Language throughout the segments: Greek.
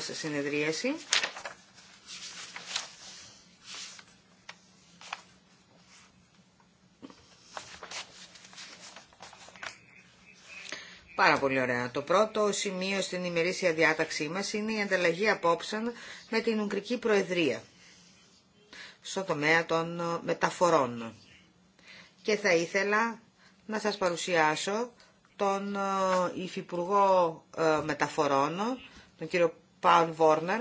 συνεδρίαση. Πάρα πολύ ωραία. Το πρώτο σημείο στην ημερήσια διάταξή μας είναι η ανταλλαγή απόψεων με την Ουγγρική Προεδρία στο τομέα των μεταφορών. Και θα ήθελα να σας παρουσιάσω τον ε, Υφυπουργό ε, Μεταφορών, τον κύριο Πάουλ Βόρνερ.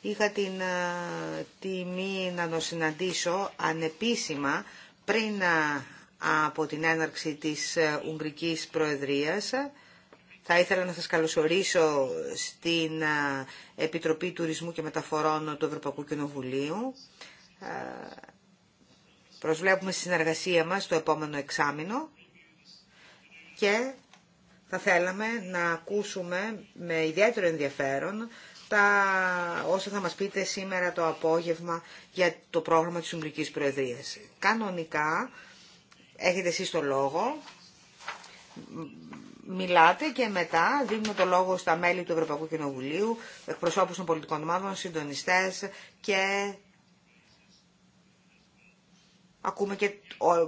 Είχα την ε, τιμή να τον συναντήσω ανεπίσημα πριν ε, από την έναρξη της ε, Ουγγρικής Προεδρίας. Θα ήθελα να σας καλωσορίσω στην Επιτροπή Τουρισμού και Μεταφορών του Ευρωπαϊκού Κοινοβουλίου. Προσβλέπουμε στη συνεργασία μας το επόμενο εξάμηνο. και θα θέλαμε να ακούσουμε με ιδιαίτερο ενδιαφέρον τα όσα θα μας πείτε σήμερα το απόγευμα για το πρόγραμμα της Ουγγρικής Προεδρίας. Κανονικά έχετε εσείς το λόγο, μιλάτε και μετά δίνουμε το λόγο στα μέλη του Ευρωπαϊκού Κοινοβουλίου, εκπροσώπους των πολιτικών ομάδων, συντονιστές και ακούμε και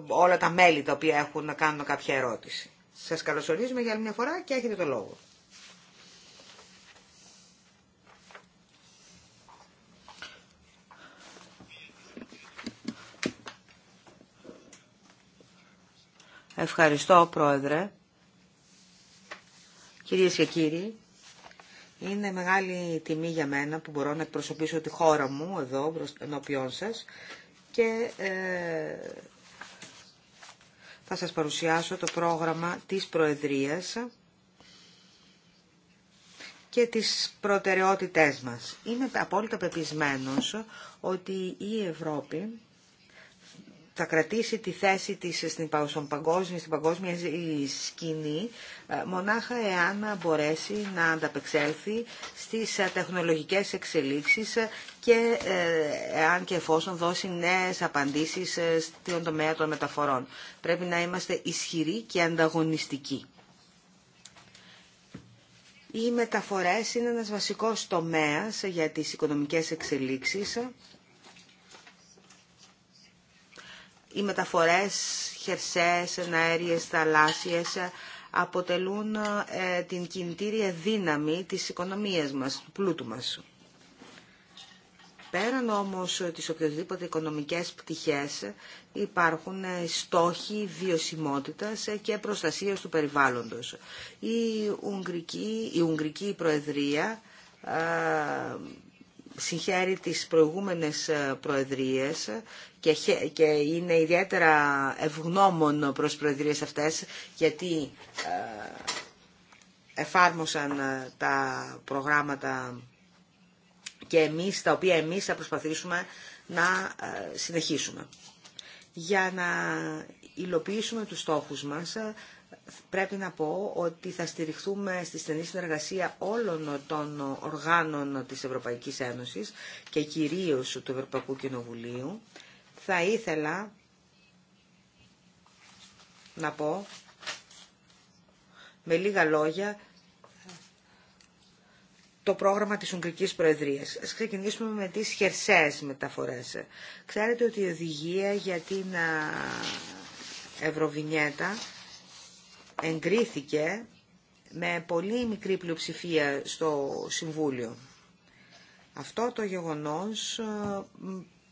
όλα τα μέλη τα οποία έχουν να κάνουν κάποια ερώτηση. Σας καλωσορίζουμε για άλλη μια φορά και έχετε το λόγο. Ευχαριστώ, Πρόεδρε. Κυρίες και κύριοι, είναι μεγάλη τιμή για μένα που μπορώ να εκπροσωπήσω τη χώρα μου εδώ ενώπιόν σας και ε, θα σας παρουσιάσω το πρόγραμμα της Προεδρίας και τις προτεραιότητές μας. Είμαι απόλυτα πεπισμένος ότι η Ευρώπη θα κρατήσει τη θέση της στην παγκόσμια, στην σκηνή ε, μονάχα εάν μπορέσει να ανταπεξέλθει στις ε, τεχνολογικές εξελίξεις και ε, εάν και εφόσον δώσει νέες απαντήσεις στον τομέα των μεταφορών. Πρέπει να είμαστε ισχυροί και ανταγωνιστικοί. Οι μεταφορές είναι ένας βασικός τομέας για τις οικονομικές εξελίξεις οι μεταφορές χερσαίες, αέριες, θαλάσσιες αποτελούν ε, την κινητήρια δύναμη της οικονομίας μας, του πλούτου μας. Πέραν όμως τις οποιοδήποτε οικονομικές πτυχές υπάρχουν ε, στόχοι βιωσιμότητας ε, και προστασίας του περιβάλλοντος. Η Ουγγρική, η Ουγγρική Προεδρία συγχαίρει τις προηγούμενες ε, προεδρίες και είναι ιδιαίτερα ευγνώμων προς προεδρίες αυτές γιατί ε, εφάρμοσαν ε, τα προγράμματα και εμείς, τα οποία εμείς θα προσπαθήσουμε να συνεχίσουμε. Για να υλοποιήσουμε τους στόχους μας πρέπει να πω ότι θα στηριχθούμε στη στενή συνεργασία όλων των οργάνων της Ευρωπαϊκής Ένωσης και κυρίως του Ευρωπαϊκού Κοινοβουλίου. Θα ήθελα να πω με λίγα λόγια το πρόγραμμα της Ουγγρικής Προεδρίας. Ας ξεκινήσουμε με τις χερσαίες μεταφορές. Ξέρετε ότι η οδηγία για την Ευρωβινιέτα εγκρίθηκε με πολύ μικρή πλειοψηφία στο Συμβούλιο. Αυτό το γεγονός ε,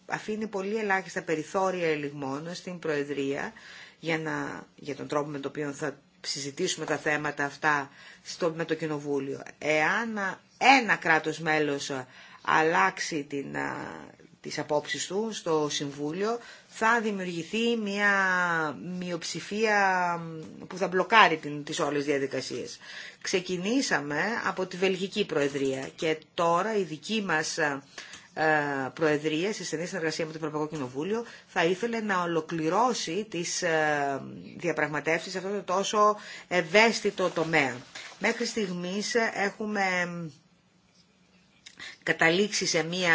αφήνει πολύ ελάχιστα περιθώρια ελιγμών στην Προεδρία για, να, για τον τρόπο με τον οποίο θα συζητήσουμε τα θέματα αυτά στο, με το Κοινοβούλιο. Εάν ένα κράτος μέλος αλλάξει την, ε, τις απόψεις του στο Συμβούλιο, θα δημιουργηθεί μια μειοψηφία που θα μπλοκάρει τις όλες διαδικασίες. Ξεκινήσαμε από τη Βελγική Προεδρία και τώρα η δική μας ε, ε, Προεδρία, σε στενή συνεργασία με το Ευρωπαϊκό Κοινοβούλιο, θα ήθελε να ολοκληρώσει τις ε, διαπραγματεύσεις σε αυτό το τόσο ευαίσθητο τομέα. Μέχρι στιγμής έχουμε καταλήξει σε μία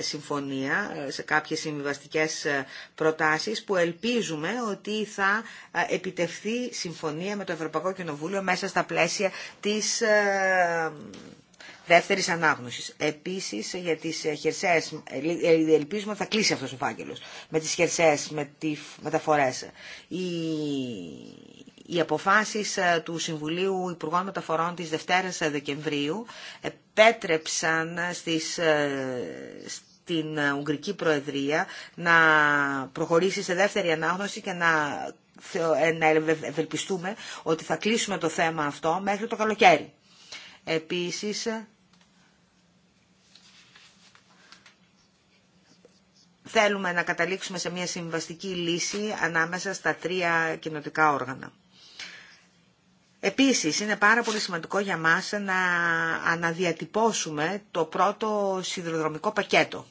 συμφωνία, σε κάποιες συμβιβαστικέ ε, προτάσεις που ελπίζουμε ότι θα ε, επιτευχθεί συμφωνία με το Ευρωπαϊκό Κοινοβούλιο μέσα στα πλαίσια της ε, δεύτερης ανάγνωσης. Επίσης για τις χερσαίες, ελπίζουμε ότι θα κλείσει αυτός ο φάκελο με τις χερσαίες με τη μεταφορές. Οι, οι αποφάσεις του Συμβουλίου Υπουργών Μεταφορών της Δευτέρας Δεκεμβρίου επέτρεψαν ε, στην Ουγγρική Προεδρία να προχωρήσει σε δεύτερη ανάγνωση και να, ε, να ευελπιστούμε ότι θα κλείσουμε το θέμα αυτό μέχρι το καλοκαίρι. Επίσης, θέλουμε να καταλήξουμε σε μια συμβαστική λύση ανάμεσα στα τρία κοινοτικά όργανα. Επίσης, είναι πάρα πολύ σημαντικό για μας να αναδιατυπώσουμε το πρώτο σιδηροδρομικό πακέτο.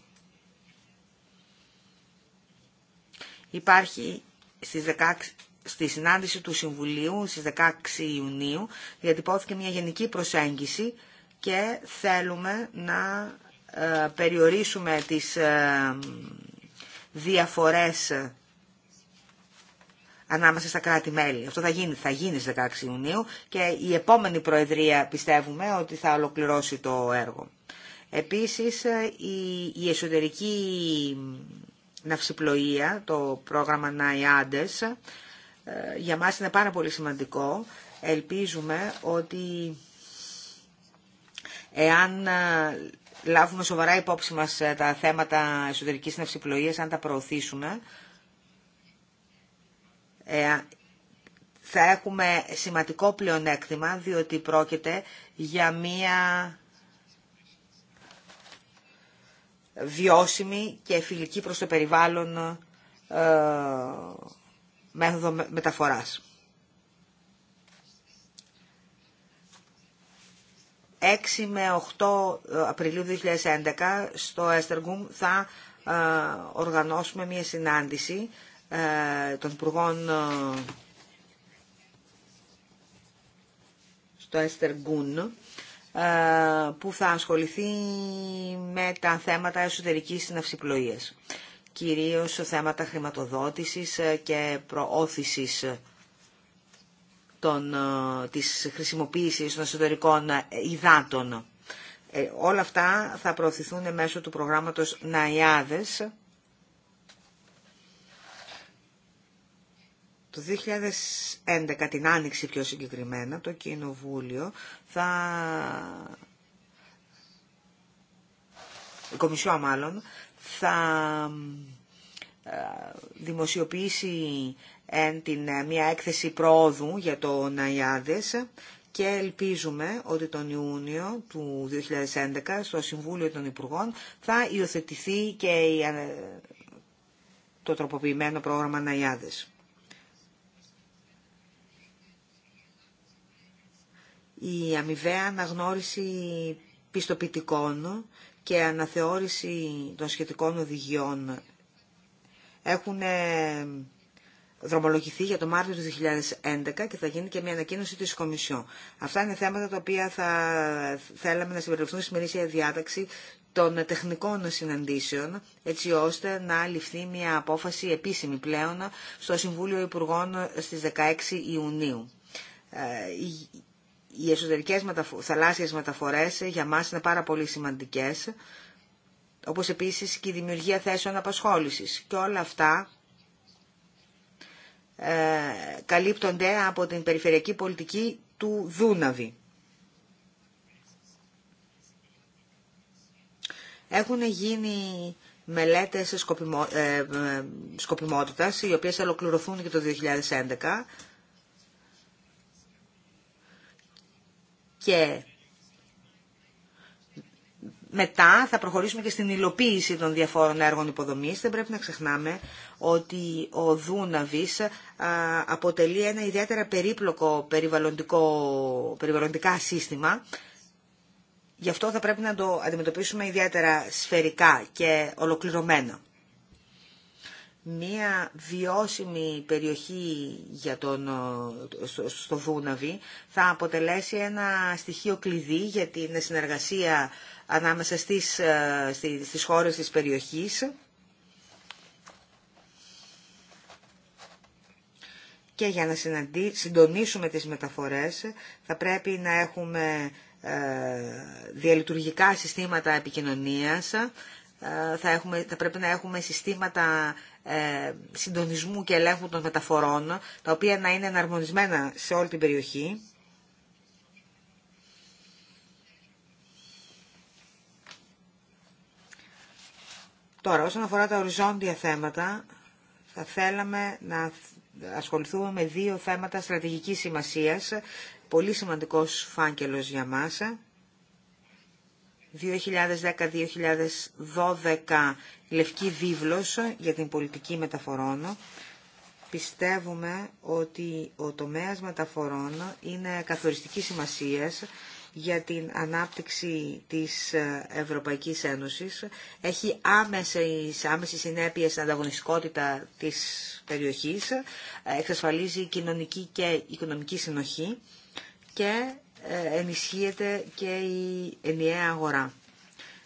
Υπάρχει στις 16, στη συνάντηση του Συμβουλίου στις 16 Ιουνίου διατυπώθηκε μια γενική προσέγγιση και θέλουμε να ε, περιορίσουμε τις ε, διαφορές ανάμεσα στα κράτη-μέλη. Αυτό θα γίνει, θα γίνει στις 16 Ιουνίου και η επόμενη Προεδρία πιστεύουμε ότι θα ολοκληρώσει το έργο. Επίσης ε, η, η εσωτερική ναυσιπλοεία, το πρόγραμμα ΝΑΙΑΝΤΕΣ, ε, για μας είναι πάρα πολύ σημαντικό. Ελπίζουμε ότι εάν ε, λάβουμε σοβαρά υπόψη μας τα θέματα εσωτερικής ναυσιπλοείας, αν τα προωθήσουμε, ε, θα έχουμε σημαντικό πλεονέκτημα, διότι πρόκειται για μία βιώσιμη και φιλική προς το περιβάλλον ε, μέθοδο μεταφοράς. ...6 με 8 ε, Απριλίου 2011 στο Έστεργουμ θα οργανώσουμε μία συνάντηση ε, των Υπουργών ε, στο ε, που θα ασχοληθεί με τα θέματα εσωτερικής ναυσιπλοείας. Κυρίως θέματα χρηματοδότησης ε, και προώθησης των, της χρησιμοποίησης των εσωτερικών υδάτων. όλα αυτά θα προωθηθούν μέσω του προγράμματος ΝΑΙΑΔΕΣ, Το 2011, την Άνοιξη πιο συγκεκριμένα, το Κοινοβούλιο θα... Η θα ε, δημοσιοποιήσει την, ε, μια έκθεση προόδου για το Ναϊάδες και ελπίζουμε ότι τον Ιούνιο του 2011 στο Συμβούλιο των Υπουργών θα υιοθετηθεί και ε, το τροποποιημένο πρόγραμμα Ναϊάδες. η αμοιβαία αναγνώριση πιστοποιητικών και αναθεώρηση των σχετικών οδηγιών έχουν ε, δρομολογηθεί για το Μάρτιο του 2011 και θα γίνει και μια ανακοίνωση της Κομισιόν. Αυτά είναι θέματα τα οποία θα θέλαμε να συμπεριληφθούν στη μερίσια διάταξη των τεχνικών συναντήσεων, έτσι ώστε να ληφθεί μια απόφαση επίσημη πλέον στο Συμβούλιο Υπουργών στις 16 Ιουνίου. Ε, οι εσωτερικές μεταφο θαλάσσιες μεταφορές για μας είναι πάρα πολύ σημαντικές, όπως επίσης και η δημιουργία θέσεων απασχόλησης. Και όλα αυτά ε, καλύπτονται από την περιφερειακή πολιτική του Δούναβη. Έχουν γίνει μελέτες σκοπιμο, ε, ε σκοπιμότητας, οι οποίες ολοκληρωθούν και το 2011 και μετά θα προχωρήσουμε και στην υλοποίηση των διαφόρων έργων υποδομής. Δεν πρέπει να ξεχνάμε ότι ο Δούναβης αποτελεί ένα ιδιαίτερα περίπλοκο περιβαλλοντικό, περιβαλλοντικά σύστημα. Γι' αυτό θα πρέπει να το αντιμετωπίσουμε ιδιαίτερα σφαιρικά και ολοκληρωμένα μία βιώσιμη περιοχή για τον, στο Δούναβι θα αποτελέσει ένα στοιχείο κλειδί για την συνεργασία ανάμεσα στις, ε, στις χώρες της περιοχής και για να συντονίσουμε τις μεταφορές θα πρέπει να έχουμε ε, διαλειτουργικά συστήματα επικοινωνίας, ε, θα, έχουμε, θα πρέπει να έχουμε συστήματα ε, συντονισμού και ελέγχου των μεταφορών, τα οποία να είναι εναρμονισμένα σε όλη την περιοχή. Τώρα, όσον αφορά τα οριζόντια θέματα, θα θέλαμε να ασχοληθούμε με δύο θέματα στρατηγικής σημασίας, πολύ σημαντικός φάκελος για μας. 2010-2012 λευκή βίβλος για την πολιτική μεταφορών. Πιστεύουμε ότι ο τομέας μεταφορών είναι καθοριστική σημασίας για την ανάπτυξη της Ευρωπαϊκής Ένωσης. Έχει άμεσες, άμεση συνέπειες στην ανταγωνιστικότητα της περιοχής, εξασφαλίζει κοινωνική και οικονομική συνοχή και ε, ενισχύεται και η ενιαία αγορά.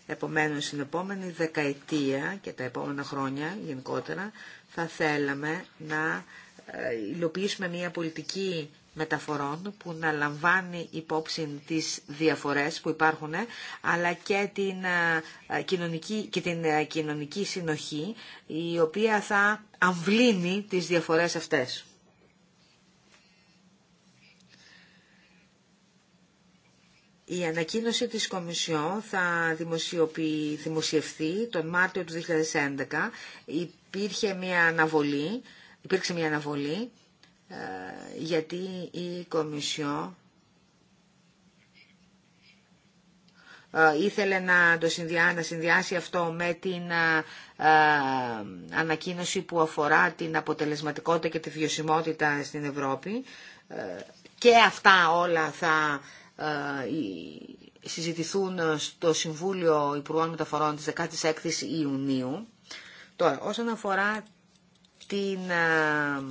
Επομένως, στην επόμενη δεκαετία και τα επόμενα χρόνια γενικότερα, θα θέλαμε να ε, υλοποιήσουμε μια πολιτική μεταφορών που να λαμβάνει υπόψη τις διαφορές που υπάρχουν, αλλά και την ε, κοινωνική, και την κοινωνική συνοχή, η οποία θα αμβλύνει τις διαφορές αυτές. Η ανακοίνωση της Κομισιόν θα δημοσιευθεί τον Μάρτιο του 2011. Υπήρχε μια αναβολή, υπήρξε μια αναβολή ε, γιατί η Κομισιόν ε, ήθελε να το να συνδυάσει αυτό με την ε, ανακοίνωση που αφορά την αποτελεσματικότητα και τη βιωσιμότητα στην Ευρώπη. και αυτά όλα θα ε, συζητηθούν στο Συμβούλιο Υπουργών Μεταφορών της 16ης Ιουνίου. Τώρα, όσον αφορά την ε,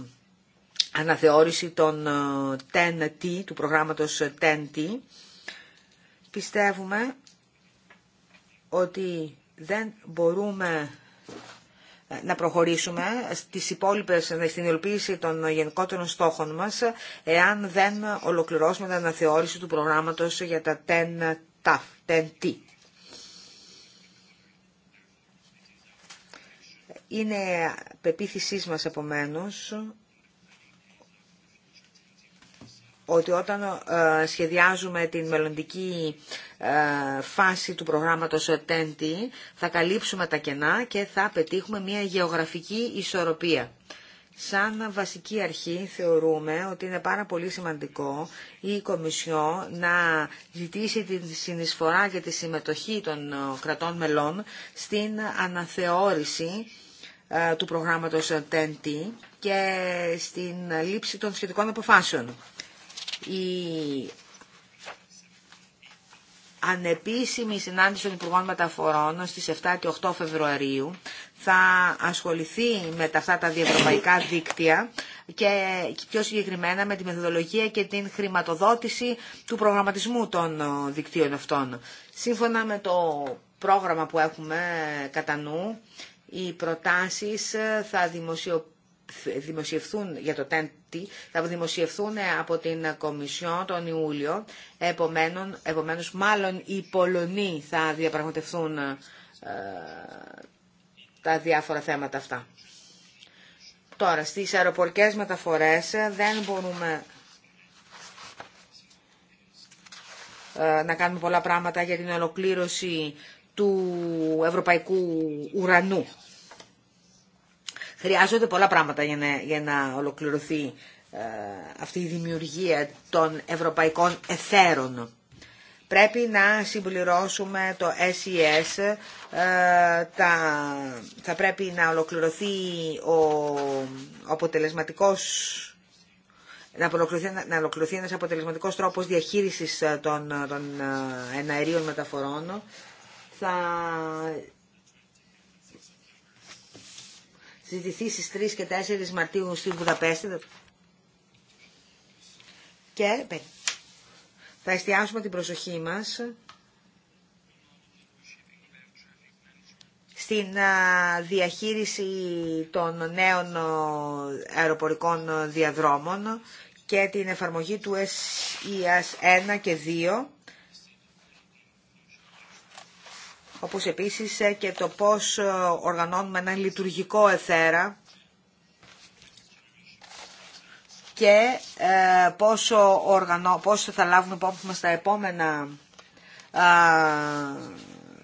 αναθεώρηση των ten ε, του προγράμματος TEN-T, πιστεύουμε ότι δεν μπορούμε να προχωρήσουμε στις υπόλοιπες, στην υλοποίηση των γενικότερων στόχων μας, εάν δεν ολοκληρώσουμε την αναθεώρηση του προγράμματος για τα TEN-T. Είναι πεποίθησή μας επομένως ότι όταν ε, σχεδιάζουμε την μελλοντική ε, φάση του προγράμματος TEN-T θα καλύψουμε τα κενά και θα πετύχουμε μια γεωγραφική ισορροπία. Σαν βασική αρχή θεωρούμε ότι είναι πάρα πολύ σημαντικό η Κομισιό να ζητήσει τη συνεισφορά και τη συμμετοχή των ε, κρατών μελών στην αναθεώρηση του προγράμματος TEN-T και στην λήψη των σχετικών αποφάσεων η ανεπίσημη συνάντηση των Υπουργών Μεταφορών στις 7 και 8 Φεβρουαρίου θα ασχοληθεί με αυτά τα διευρωπαϊκά δίκτυα και πιο συγκεκριμένα με τη μεθοδολογία και την χρηματοδότηση του προγραμματισμού των δικτύων αυτών. Σύμφωνα με το πρόγραμμα που έχουμε κατά νου, οι προτάσεις θα δημοσιοποιηθούν δημοσιευθούν για το TNT, θα δημοσιευθούν ε, από την Κομισιόν τον Ιούλιο. Επομένων, επομένως, μάλλον οι Πολωνοί θα διαπραγματευθούν ε, τα διάφορα θέματα αυτά. Τώρα, στις αεροπορικές μεταφορές ε, δεν μπορούμε να κάνουμε πολλά πράγματα για την ολοκλήρωση του ευρωπαϊκού ουρανού. Χρειάζονται πολλά πράγματα για να, για να ολοκληρωθεί ε, αυτή η δημιουργία των ευρωπαϊκών εθέρων. Πρέπει να συμπληρώσουμε το SES, e ε, τα, θα πρέπει να ολοκληρωθεί ο, ο αποτελεσματικός να ολοκληρωθεί, να ολοκληρωθεί ένας αποτελεσματικός τρόπος διαχείρισης των, των ε, εναερίων μεταφορών. Θα Ζητηθεί στις 3 και 4 Μαρτίου στην Βουδαπέστη. Και θα εστιάσουμε την προσοχή μας στην διαχείριση των νέων αεροπορικών διαδρόμων και την εφαρμογή του SES 1 e και 2 όπως επίσης ε, και το πώς ε, οργανώνουμε ένα λειτουργικό εθέρα και ε, πόσο, οργανώ, πως θα λάβουμε υπόψη μας τα επόμενα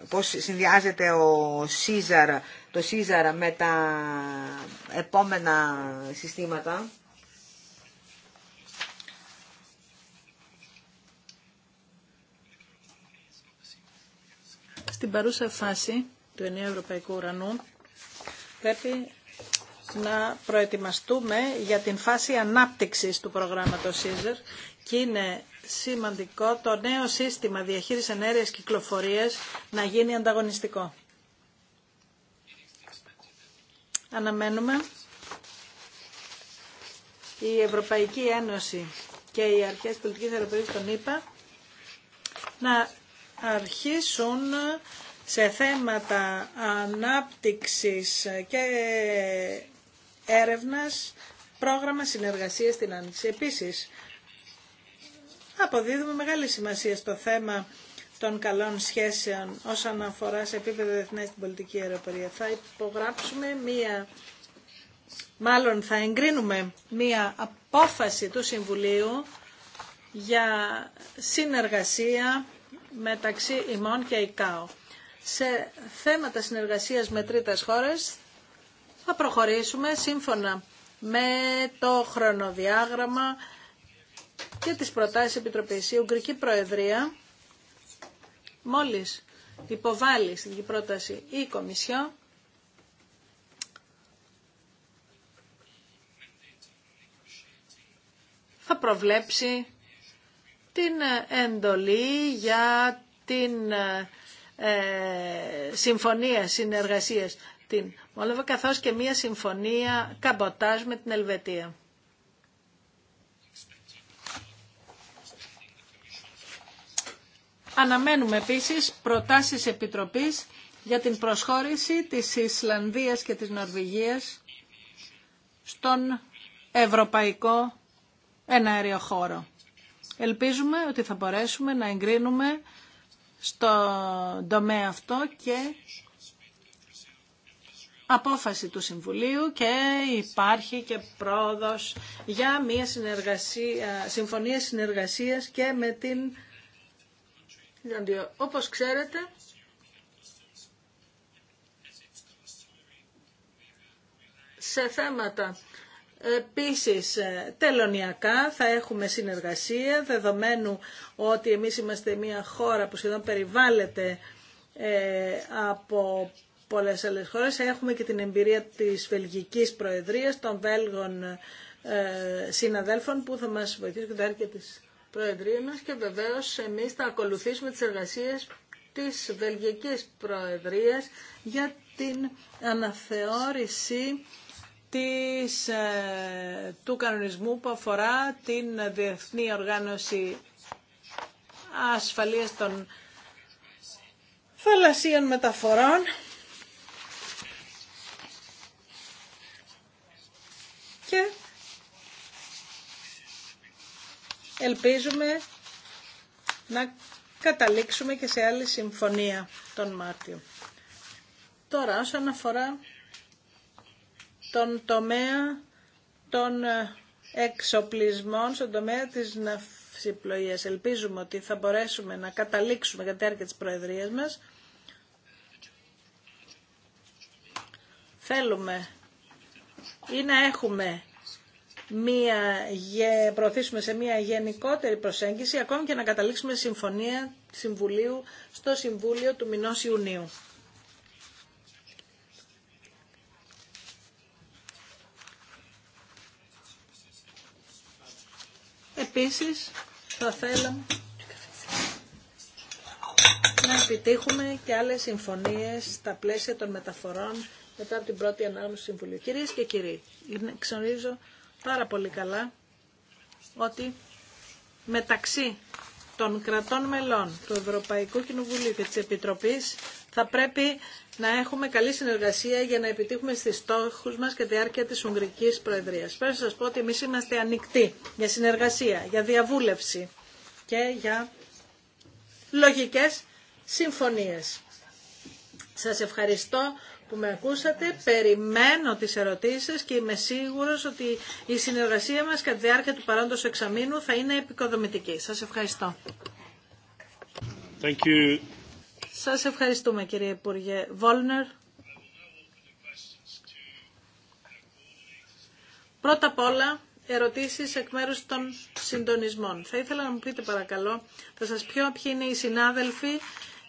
πώς συνδυάζεται ο Σίζαρα το σίζαρα με τα επόμενα συστήματα. Στην παρούσα φάση του Ενίου ευρωπαϊκού ουρανού πρέπει να προετοιμαστούμε για την φάση ανάπτυξης του προγράμματος ΣΥΖΕΡ και είναι σημαντικό το νέο σύστημα διαχείρισης ενέργειας κυκλοφορίας να γίνει ανταγωνιστικό. Αναμένουμε η Ευρωπαϊκή Ένωση και οι αρχές πολιτικής αεροπορίας των ΗΠΑ να αρχίσουν σε θέματα ανάπτυξης και έρευνας πρόγραμμα συνεργασίας στην Άνοιξη. Επίσης, αποδίδουμε μεγάλη σημασία στο θέμα των καλών σχέσεων όσον αφορά σε επίπεδο διεθνές την πολιτική αεροπορία. Θα υπογράψουμε μία, μάλλον θα εγκρίνουμε μία απόφαση του Συμβουλίου για συνεργασία μεταξύ ημών και ΙΚΑΟ. Σε θέματα συνεργασίας με τρίτες χώρες θα προχωρήσουμε σύμφωνα με το χρονοδιάγραμμα και τις προτάσεις Επιτροπής. Η Ουγγρική Προεδρία μόλις υποβάλλει στην πρόταση η Κομισιό θα προβλέψει την ε, εντολή για την ε, ε, συμφωνία συνεργασίας την Μόλοβα, καθώς και μία συμφωνία καμποτάζ με την Ελβετία. Αναμένουμε επίσης προτάσεις Επιτροπής για την προσχώρηση της Ισλανδίας και της Νορβηγίας στον Ευρωπαϊκό Εναέριο Χώρο. Ελπίζουμε ότι θα μπορέσουμε να εγκρίνουμε στο τομέα αυτό και απόφαση του Συμβουλίου και υπάρχει και πρόοδος για μια συμφωνία συνεργασίας και με την όπως ξέρετε, σε θέματα Επίσης, ε, τελωνιακά θα έχουμε συνεργασία, δεδομένου ότι εμείς είμαστε μια χώρα που σχεδόν περιβάλλεται ε, από πολλές άλλες χώρες. Έχουμε και την εμπειρία της Βελγικής Προεδρίας, των Βέλγων ε, συναδέλφων που θα μας βοηθήσουν και διάρκεια της Προεδρίας μας και βεβαίως εμείς θα ακολουθήσουμε τις εργασίες της Βελγικής Προεδρίας για την αναθεώρηση της, ε, του κανονισμού που αφορά την Διεθνή Οργάνωση Ασφαλείας των Θαλασσίων Μεταφορών. Και ελπίζουμε να καταλήξουμε και σε άλλη συμφωνία τον Μάρτιο. Τώρα, όσον αφορά τον τομέα των ε, εξοπλισμών, στον τομέα της ναυσιπλοείας. Ελπίζουμε ότι θα μπορέσουμε να καταλήξουμε κατά τη διάρκεια της Προεδρίας μας. Θέλουμε ή να έχουμε μία, προωθήσουμε σε μία γενικότερη προσέγγιση, ακόμη και να καταλήξουμε συμφωνία Συμβουλίου στο Συμβούλιο του μηνός Ιουνίου. Επίσης, θα θέλαμε να επιτύχουμε και άλλες συμφωνίες στα πλαίσια των μεταφορών μετά από την πρώτη ανάγνωση του Συμβουλίου. Κυρίες και κύριοι, ξενορίζω πάρα πολύ καλά ότι μεταξύ των κρατών μελών του Ευρωπαϊκού Κοινοβουλίου και της Επιτροπής θα πρέπει να έχουμε καλή συνεργασία για να επιτύχουμε στις στόχους μας και τη διάρκεια της Ουγγρικής Προεδρίας. Πρέπει να σας πω ότι εμείς είμαστε ανοιχτοί για συνεργασία, για διαβούλευση και για λογικές συμφωνίες. Σας ευχαριστώ που με ακούσατε. Περιμένω τις ερωτήσεις και είμαι σίγουρος ότι η συνεργασία μας κατά τη διάρκεια του παρόντος εξαμήνου θα είναι επικοδομητική. Σας ευχαριστώ. Thank you. Σας ευχαριστούμε κύριε Υπουργέ Βόλνερ. Πρώτα απ' όλα, ερωτήσεις εκ μέρους των συντονισμών. Θα ήθελα να μου πείτε παρακαλώ, θα σας πω ποιοι είναι οι συνάδελφοι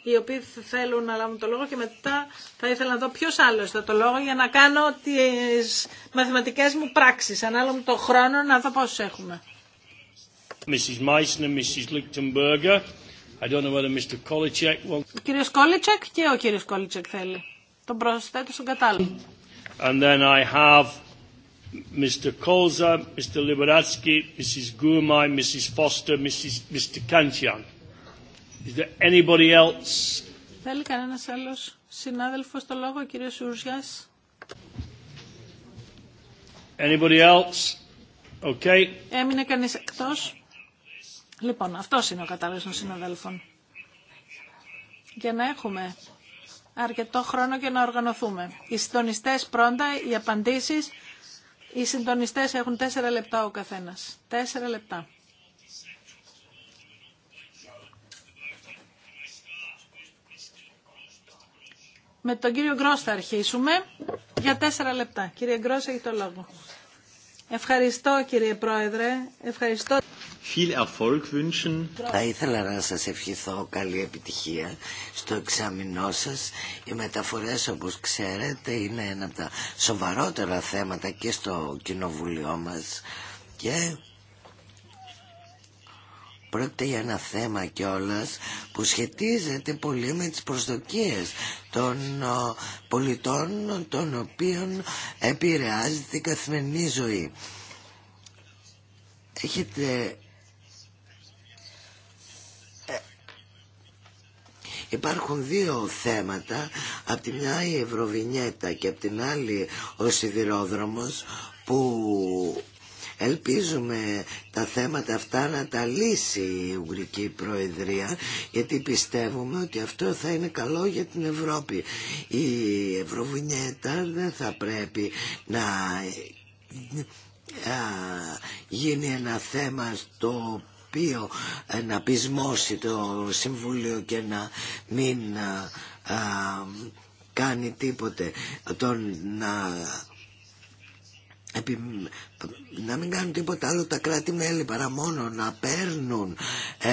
οι οποίοι θέλουν να λάβουν το λόγο και μετά θα ήθελα να δω ποιο άλλο θα το λόγο για να κάνω τις μαθηματικές μου πράξεις, ανάλογα με το χρόνο να δω πόσους έχουμε. Mrs. Meissner, Mrs. Lichtenberger, I don't know whether Mr. Kolicek wants... κύριος Κόλιτσεκ και ο κύριος Κόλιτσεκ θέλει. Τον προσθέτω στον κατάλληλο. And then I have Mr. Kolza, Mr. Liberatsky, Mrs. Gourmay, Mrs. Foster, Mrs. Mr. Kantian. Is there anybody else? Θέλει κανένας άλλος συνάδελφος το λόγο, ο κύριος Ουρζιάς. Anybody else? Okay. Έμεινε κανείς εκτός. Λοιπόν, αυτό είναι ο κατάλληλος των συναδέλφων. Για να έχουμε αρκετό χρόνο και να οργανωθούμε. Οι συντονιστές πρώτα, οι απαντήσεις. Οι συντονιστές έχουν τέσσερα λεπτά ο καθένας. Τέσσερα λεπτά. Με τον κύριο Γκρός θα αρχίσουμε για τέσσερα λεπτά. Κύριε Γκρός, έχει το λόγο. Ευχαριστώ κύριε Πρόεδρε. Ευχαριστώ. Θα ήθελα να σας ευχηθώ καλή επιτυχία στο εξάμεινό σας. Οι μεταφορές όπως ξέρετε είναι ένα από τα σοβαρότερα θέματα και στο κοινοβουλίο μας και Πρόκειται για ένα θέμα κιόλα που σχετίζεται πολύ με τις προσδοκίες των πολιτών των οποίων επηρεάζεται η καθημερινή ζωή. Έχετε... Ε, υπάρχουν δύο θέματα, από τη μια η Ευρωβινιέτα και από την άλλη ο Σιδηρόδρομος που Ελπίζουμε τα θέματα αυτά να τα λύσει η Ουγγρική Προεδρία γιατί πιστεύουμε ότι αυτό θα είναι καλό για την Ευρώπη. Η Ευρωβουνιέτα δεν θα πρέπει να γίνει ένα θέμα στο οποίο να πεισμώσει το Συμβούλιο και να μην κάνει τίποτε τον να να μην κάνουν τίποτα άλλο τα κράτη-μέλη παρά μόνο να παίρνουν ε,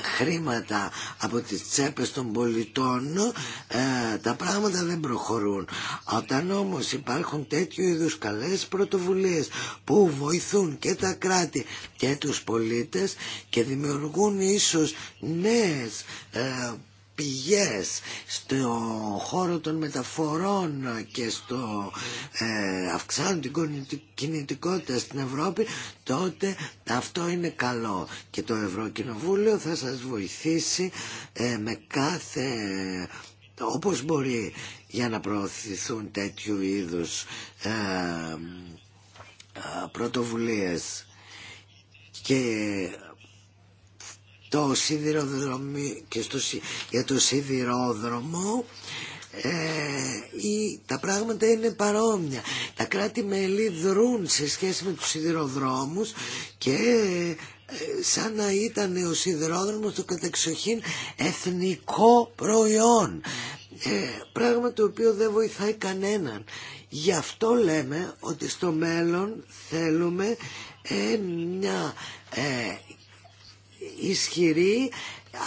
χρήματα από τις τσέπες των πολιτών ε, τα πράγματα δεν προχωρούν όταν όμως υπάρχουν τέτοιου είδους καλές πρωτοβουλίες που βοηθούν και τα κράτη και τους πολίτες και δημιουργούν ίσως νέες ε, πηγές στο χώρο των μεταφορών και στο ε, αυξάνουν την κινητικότητα στην Ευρώπη τότε αυτό είναι καλό και το Ευρωκοινοβούλιο θα σας βοηθήσει ε, με κάθε όπως μπορεί για να προωθηθούν τέτοιου είδους ε, ε πρωτοβουλίες και το και για το σιδηρόδρομο ε, η, τα πράγματα είναι παρόμοια. Τα κράτη-μέλη δρούν σε σχέση με τους σιδηροδρόμους και ε, σαν να ήταν ο σιδηρόδρομος το κατεξοχήν εθνικό προϊόν. Ε, πράγμα το οποίο δεν βοηθάει κανέναν. Γι' αυτό λέμε ότι στο μέλλον θέλουμε ε, μια ε, ισχυρή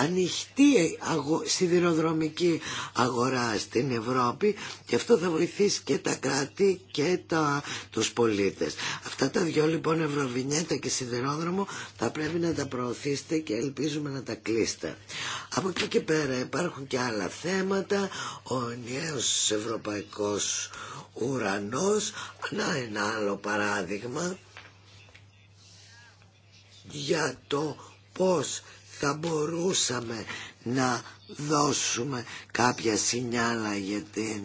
ανοιχτή αγο... σιδηροδρομική αγορά στην Ευρώπη και αυτό θα βοηθήσει και τα κράτη και τα... τους πολίτες. Αυτά τα δυο λοιπόν Ευρωβινιέτα και σιδηρόδρομο θα πρέπει να τα προωθήσετε και ελπίζουμε να τα κλείσετε. Από εκεί και πέρα υπάρχουν και άλλα θέματα. Ο νέος ευρωπαϊκός ουρανός, να ένα άλλο παράδειγμα για το πώς θα μπορούσαμε να δώσουμε κάποια σινιάλα για την,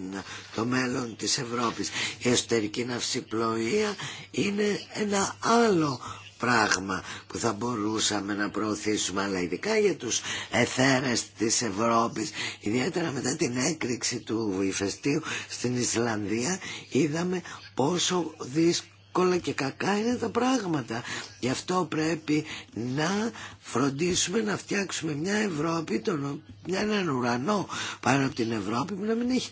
το μέλλον της Ευρώπης. Η εσωτερική ναυσιπλοεία είναι ένα άλλο πράγμα που θα μπορούσαμε να προωθήσουμε αλλά ειδικά για τους εθέρες της Ευρώπης ιδιαίτερα μετά την έκρηξη του ηφαιστείου στην Ισλανδία είδαμε πόσο δύσκολο Κόλλα και κακά είναι τα πράγματα. Γι' αυτό πρέπει να φροντίσουμε να φτιάξουμε μια Ευρώπη, τον, μια έναν ουρανό πάνω από την Ευρώπη που να μην έχει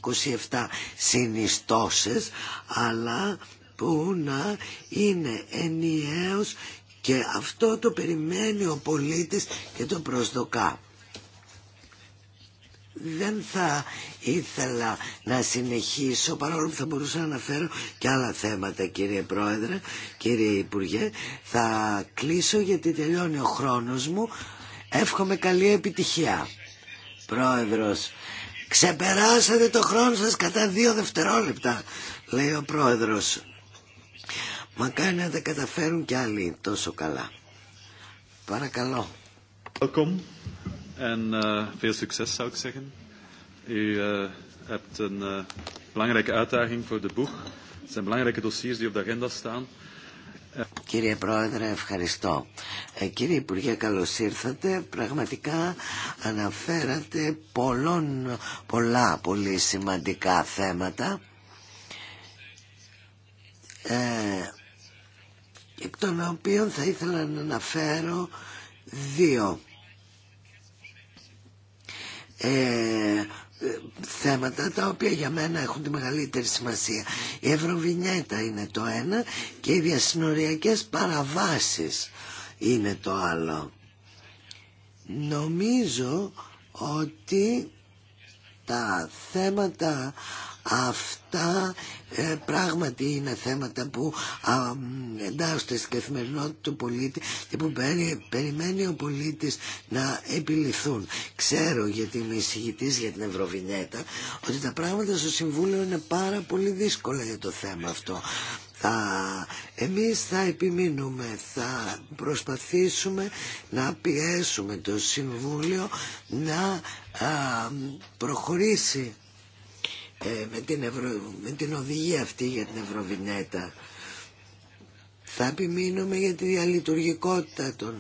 27 συνιστώσεις αλλά που να είναι ενιαίος και αυτό το περιμένει ο πολίτης και το προσδοκά δεν θα ήθελα να συνεχίσω παρόλο που θα μπορούσα να αναφέρω και άλλα θέματα κύριε Πρόεδρε, κύριε Υπουργέ θα κλείσω γιατί τελειώνει ο χρόνος μου εύχομαι καλή επιτυχία Πρόεδρος ξεπεράσατε το χρόνο σας κατά δύο δευτερόλεπτα λέει ο Πρόεδρος κάνει να τα καταφέρουν κι άλλοι τόσο καλά Παρακαλώ En uh, veel succes, zou ik zeggen. U uh, hebt een uh, belangrijke uitdaging voor de boeg. Het er zijn belangrijke dossiers die op de agenda staan. Κύριε Πρόεδρε, ευχαριστώ. Ε, κύριε Υπουργέ, καλώς ήρθατε. Πραγματικά αναφέρατε πολλών, πολλά πολύ σημαντικά θέματα. Ε, εκ των οποίων θα ήθελα να αναφέρω δύο. Ε, θέματα τα οποία για μένα έχουν τη μεγαλύτερη σημασία. Η Ευρωβινιέτα είναι το ένα και οι διασυνοριακές παραβάσεις είναι το άλλο. Νομίζω ότι τα θέματα Αυτά ε, πράγματι είναι θέματα που α, εντάσσονται στην καθημερινότητα του πολίτη και που περιμένει ο πολίτης να επιληθούν. Ξέρω γιατί είμαι εισηγητής για την Ευρωβινέτα ότι τα πράγματα στο Συμβούλιο είναι πάρα πολύ δύσκολα για το θέμα αυτό. Θα, εμείς θα επιμείνουμε, θα προσπαθήσουμε να πιέσουμε το Συμβούλιο να προχωρήσει ε, με, την Ευρω... με την οδηγία αυτή για την Ευρωβινέτα. Θα επιμείνουμε για τη διαλειτουργικότητα των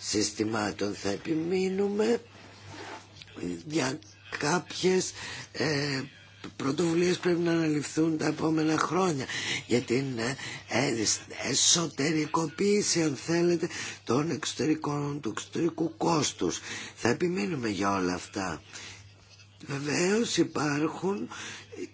συστημάτων. Θα επιμείνουμε για κάποιες ε, πρωτοβουλίες πρέπει να αναλυφθούν τα επόμενα χρόνια για την ε, εσωτερικοποίηση αν θέλετε των εξωτερικών του εξωτερικού κόστους θα επιμείνουμε για όλα αυτά Βεβαίως υπάρχουν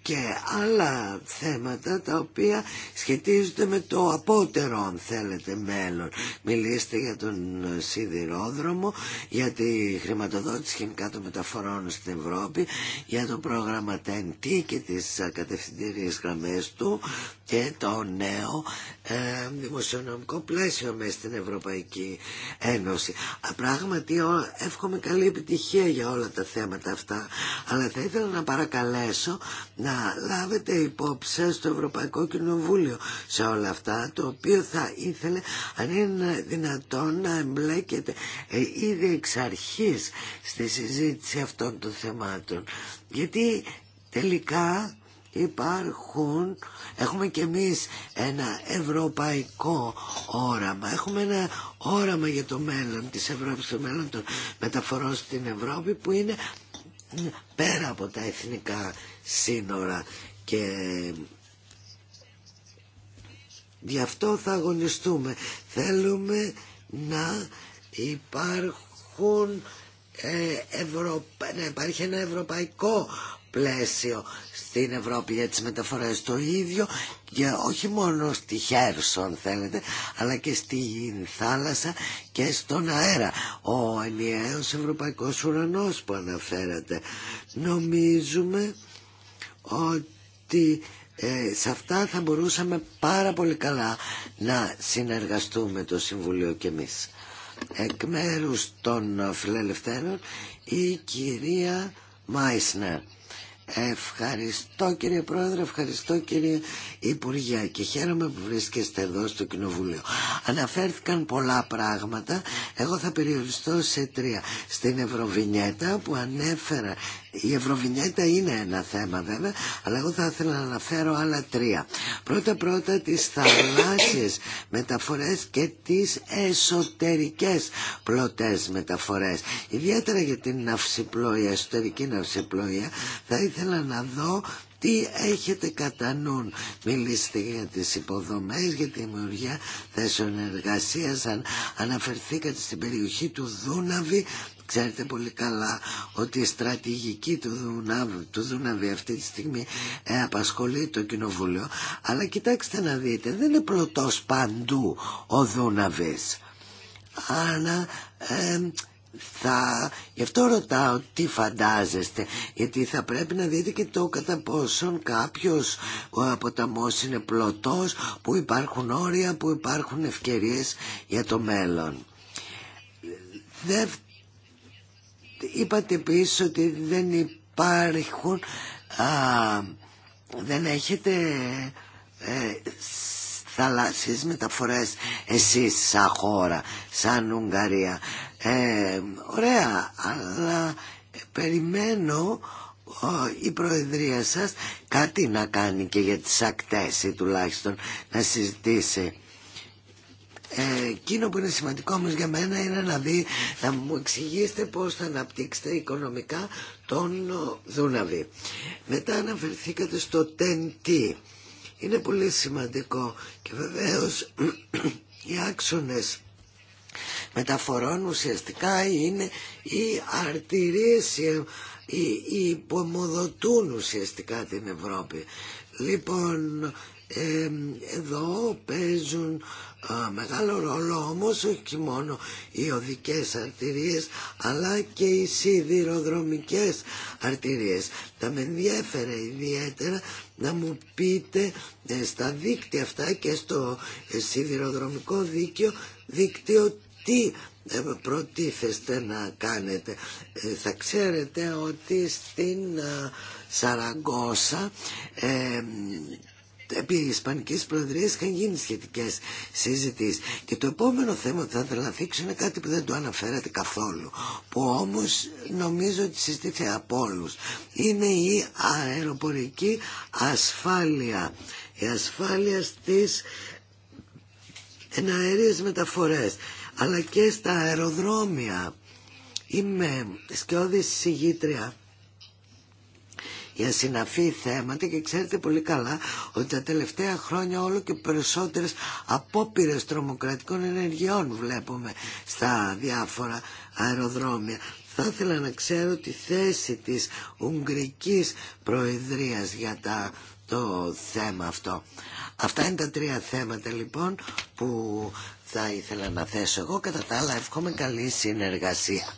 και άλλα θέματα τα οποία σχετίζονται με το απότερο αν θέλετε μέλλον. Μιλήστε για τον σιδηρόδρομο, για τη χρηματοδότηση των μεταφορών στην Ευρώπη, για το πρόγραμμα TNT και τις κατευθυντήριες γραμμές του και το νέο ε, δημοσιονομικό πλαίσιο μέσα στην Ευρωπαϊκή Ένωση. Α, πράγματι εύχομαι καλή επιτυχία για όλα τα θέματα αυτά, αλλά θα ήθελα να παρακαλέσω να λάβετε υπόψη στο Ευρωπαϊκό Κοινοβούλιο σε όλα αυτά, το οποίο θα ήθελε αν είναι δυνατόν να εμπλέκεται ε, ήδη εξ αρχής στη συζήτηση αυτών των θεμάτων. Γιατί τελικά υπάρχουν Έχουμε κι εμείς ένα ευρωπαϊκό όραμα. Έχουμε ένα όραμα για το μέλλον της Ευρώπης, το μέλλον των μεταφορών στην Ευρώπη που είναι πέρα από τα εθνικά σύνορα και γι' αυτό θα αγωνιστούμε. Θέλουμε να υπάρχουν ε, να υπάρχει ένα ευρωπαϊκό πλαίσιο στην Ευρώπη για τις μεταφορές το ίδιο και όχι μόνο στη Χέρσον θέλετε αλλά και στη θάλασσα και στον αέρα ο ενιαίος ευρωπαϊκός ουρανός που αναφέρατε νομίζουμε ότι ε, σε αυτά θα μπορούσαμε πάρα πολύ καλά να συνεργαστούμε το Συμβουλίο και εμείς εκ μέρους των φιλελευθέρων η κυρία Μάισνερ Ευχαριστώ κύριε Πρόεδρε, ευχαριστώ κύριε Υπουργέ και χαίρομαι που βρίσκεστε εδώ στο Κοινοβούλιο. Αναφέρθηκαν πολλά πράγματα, εγώ θα περιοριστώ σε τρία. Στην Ευρωβινιέτα που ανέφερα η Ευρωβινιέτα είναι ένα θέμα βέβαια, αλλά εγώ θα ήθελα να αναφέρω άλλα τρία. Πρώτα-πρώτα τις θαλάσσιες μεταφορές και τις εσωτερικές πλωτές μεταφορές. Ιδιαίτερα για την εσωτερική ναυσιπλοεία, θα ήθελα να δω τι έχετε κατά νου. Μιλήστε για τις υποδομές, για τη δημιουργία θέσεων εργασίας. Αν αναφερθήκατε στην περιοχή του Δούναβη, Ξέρετε πολύ καλά ότι η στρατηγική του Δουνάβη, του Δουνάβη αυτή τη στιγμή ε, απασχολεί το Κοινοβούλιο. Αλλά κοιτάξτε να δείτε, δεν είναι πρωτός παντού ο Δούναβης. Αλλά θα... Γι' αυτό ρωτάω τι φαντάζεστε, γιατί θα πρέπει να δείτε και το κατά πόσον κάποιος ο αποταμός είναι πλωτός, που υπάρχουν όρια, που υπάρχουν ευκαιρίες για το μέλλον. Δε... Είπατε επίση ότι δεν υπάρχουν, δεν έχετε ε, θαλάσσιες μεταφορές εσείς σαν χώρα, σαν Ουγγαρία. Ε, ωραία, αλλά περιμένω η Προεδρία σας κάτι να κάνει και για τις ακτές ή τουλάχιστον να συζητήσει. Ε, εκείνο που είναι σημαντικό όμως για μένα είναι να, δει, να μου εξηγήσετε πώς θα αναπτύξετε οικονομικά τον Δούναβη. Μετά αναφερθήκατε στο τεντή. Είναι πολύ σημαντικό και βεβαίως οι άξονες μεταφορών ουσιαστικά είναι οι αρτηρίες οι υπομοδοτούν ουσιαστικά την Ευρώπη. Λοιπόν, εδώ παίζουν μεγάλο ρόλο όμως όχι μόνο οι οδικές αρτηρίες αλλά και οι σιδηροδρομικές αρτηρίες. Θα με ενδιέφερε ιδιαίτερα να μου πείτε ε, στα δίκτυα αυτά και στο ε, σιδηροδρομικό δίκτυο δίκτυο τι ε, προτίθεστε να κάνετε. Ε, θα ξέρετε ότι στην ε, Σαραγκόσα ε, επί Ισπανικής Προεδρίας είχαν γίνει σχετικές συζητήσεις και το επόμενο θέμα που θα ήθελα να θίξω είναι κάτι που δεν το αναφέρατε καθόλου που όμως νομίζω ότι συζητήθηκε από όλου. είναι η αεροπορική ασφάλεια η ασφάλεια στις εναέριες μεταφορές αλλά και στα αεροδρόμια. Είμαι σκιώδη συγγήτρια για συναφή θέματα και ξέρετε πολύ καλά ότι τα τελευταία χρόνια όλο και περισσότερες απόπειρες τρομοκρατικών ενεργειών βλέπουμε στα διάφορα αεροδρόμια. Θα ήθελα να ξέρω τη θέση της Ουγγρικής Προεδρίας για τα, το θέμα αυτό. Αυτά είναι τα τρία θέματα λοιπόν που Αυτά ήθελα να θέσω εγώ. Κατά τα άλλα εύχομαι καλή συνεργασία.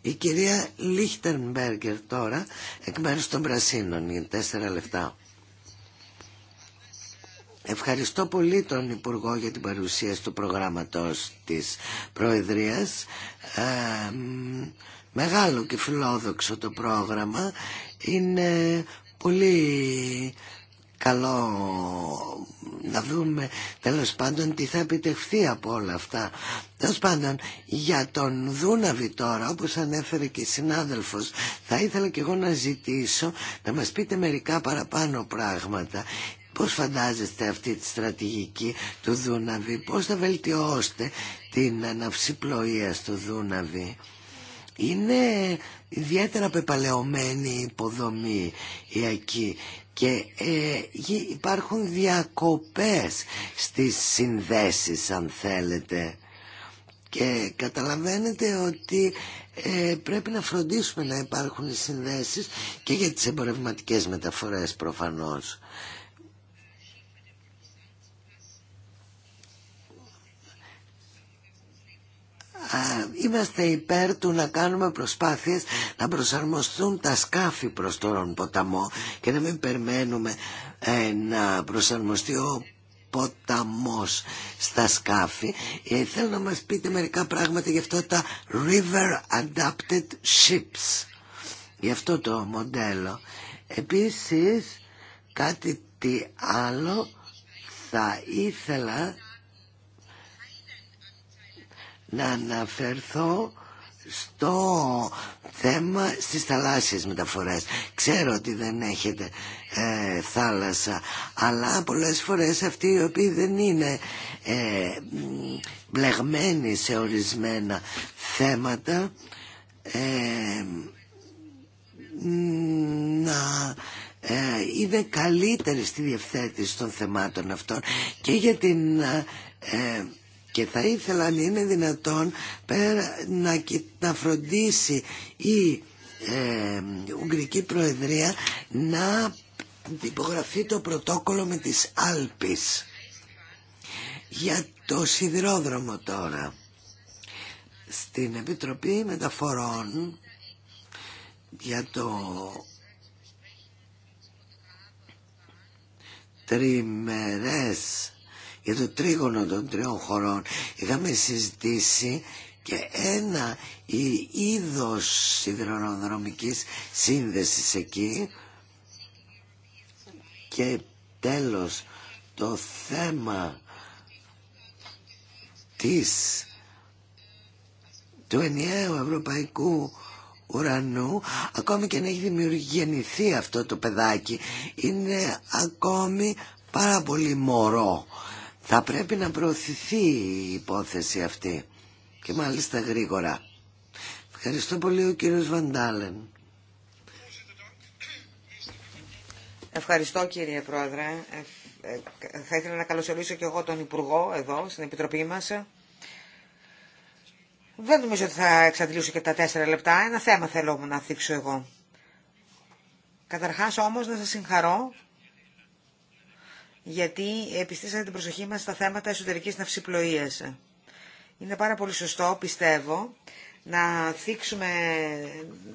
Η κυρία Λίχτερμπεργκερ τώρα εκ μέρους των Πρασίνων για τέσσερα λεπτά. Ευχαριστώ πολύ τον Υπουργό για την παρουσία του προγράμματος της Προεδρίας. μεγάλο και φιλόδοξο το πρόγραμμα. Είναι πολύ καλό να δούμε τέλος πάντων τι θα επιτευχθεί από όλα αυτά. Τέλο πάντων, για τον Δούναβη τώρα, όπως ανέφερε και η συνάδελφος, θα ήθελα και εγώ να ζητήσω να μας πείτε μερικά παραπάνω πράγματα. Πώς φαντάζεστε αυτή τη στρατηγική του Δούναβη, πώς θα βελτιώσετε την αναψυπλοεία στο Δούναβη. Είναι ιδιαίτερα πεπαλαιωμένη υποδομή η ΑΚΙ και ε, υπάρχουν διακοπές στις συνδέσεις αν θέλετε και καταλαβαίνετε ότι ε, πρέπει να φροντίσουμε να υπάρχουν συνδέσεις και για τις εμπορευματικές μεταφορές προφανώς. είμαστε υπέρ του να κάνουμε προσπάθειες να προσαρμοστούν τα σκάφη προς τον ποταμό και να μην περιμένουμε ε, να προσαρμοστεί ο ποταμός στα σκάφη ε, θέλω να μας πείτε μερικά πράγματα για αυτό τα river adapted ships Γι' αυτό το μοντέλο επίσης κάτι τι άλλο θα ήθελα να αναφερθώ στο θέμα στις θαλάσσιες μεταφορές. Ξέρω ότι δεν έχετε ε, θάλασσα, αλλά πολλές φορές αυτοί οι οποίοι δεν είναι ε, μπλεγμένοι σε ορισμένα θέματα ε, να ε, είναι καλύτεροι στη διευθέτηση των θεμάτων αυτών και για την ε, και θα ήθελα αν είναι δυνατόν πέρα, να, να φροντίσει η ε, Ουγγρική Προεδρία να υπογραφεί το πρωτόκολλο με τις Άλπεις για το σιδηρόδρομο τώρα στην Επιτροπή Μεταφορών για το τριμερές για το τρίγωνο των τριών χωρών είχαμε συζητήσει και ένα είδο σιδηροδρομικής σύνδεσης εκεί και τέλος το θέμα της του ενιαίου ευρωπαϊκού ουρανού ακόμη και να έχει δημιουργηθεί αυτό το παιδάκι είναι ακόμη πάρα πολύ μωρό θα πρέπει να προωθηθεί η υπόθεση αυτή και μάλιστα γρήγορα. Ευχαριστώ πολύ ο κύριος Βαντάλεν. Ευχαριστώ κύριε Πρόεδρε. Ε, θα ήθελα να καλωσορίσω και εγώ τον Υπουργό εδώ στην Επιτροπή μας. Δεν νομίζω ότι θα εξαντλήσω και τα τέσσερα λεπτά. Ένα θέμα θέλω να θίξω εγώ. Καταρχάς όμως να σας συγχαρώ γιατί επιστήσατε την προσοχή μας στα θέματα εσωτερικής ναυσιπλοείας. Είναι πάρα πολύ σωστό, πιστεύω, να θίξουμε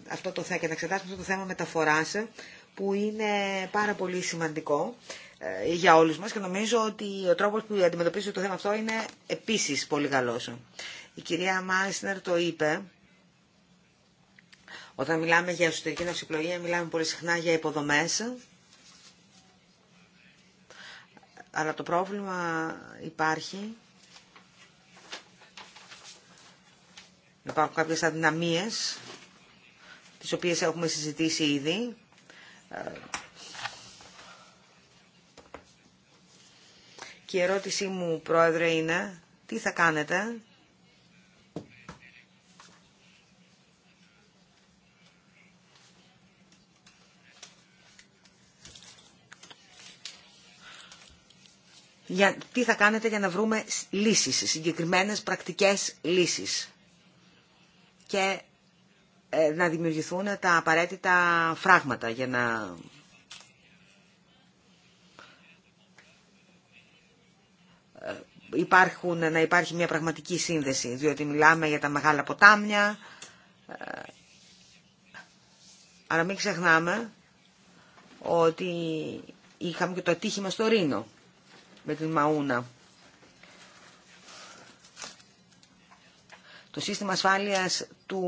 αυτό το θέμα και να εξετάσουμε αυτό το θέμα μεταφοράς, που είναι πάρα πολύ σημαντικό ε, για όλους μας και νομίζω ότι ο τρόπος που αντιμετωπίζετε το θέμα αυτό είναι επίσης πολύ καλός. Η κυρία Μάισνερ το είπε, όταν μιλάμε για εσωτερική ναυσιπλοεία μιλάμε πολύ συχνά για υποδομές αλλά το πρόβλημα υπάρχει. Υπάρχουν κάποιες αδυναμίες, τις οποίες έχουμε συζητήσει ήδη. Και η ερώτησή μου, Πρόεδρε, είναι τι θα κάνετε για τι θα κάνετε για να βρούμε λύσεις, συγκεκριμένες πρακτικές λύσεις και ε, να δημιουργηθούν τα απαραίτητα φράγματα για να ε, υπάρχουν, να υπάρχει μια πραγματική σύνδεση, διότι μιλάμε για τα μεγάλα ποτάμια. Ε, Αλλά μην ξεχνάμε ότι είχαμε και το ατύχημα στο Ρήνο με την Το σύστημα ασφάλειας του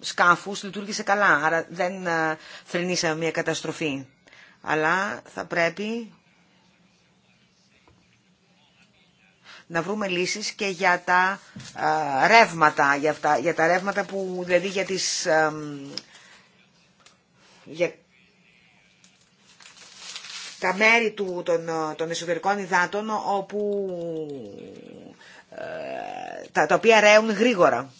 σκάφους λειτουργήσε καλά, άρα δεν ε, θρυνήσαμε μια καταστροφή. Αλλά θα πρέπει να βρούμε λύσεις και για τα ε, ρεύματα, για, τα ρεύματα που, δηλαδή για τις... Ε, για, τα μέρη του, των, των εσωτερικών υδάτων όπου, ε, τα, τα οποία ρέουν γρήγορα.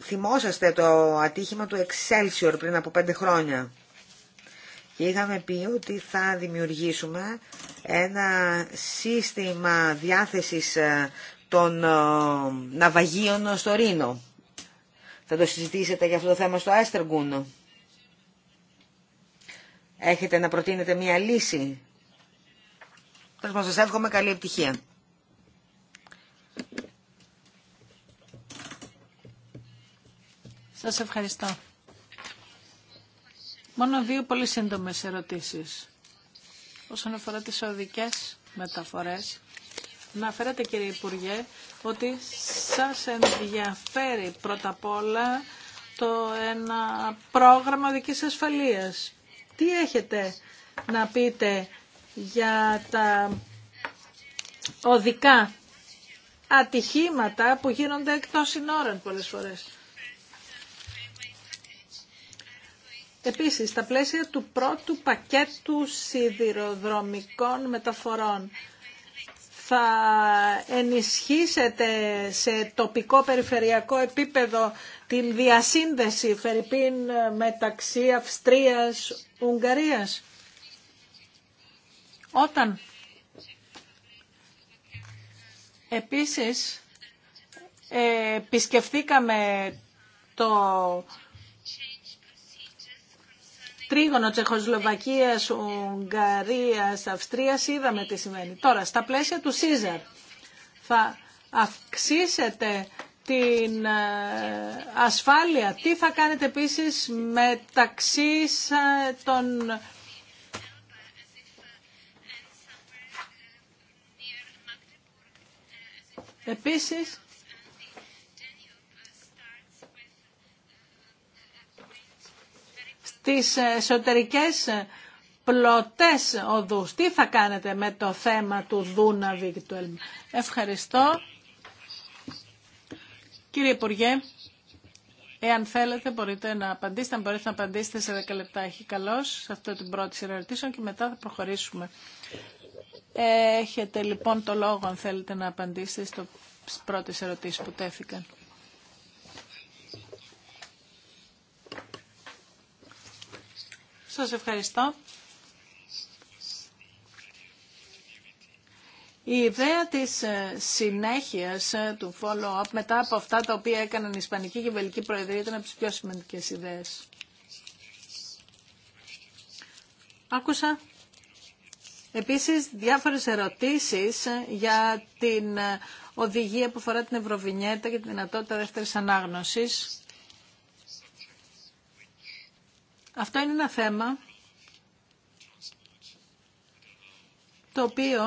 Θυμόσαστε το ατύχημα του Excelsior πριν από πέντε χρόνια και είχαμε πει ότι θα δημιουργήσουμε ένα σύστημα διάθεσης ε, των ε, ναυαγίων στο Ρήνο. Θα το συζητήσετε για αυτό το θέμα στο Άστεργκούνο. Έχετε να προτείνετε μια λύση. Τέλος μας σας εύχομαι καλή επιτυχία. Σας ευχαριστώ. Μόνο δύο πολύ σύντομες ερωτήσεις. Όσον αφορά τις οδικές μεταφορές, αναφέρατε κύριε Υπουργέ ότι σας ενδιαφέρει πρώτα απ' όλα το ένα πρόγραμμα δικής ασφαλείας. Τι έχετε να πείτε για τα οδικά ατυχήματα που γίνονται εκτός συνόρων πολλές φορές. Επίσης, στα πλαίσια του πρώτου πακέτου σιδηροδρομικών μεταφορών, θα ενισχύσετε σε τοπικό περιφερειακό επίπεδο την διασύνδεση φερρυππιν μεταξύ Αυστρίας, Ουγγαρίας. Όταν επίσης ε, επισκεφθήκαμε το τρίγωνο Τσεχοσλοβακίας, Ουγγαρίας, Αυστρίας είδαμε τι σημαίνει. Τώρα, στα πλαίσια του ΣΥΖΑΡ θα αυξήσετε την ε, ασφάλεια. Τι θα κάνετε επίσης μεταξύ ε, των Επίσης, τις εσωτερικές πλωτές οδούς. Τι θα κάνετε με το θέμα του Δούνα και του Ελμ. Ευχαριστώ. Κύριε Υπουργέ, εάν θέλετε μπορείτε να απαντήσετε, αν μπορείτε να απαντήσετε σε 10 λεπτά έχει καλώς σε αυτό την πρώτη σειρά ερωτήσεων και μετά θα προχωρήσουμε. Έχετε λοιπόν το λόγο αν θέλετε να απαντήσετε στο πρώτες ερωτήσεις που τέθηκαν. Σας ευχαριστώ. Η ιδέα της ε, συνέχειας ε, του follow-up μετά από αυτά τα οποία έκαναν η Ισπανική και η Βελική Προεδρία ήταν από τις πιο σημαντικές ιδέες. Άκουσα επίσης διάφορες ερωτήσεις ε, για την οδηγία που αφορά την Ευρωβινιέτα και τη δυνατότητα δεύτερης ανάγνωσης. Αυτό είναι ένα θέμα το οποίο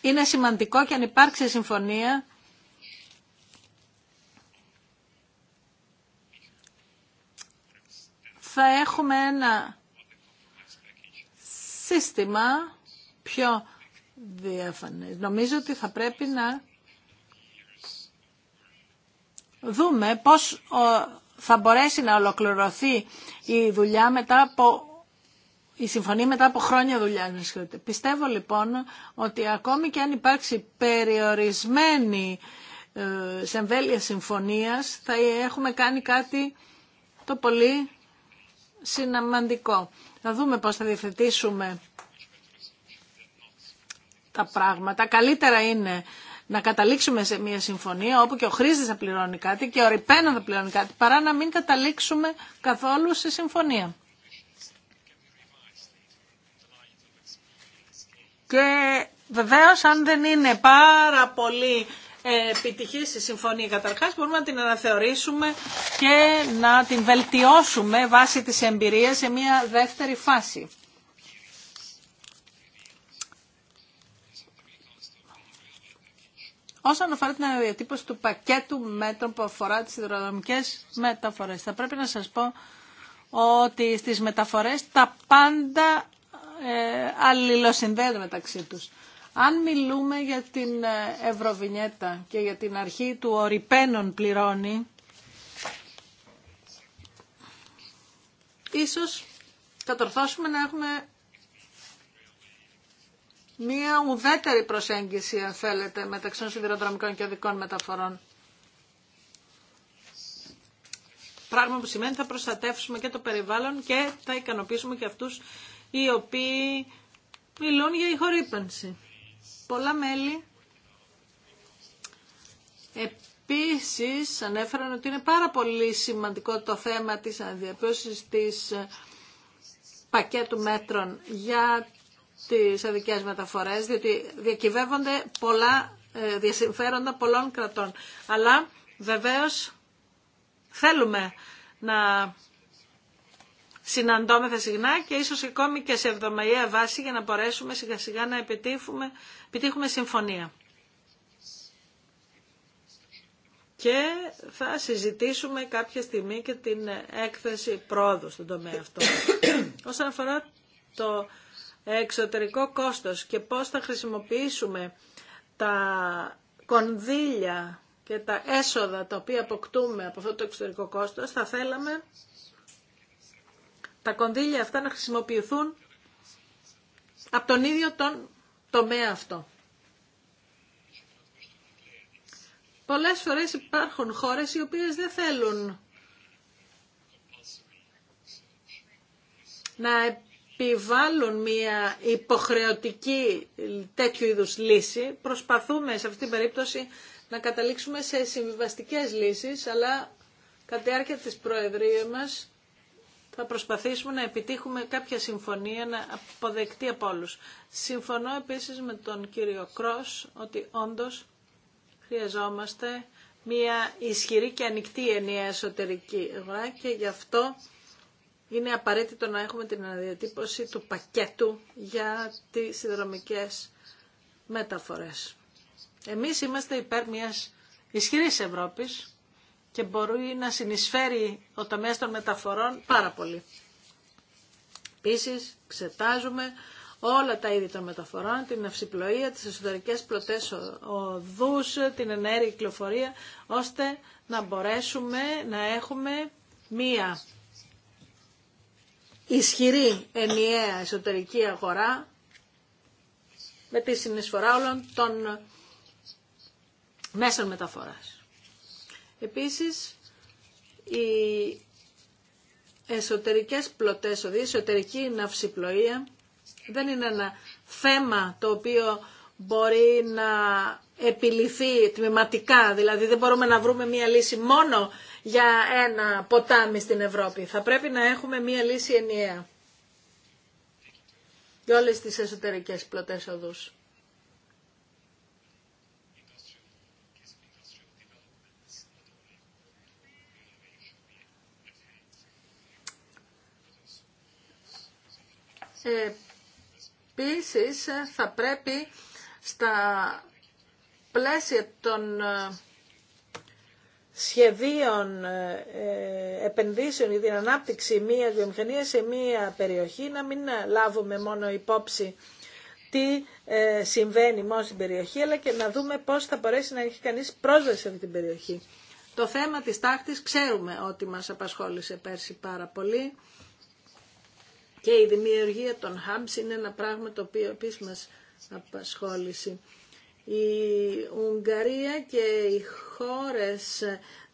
είναι σημαντικό και αν υπάρξει συμφωνία θα έχουμε ένα σύστημα πιο διαφανές. Νομίζω ότι θα πρέπει να δούμε πώς θα μπορέσει να ολοκληρωθεί η δουλειά μετά από η συμφωνία μετά από χρόνια δουλειά. Πιστεύω λοιπόν ότι ακόμη και αν υπάρξει περιορισμένη σε συμφωνίας θα έχουμε κάνει κάτι το πολύ συναμαντικό. Θα δούμε πώς θα διευθετήσουμε τα πράγματα. Καλύτερα είναι να καταλήξουμε σε μια συμφωνία όπου και ο χρήστης θα πληρώνει κάτι και ο ρηπένα θα πληρώνει κάτι παρά να μην καταλήξουμε καθόλου σε συμφωνία. Και βεβαίως αν δεν είναι πάρα πολύ ε, επιτυχής η συμφωνία καταρχάς μπορούμε να την αναθεωρήσουμε και να την βελτιώσουμε βάσει της εμπειρίας σε μια δεύτερη φάση. Όσον αφορά την αναδιατύπωση του πακέτου μέτρων που αφορά τις υδροδρομικές μεταφορές, θα πρέπει να σας πω ότι στις μεταφορές τα πάντα ε, αλληλοσυνδέονται μεταξύ τους. Αν μιλούμε για την ε, Ευρωβινιέτα και για την αρχή του οριπένων πληρώνει, ίσως κατορθώσουμε να έχουμε μία ουδέτερη προσέγγιση, αν θέλετε, μεταξύ των σιδηροδρομικών και οδικών μεταφορών. Πράγμα που σημαίνει θα προστατεύσουμε και το περιβάλλον και θα ικανοποιήσουμε και αυτούς οι οποίοι μιλούν για ηχορύπανση. Πολλά μέλη επίσης ανέφεραν ότι είναι πάρα πολύ σημαντικό το θέμα της αναδιαπτώσης της ε, πακέτου μέτρων για τις αδικές μεταφορές, διότι διακυβεύονται πολλά ε, διασυμφέροντα πολλών κρατών. Αλλά βεβαίως θέλουμε να συναντώμεθα συχνά και ίσως ακόμη και σε εβδομαδιαία βάση για να μπορέσουμε σιγά σιγά να επιτύχουμε, επιτύχουμε συμφωνία. Και θα συζητήσουμε κάποια στιγμή και την έκθεση πρόοδου στον τομέα αυτό. Όσον αφορά το εξωτερικό κόστος και πώς θα χρησιμοποιήσουμε τα κονδύλια και τα έσοδα τα οποία αποκτούμε από αυτό το εξωτερικό κόστος, θα θέλαμε τα κονδύλια αυτά να χρησιμοποιηθούν από τον ίδιο τον τομέα αυτό. Πολλές φορές υπάρχουν χώρες οι οποίες δεν θέλουν να επιβάλλουν μια υποχρεωτική τέτοιου είδους λύση. Προσπαθούμε σε αυτή την περίπτωση να καταλήξουμε σε συμβιβαστικές λύσεις, αλλά κατά τη διάρκεια της Προεδρίας μας θα προσπαθήσουμε να επιτύχουμε κάποια συμφωνία να αποδεκτεί από όλου. Συμφωνώ επίσης με τον κύριο Κρός ότι όντως χρειαζόμαστε μια ισχυρή και ανοιχτή ενιαία εσωτερική αγορά και γι' αυτό είναι απαραίτητο να έχουμε την αναδιατύπωση του πακέτου για τις συνδρομικές μεταφορές. Εμείς είμαστε υπέρ μιας ισχυρής Ευρώπης και μπορεί να συνεισφέρει ο τομέας των μεταφορών πάρα πολύ. Επίση, ξετάζουμε όλα τα είδη των μεταφορών, την αυσιπλοεία, τις εσωτερικές πλωτές οδούς, την ενέργεια κυκλοφορία, ώστε να μπορέσουμε να έχουμε μία ισχυρή ενιαία εσωτερική αγορά με τη συνεισφορά όλων των μέσων μεταφοράς. Επίσης, οι εσωτερικές πλωτές η εσωτερική ναυσιπλοεία δεν είναι ένα θέμα το οποίο μπορεί να επιληθεί τμηματικά, δηλαδή δεν μπορούμε να βρούμε μία λύση μόνο για ένα ποτάμι στην Ευρώπη. Θα πρέπει να έχουμε μία λύση ενιαία για όλες τις εσωτερικές πλωτές οδούς. Επίσης θα πρέπει στα πλαίσια των ε, σχεδίων ε, ε, επενδύσεων ή την ανάπτυξη μια βιομηχανία σε μια περιοχή, να μην λάβουμε μόνο υπόψη τι συμβαίνει μόνο στην περιοχή, αλλά και να δούμε πώς θα μπορέσει να έχει κανείς πρόσβαση σε αυτή την περιοχή. Το θέμα της τάχτης ξέρουμε ότι μας απασχόλησε πέρσι πάρα πολύ και η δημιουργία των hubs είναι ένα πράγμα το οποίο επίσης μας απασχόλησε. Η Ουγγαρία και οι χώρες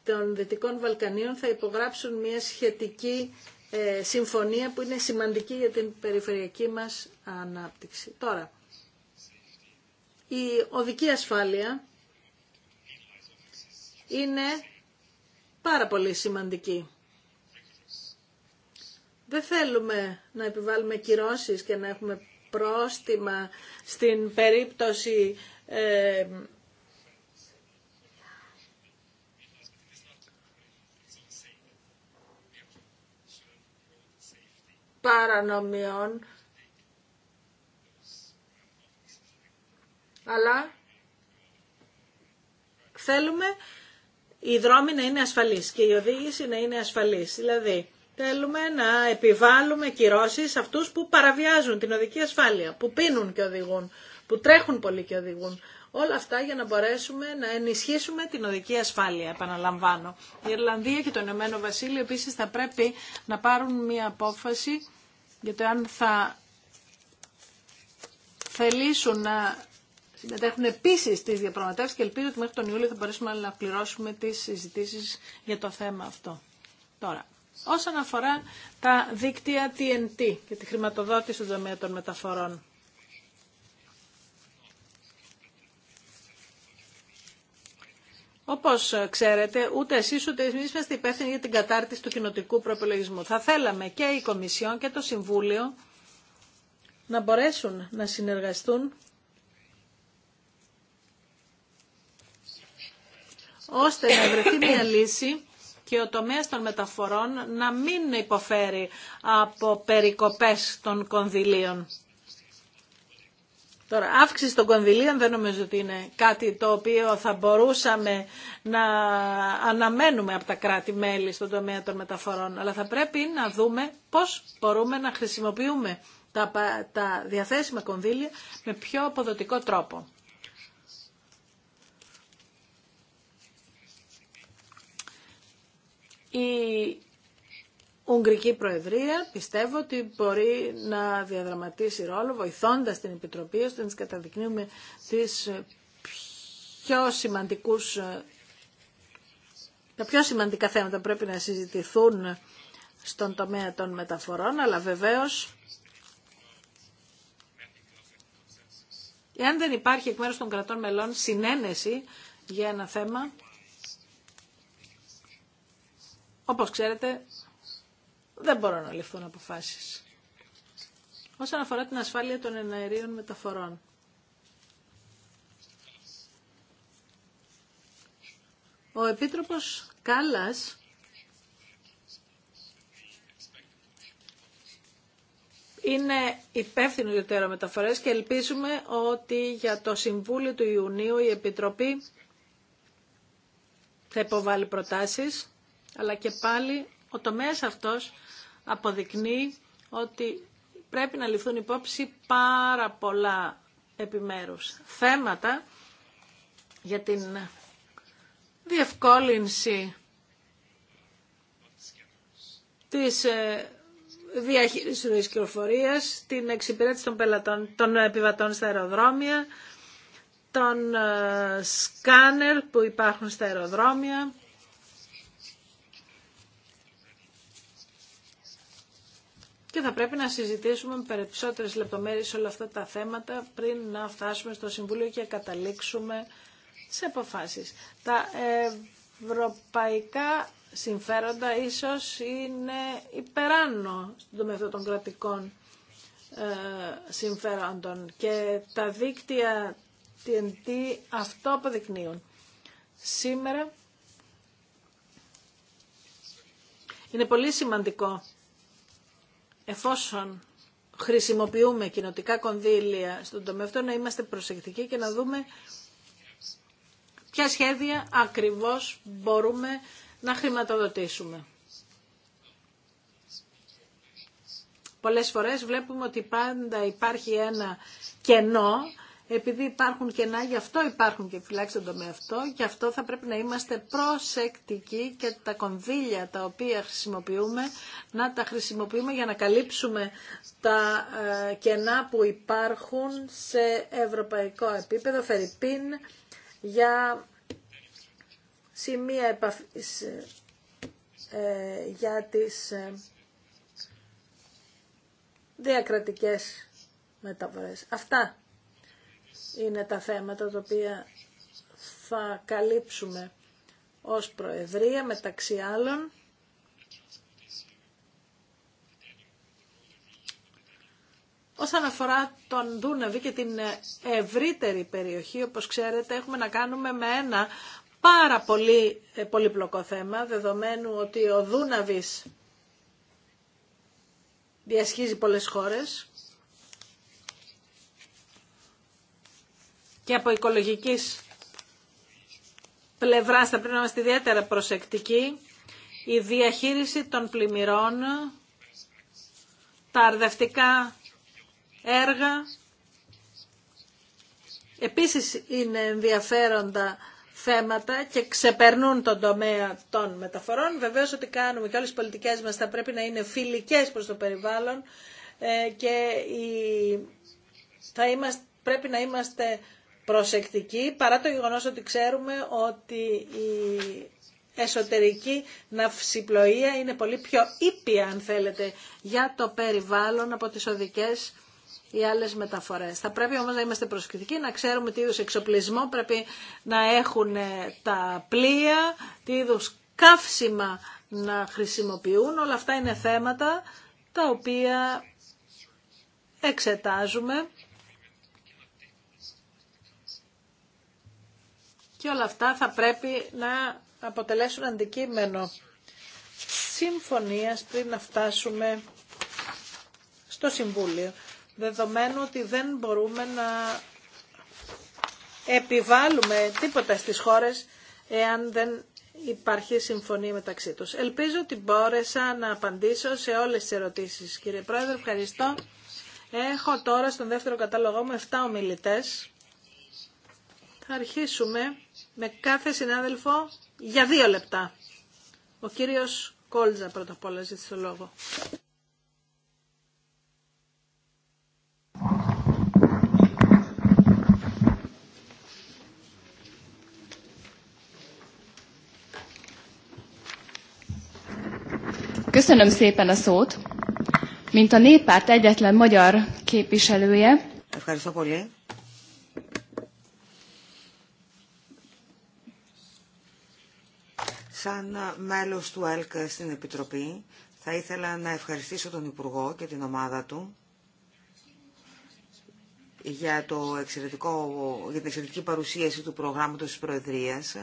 των Δυτικών Βαλκανίων θα υπογράψουν μια σχετική ε, συμφωνία που είναι σημαντική για την περιφερειακή μας ανάπτυξη. Τώρα, η οδική ασφάλεια είναι πάρα πολύ σημαντική. Δεν θέλουμε να επιβάλλουμε κυρώσεις και να έχουμε πρόστιμα στην περίπτωση ε, παρανομιών, αλλά θέλουμε οι δρόμοι να είναι ασφαλείς και η οδήγηση να είναι ασφαλής. Δηλαδή, θέλουμε να επιβάλλουμε κυρώσεις σε αυτούς που παραβιάζουν την οδική ασφάλεια, που πίνουν και οδηγούν που τρέχουν πολύ και οδηγούν. Όλα αυτά για να μπορέσουμε να ενισχύσουμε την οδική ασφάλεια, επαναλαμβάνω. Η Ιρλανδία και το Ηνωμένο Βασίλειο επίσης θα πρέπει να πάρουν μία απόφαση για το αν θα θελήσουν να συμμετέχουν επίσης στι διαπραγματεύσεις και ελπίζω ότι μέχρι τον Ιούλιο θα μπορέσουμε να πληρώσουμε τις συζητήσει για το θέμα αυτό. Τώρα, όσον αφορά τα δίκτυα TNT και τη χρηματοδότηση του τομέα των μεταφορών. Όπως ε, ξέρετε, ούτε εσείς ούτε εμείς είμαστε υπεύθυνοι για την κατάρτιση του κοινοτικού προπολογισμού. Θα θέλαμε και η Κομισιόν και το Συμβούλιο να μπορέσουν να συνεργαστούν ώστε να βρεθεί μια λύση και ο τομέας των μεταφορών να μην υποφέρει από περικοπές των κονδυλίων. Τώρα, αύξηση των κονδυλίων δεν νομίζω ότι είναι κάτι το οποίο θα μπορούσαμε να αναμένουμε από τα κράτη-μέλη στον τομέα των μεταφορών, αλλά θα πρέπει να δούμε πώς μπορούμε να χρησιμοποιούμε τα, τα διαθέσιμα κονδύλια με πιο αποδοτικό τρόπο. Ουγγρική Προεδρία πιστεύω ότι μπορεί να διαδραματίσει ρόλο βοηθώντας την Επιτροπή ώστε να της καταδεικνύουμε τις πιο σημαντικούς τα πιο σημαντικά θέματα πρέπει να συζητηθούν στον τομέα των μεταφορών, αλλά βεβαίως εάν δεν υπάρχει εκ μέρους των κρατών μελών συνένεση για ένα θέμα, όπως ξέρετε, δεν μπορούν να ληφθούν αποφάσεις. Όσον αφορά την ασφάλεια των εναερίων μεταφορών. Ο Επίτροπος Κάλλας είναι υπεύθυνο για το μεταφορές και ελπίζουμε ότι για το Συμβούλιο του Ιουνίου η Επιτροπή θα υποβάλει προτάσεις, αλλά και πάλι ο τομέας αυτός αποδεικνύει ότι πρέπει να ληφθούν υπόψη πάρα πολλά επιμέρους θέματα για την διευκόλυνση της ε, διαχείρισης της κυροφορίας, την εξυπηρέτηση των, πελατών, των επιβατών στα αεροδρόμια, των ε, σκάνερ που υπάρχουν στα αεροδρόμια, και θα πρέπει να συζητήσουμε με περισσότερες λεπτομέρειες όλα αυτά τα θέματα πριν να φτάσουμε στο Συμβούλιο και καταλήξουμε σε αποφάσει. Τα ευρωπαϊκά συμφέροντα ίσως είναι υπεράνω στον τομέα των κρατικών ε, συμφέροντων και τα δίκτυα TNT αυτό αποδεικνύουν. Σήμερα είναι πολύ σημαντικό εφόσον χρησιμοποιούμε κοινοτικά κονδύλια στον τομέα αυτό, να είμαστε προσεκτικοί και να δούμε ποια σχέδια ακριβώς μπορούμε να χρηματοδοτήσουμε. Πολλές φορές βλέπουμε ότι πάντα υπάρχει ένα κενό επειδή υπάρχουν κενά, γι' αυτό υπάρχουν και φυλάξει το αυτό, γι' αυτό θα πρέπει να είμαστε προσεκτικοί και τα κονδύλια τα οποία χρησιμοποιούμε, να τα χρησιμοποιούμε για να καλύψουμε τα ε, κενά που υπάρχουν σε ευρωπαϊκό επίπεδο, φερρυπίν, για σημεία επαφής ε, ε, για τις διακρατικές μεταφορές. Αυτά είναι τα θέματα τα οποία θα καλύψουμε ως Προεδρία μεταξύ άλλων. Όσον αφορά τον Δούναβη και την ευρύτερη περιοχή, όπως ξέρετε, έχουμε να κάνουμε με ένα πάρα πολύ ε, πολύπλοκο θέμα, δεδομένου ότι ο Δούναβης διασχίζει πολλές χώρες και από οικολογικής πλευράς θα πρέπει να είμαστε ιδιαίτερα προσεκτικοί. Η διαχείριση των πλημμυρών, τα αρδευτικά έργα, επίσης είναι ενδιαφέροντα θέματα και ξεπερνούν τον τομέα των μεταφορών. Βεβαίως ότι κάνουμε και όλες οι πολιτικές μας θα πρέπει να είναι φιλικές προς το περιβάλλον ε, και θα είμαστε, πρέπει να είμαστε προσεκτικοί παρά το γεγονός ότι ξέρουμε ότι η εσωτερική ναυσιπλοεία είναι πολύ πιο ήπια αν θέλετε για το περιβάλλον από τις οδικές ή άλλες μεταφορές. Θα πρέπει όμως να είμαστε προσεκτικοί, να ξέρουμε τι είδους εξοπλισμό πρέπει να έχουν τα πλοία, τι είδους καύσιμα να χρησιμοποιούν. Όλα αυτά είναι θέματα τα οποία εξετάζουμε και όλα αυτά θα πρέπει να αποτελέσουν αντικείμενο συμφωνίας πριν να φτάσουμε στο Συμβούλιο, δεδομένου ότι δεν μπορούμε να επιβάλλουμε τίποτα στις χώρες εάν δεν υπάρχει συμφωνία μεταξύ τους. Ελπίζω ότι μπόρεσα να απαντήσω σε όλες τις ερωτήσεις. Κύριε Πρόεδρε, ευχαριστώ. Έχω τώρα στον δεύτερο κατάλογό μου 7 ομιλητές. Θα αρχίσουμε με κάθε συνάδελφο για δύο λεπτά. Ο κύριος Κόλτζα πρώτα απ' όλα ζήτησε το λόγο. Köszönöm szépen a szót. Mint a néppárt egyetlen magyar képviselője. Σαν μέλος του ΕΛΚ στην Επιτροπή, θα ήθελα να ευχαριστήσω τον Υπουργό και την ομάδα του για, το εξαιρετικό, για την εξαιρετική παρουσίαση του προγράμματος της Προεδρίας.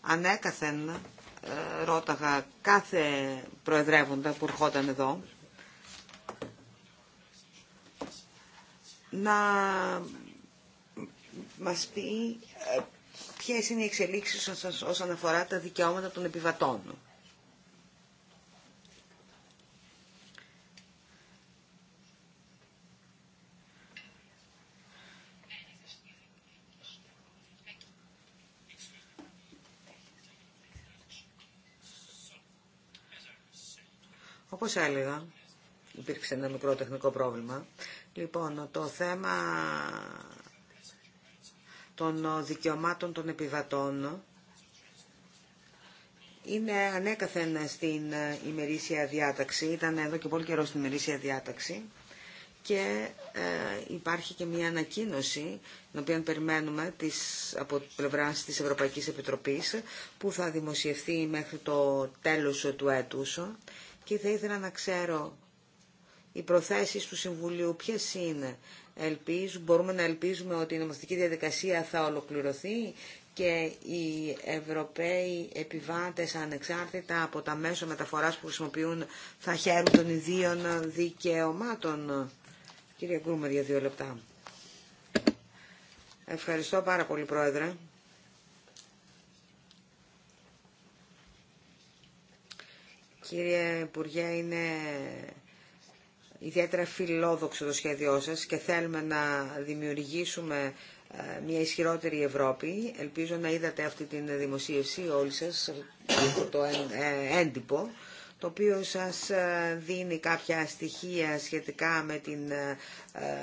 Ανέκαθεν ε, ρώταγα κάθε προεδρεύοντα που ερχόταν εδώ να μας πει ε, ποιες είναι οι εξελίξεις όσον αφορά τα δικαιώματα των επιβατών. Όπως έλεγα, υπήρξε ένα μικρό τεχνικό πρόβλημα. Λοιπόν, το θέμα των ε, δικαιωμάτων των επιβατών είναι ανέκαθεν στην ε, ημερήσια διάταξη, ήταν εδώ και πολύ καιρό στην ημερήσια διάταξη και ε, υπάρχει και μια ανακοίνωση, την οποία περιμένουμε της, από πλευρά της Ευρωπαϊκής Επιτροπής, που θα δημοσιευθεί μέχρι το τέλος του έτους και θα ήθελα να ξέρω οι προθέσεις του Συμβουλίου ποιες είναι Ελπίζουμε, μπορούμε να ελπίζουμε ότι η νομοθετική διαδικασία θα ολοκληρωθεί και οι Ευρωπαίοι επιβάτες ανεξάρτητα από τα μέσα μεταφοράς που χρησιμοποιούν θα χαίρουν των ιδίων δικαιωμάτων. Κύριε Γκρούμερ για δύο λεπτά. Ευχαριστώ πάρα πολύ Πρόεδρε. Κύριε Υπουργέ, είναι ιδιαίτερα φιλόδοξο το σχέδιό σας και θέλουμε να δημιουργήσουμε ε, μια ισχυρότερη Ευρώπη. Ελπίζω να είδατε αυτή την δημοσίευση όλοι σας, το ε, έντυπο, το οποίο σας ε, δίνει κάποια στοιχεία σχετικά με, την,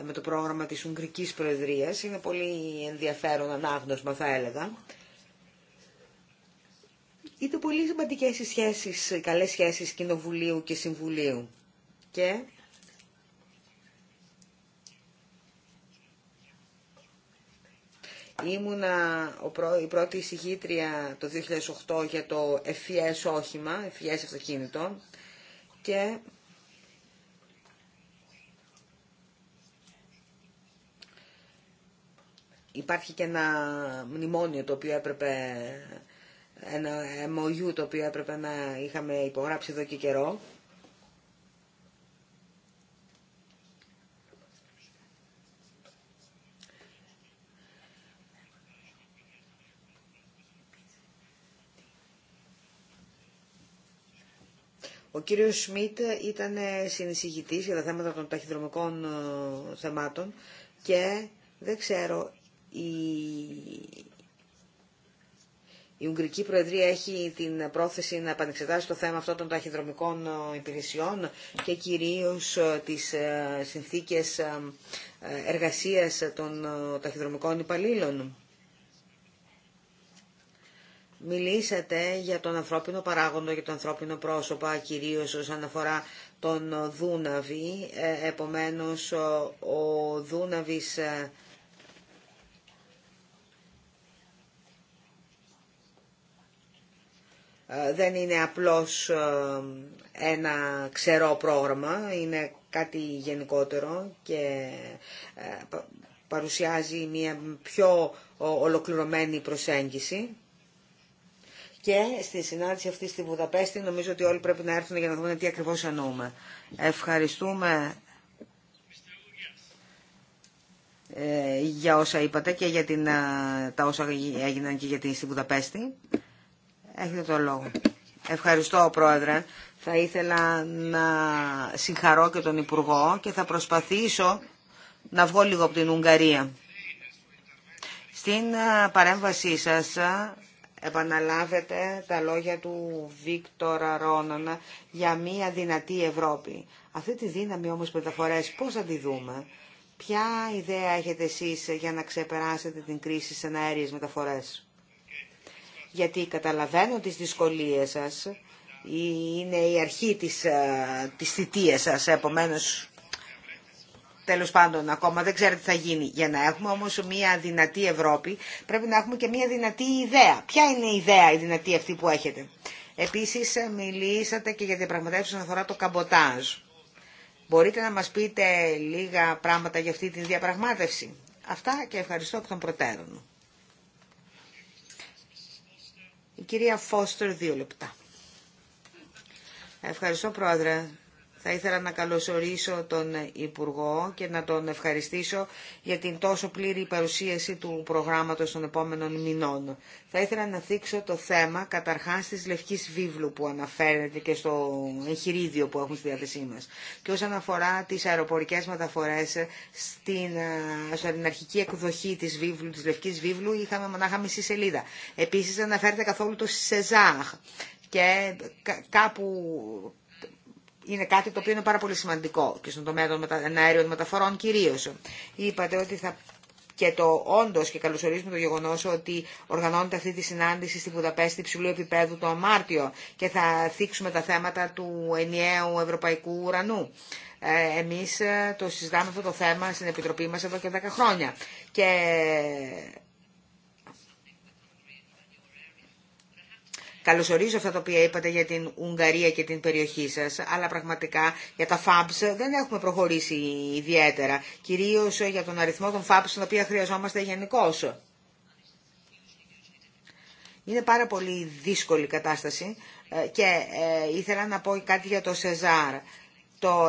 με το πρόγραμμα της Ουγγρικής Προεδρίας. Είναι πολύ ενδιαφέρον ανάγνωσμα θα έλεγα. Είτε πολύ σημαντικές οι σχέσεις, καλές σχέσεις Κοινοβουλίου και Συμβουλίου. Και Ήμουνα η πρώτη εισηγήτρια το 2008 για το FES όχημα, FES αυτοκίνητο και υπάρχει και ένα μνημόνιο το οποίο έπρεπε, ένα MOU το οποίο έπρεπε να είχαμε υπογράψει εδώ και καιρό Ο κύριος Σμιτ ήταν συνεισηγητής για τα θέματα των ταχυδρομικών ε, θεμάτων και δεν ξέρω, η... η Ουγγρική Προεδρία έχει την πρόθεση να επανεξετάσει το θέμα αυτό των ταχυδρομικών ε, υπηρεσιών και κυρίως ε, τις συνθήκες εργασίας των ταχυδρομικών υπαλλήλων. Μιλήσατε για τον ανθρώπινο παράγοντο, για τον ανθρώπινο πρόσωπα, κυρίως όσον αφορά τον Δούναβη. Ε, επομένως, ο Δούναβης ε, δεν είναι απλώς ε, ένα ξερό πρόγραμμα, είναι κάτι γενικότερο και παρουσιάζει μια πιο ολοκληρωμένη προσέγγιση και στη συνάντηση αυτή στη Βουδαπέστη νομίζω ότι όλοι πρέπει να έρθουν για να δούμε τι ακριβώς εννοούμε. Ευχαριστούμε ε, για όσα είπατε και για την, ε, τα όσα έγιναν και για την στη Βουδαπέστη. Έχετε το λόγο. Ευχαριστώ, Πρόεδρε. Θα ήθελα να συγχαρώ και τον Υπουργό και θα προσπαθήσω να βγω λίγο από την Ουγγαρία. Στην ε, παρέμβασή σας επαναλάβετε τα λόγια του Βίκτορα Ρόνανα για μια δυνατή Ευρώπη. Αυτή τη δύναμη όμως μεταφορές πώς θα τη δούμε. Ποια ιδέα έχετε εσείς για να ξεπεράσετε την κρίση σε αέριες μεταφορές. Γιατί καταλαβαίνω τις δυσκολίες σας, είναι η αρχή της, ε, της θητείας σας, επομένως Τέλο πάντων ακόμα δεν ξέρετε τι θα γίνει. Για να έχουμε όμως μια δυνατή Ευρώπη πρέπει να έχουμε και μια δυνατή ιδέα. Ποια είναι η ιδέα η δυνατή αυτή που έχετε. Επίσης μιλήσατε και για διαπραγματεύσει όσον αφορά το καμποτάζ. Μπορείτε να μας πείτε λίγα πράγματα για αυτή τη διαπραγμάτευση. Αυτά και ευχαριστώ από τον προτέρων. Η κυρία Φώστερ, δύο λεπτά. Ευχαριστώ, Πρόεδρε. Θα ήθελα να καλωσορίσω τον Υπουργό και να τον ευχαριστήσω για την τόσο πλήρη παρουσίαση του προγράμματος των επόμενων μηνών. Θα ήθελα να θίξω το θέμα καταρχάς της Λευκής Βίβλου που αναφέρεται και στο εγχειρίδιο που έχουμε στη διάθεσή μας και όσον αφορά τις αεροπορικές μεταφορές στην, στην αρχική εκδοχή της, βίβλου, της Λευκής Βίβλου είχαμε μονάχα μισή σελίδα. Επίσης αναφέρεται καθόλου το ΣΕΖΑΧ και κάπου είναι κάτι το οποίο είναι πάρα πολύ σημαντικό και στον τομέα των αέριων μεταφορών κυρίω. Είπατε ότι θα και το όντω και καλωσορίζουμε το γεγονό ότι οργανώνεται αυτή τη συνάντηση στη Βουδαπέστη υψηλού επίπεδου το Μάρτιο και θα θίξουμε τα θέματα του ενιαίου ευρωπαϊκού ουρανού. Ε, εμείς ε, το συζητάμε αυτό το θέμα στην Επιτροπή μας εδώ και 10 χρόνια. Και Καλωσορίζω αυτά τα οποία είπατε για την Ουγγαρία και την περιοχή σας, αλλά πραγματικά για τα FABs δεν έχουμε προχωρήσει ιδιαίτερα, κυρίως για τον αριθμό των FABs τον οποία χρειαζόμαστε γενικώ. Είναι πάρα πολύ δύσκολη κατάσταση ε, και ε, ήθελα να πω κάτι για το ΣΕΖΑΡ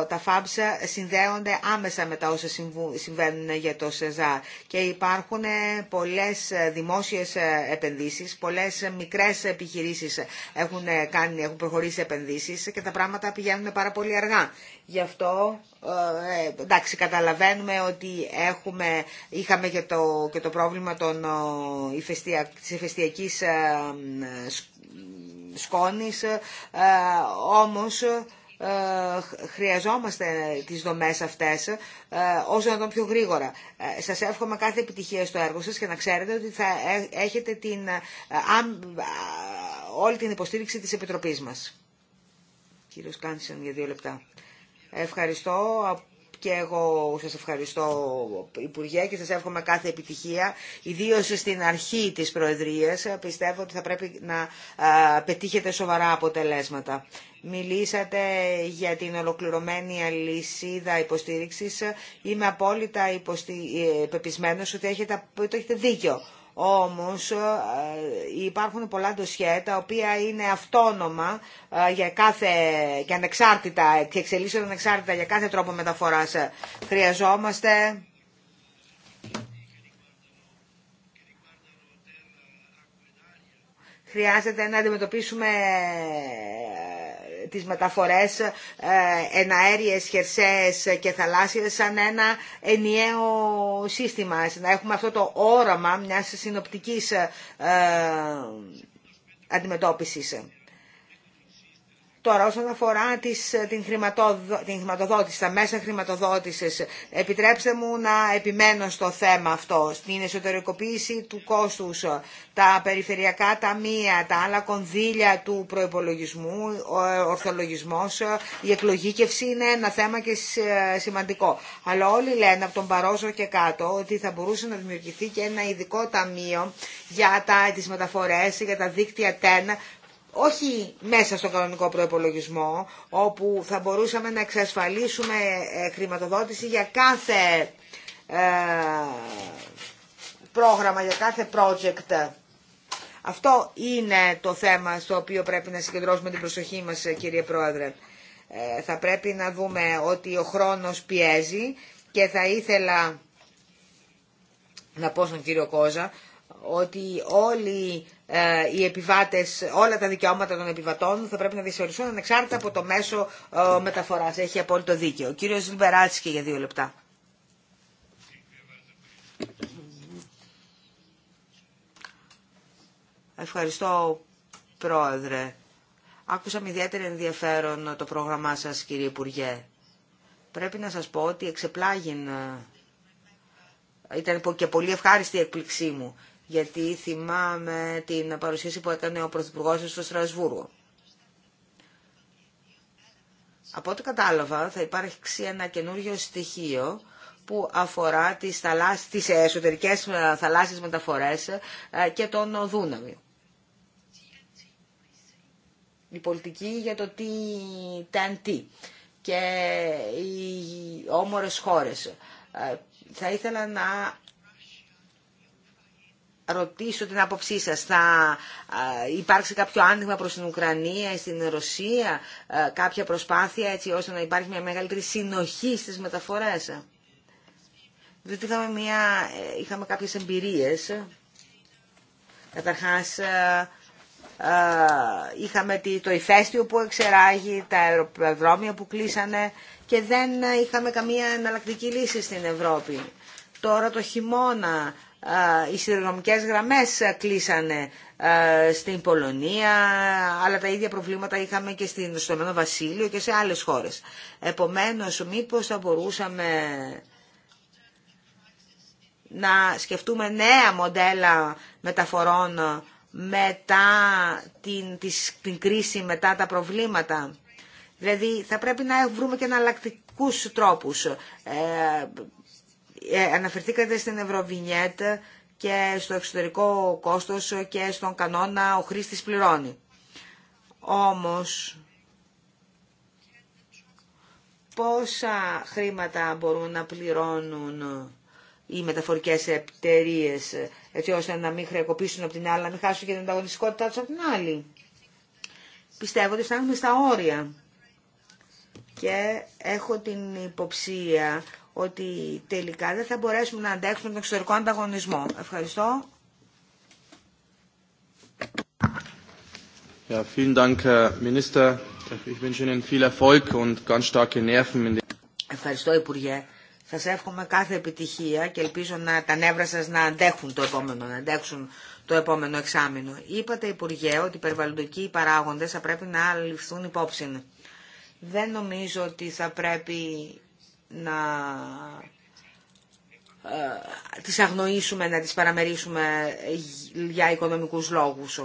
τα ΦΑΜΣΑ συνδέονται άμεσα με τα όσα συμβαίνουν για το ΣΕΖΑ και υπάρχουν ε, πολλές ε, δημόσιες ε, επενδύσεις, πολλές μικρές επιχειρήσεις έχουν, κάνει, έχουν προχωρήσει επενδύσεις και τα πράγματα πηγαίνουν πάρα πολύ αργά. Γι' αυτό εντάξει, καταλαβαίνουμε ότι έχουμε, είχαμε και το, το πρόβλημα των, της σκόνης, όμως ε, χρειαζόμαστε τις δομές αυτές ε, όσο να τον πιο γρήγορα. Ε, σας εύχομαι κάθε επιτυχία στο έργο σας και να ξέρετε ότι θα έχετε την, όλη την υποστήριξη της Επιτροπής μας. Κύριος Κάνσεν για δύο λεπτά. Ευχαριστώ και εγώ σας ευχαριστώ Υπουργέ και σας εύχομαι κάθε επιτυχία, ιδίως στην αρχή της Προεδρίας. Πιστεύω ότι θα πρέπει να πετύχετε σοβαρά αποτελέσματα. Μιλήσατε για την ολοκληρωμένη αλυσίδα υποστήριξης. Είμαι απόλυτα υποστη... Ε, ότι έχετε, το έχετε δίκιο. Όμως ε, υπάρχουν πολλά ντοσιέ τα οποία είναι αυτόνομα ε, για κάθε, και ανεξάρτητα και εξελίσσονται ανεξάρτητα για κάθε τρόπο μεταφοράς. Χρειαζόμαστε χρειάζεται να αντιμετωπίσουμε τις μεταφορές ε, εναέριες, χερσαίες και θαλάσσιες σαν ένα ενιαίο σύστημα. Να έχουμε αυτό το όραμα μιας συνοπτικής ε, αντιμετώπισης. Τώρα, όσον αφορά τις, την, χρηματοδότηση, τα μέσα χρηματοδότησης, επιτρέψτε μου να επιμένω στο θέμα αυτό, στην εσωτερικοποίηση του κόστους, τα περιφερειακά ταμεία, τα άλλα κονδύλια του προϋπολογισμού, ο ορθολογισμός, η εκλογήκευση είναι ένα θέμα και σημαντικό. Αλλά όλοι λένε από τον παρόσο και κάτω ότι θα μπορούσε να δημιουργηθεί και ένα ειδικό ταμείο για τι τις για τα δίκτυα TEN, όχι μέσα στον κανονικό προϋπολογισμό, όπου θα μπορούσαμε να εξασφαλίσουμε ε, χρηματοδότηση για κάθε ε, πρόγραμμα, για κάθε project. Αυτό είναι το θέμα στο οποίο πρέπει να συγκεντρώσουμε την προσοχή μας, ε, κύριε Πρόεδρε. Θα πρέπει να δούμε ότι ο χρόνος πιέζει και θα ήθελα να πω στον κύριο Κόζα ότι όλοι ε, οι επιβάτες, όλα τα δικαιώματα των επιβατών θα πρέπει να δυσοριστούν ανεξάρτητα από το μέσο ε, μεταφοράς. Έχει απόλυτο δίκαιο. Ο κύριος Λιμπεράτσικη για δύο λεπτά. Ευχαριστώ, Πρόεδρε. Άκουσα με ενδιαφέρον το πρόγραμμά σας, κύριε Υπουργέ. Πρέπει να σας πω ότι εξεπλάγιν ε, ήταν και πολύ ευχάριστη η έκπληξή μου γιατί θυμάμαι την παρουσίαση που έκανε ο Πρωθυπουργός στο Στρασβούργο. Από ό,τι κατάλαβα θα υπάρξει ένα καινούριο στοιχείο που αφορά τις, θαλάσσι, τις εσωτερικές ε, θαλάσσιες μεταφορές ε, και τον Δούναμι. Η πολιτική για το τι TNT και οι όμορες χώρες. Ε, θα ήθελα να ρωτήσω την άποψή σα Θα υπάρξει κάποιο άνοιγμα προς την Ουκρανία ή στην Ρωσία, κάποια προσπάθεια έτσι ώστε να υπάρχει μια μεγαλύτερη συνοχή στις μεταφορές. Διότι είχαμε, μια, ε, είχαμε κάποιες εμπειρίες. Καταρχάς, ε, ε, είχαμε το ηφαίστειο που εξεράγει, τα αεροδρόμια που κλείσανε και δεν είχαμε καμία εναλλακτική λύση στην Ευρώπη. Τώρα το χειμώνα οι σιδηροδρομικές γραμμές κλείσανε στην Πολωνία, αλλά τα ίδια προβλήματα είχαμε και στην, στο Μένο Βασίλειο και σε άλλες χώρες. Επομένως, μήπως θα μπορούσαμε να σκεφτούμε νέα μοντέλα μεταφορών μετά την, την κρίση, μετά τα προβλήματα. Δηλαδή θα πρέπει να βρούμε και εναλλακτικού τρόπους. Ε, ε, αναφερθήκατε στην Ευρωβινιέτ και στο εξωτερικό κόστος και στον κανόνα ο χρήστης πληρώνει. Όμως, πόσα χρήματα μπορούν να πληρώνουν οι μεταφορικές εταιρείε έτσι ώστε να μην χρεοκοπήσουν από την άλλη, να μην χάσουν και την ανταγωνιστικότητά τους από την άλλη. Πιστεύω ότι φτάνουμε στα όρια. Και έχω την υποψία ότι τελικά δεν θα μπορέσουμε να αντέξουμε τον εξωτερικό ανταγωνισμό. Ευχαριστώ. Ja, vielen Dank, Herr Minister. Ich wünsche Ihnen viel Erfolg und ganz starke Nerven. In Ευχαριστώ, Υπουργέ. σα εύχομαι κάθε επιτυχία και ελπίζω να τα νεύρα σα να αντέχουν το επόμενο, να αντέξουν το επόμενο εξάμεινο. Είπατε, Υπουργέ, ότι οι περιβαλλοντικοί παράγοντε θα πρέπει να ληφθούν υπόψη. Δεν νομίζω ότι θα πρέπει να ε, τις αγνοήσουμε, να τις παραμερίσουμε για οικονομικούς λόγους.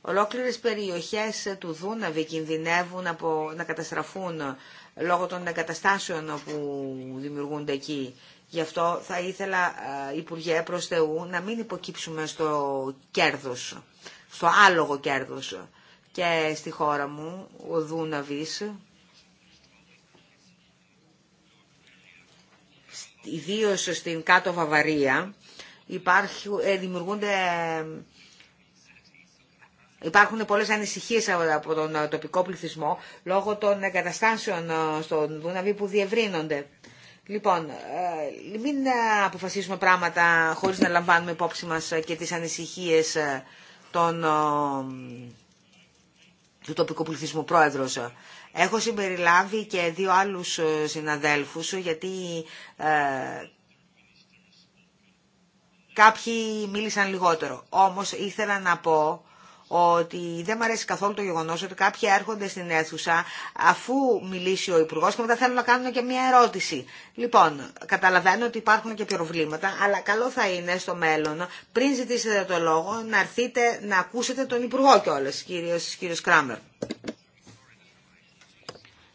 Ολόκληρες περιοχές του Δούναβη κινδυνεύουν από να καταστραφούν λόγω των εγκαταστάσεων που δημιουργούνται εκεί. Γι' αυτό θα ήθελα, ε, Υπουργέ, προς Θεού, να μην υποκύψουμε στο κέρδος, στο άλογο κέρδος και στη χώρα μου, ο Δούναβης, ιδίω στην κάτω Βαβαρία, υπάρχουν, ε, δημιουργούνται Υπάρχουν πολλές ανησυχίες από τον τοπικό πληθυσμό λόγω των εγκαταστάσεων ε, στον Δούναβη που διευρύνονται. Λοιπόν, ε, μην αποφασίσουμε πράγματα χωρίς να λαμβάνουμε υπόψη μας και τις ανησυχίες των του τοπικού πληθυσμού πρόεδρος. Έχω συμπεριλάβει και δύο άλλους ε, συναδέλφους γιατί ε, κάποιοι μίλησαν λιγότερο. Όμως ήθελα να πω ότι δεν μου αρέσει καθόλου το γεγονός ότι κάποιοι έρχονται στην αίθουσα αφού μιλήσει ο Υπουργό και μετά θέλουν να κάνουν και μια ερώτηση. Λοιπόν, καταλαβαίνω ότι υπάρχουν και προβλήματα, αλλά καλό θα είναι στο μέλλον, πριν ζητήσετε το λόγο, να έρθετε να ακούσετε τον Υπουργό κιόλα, κύριο κύριος Κράμερ.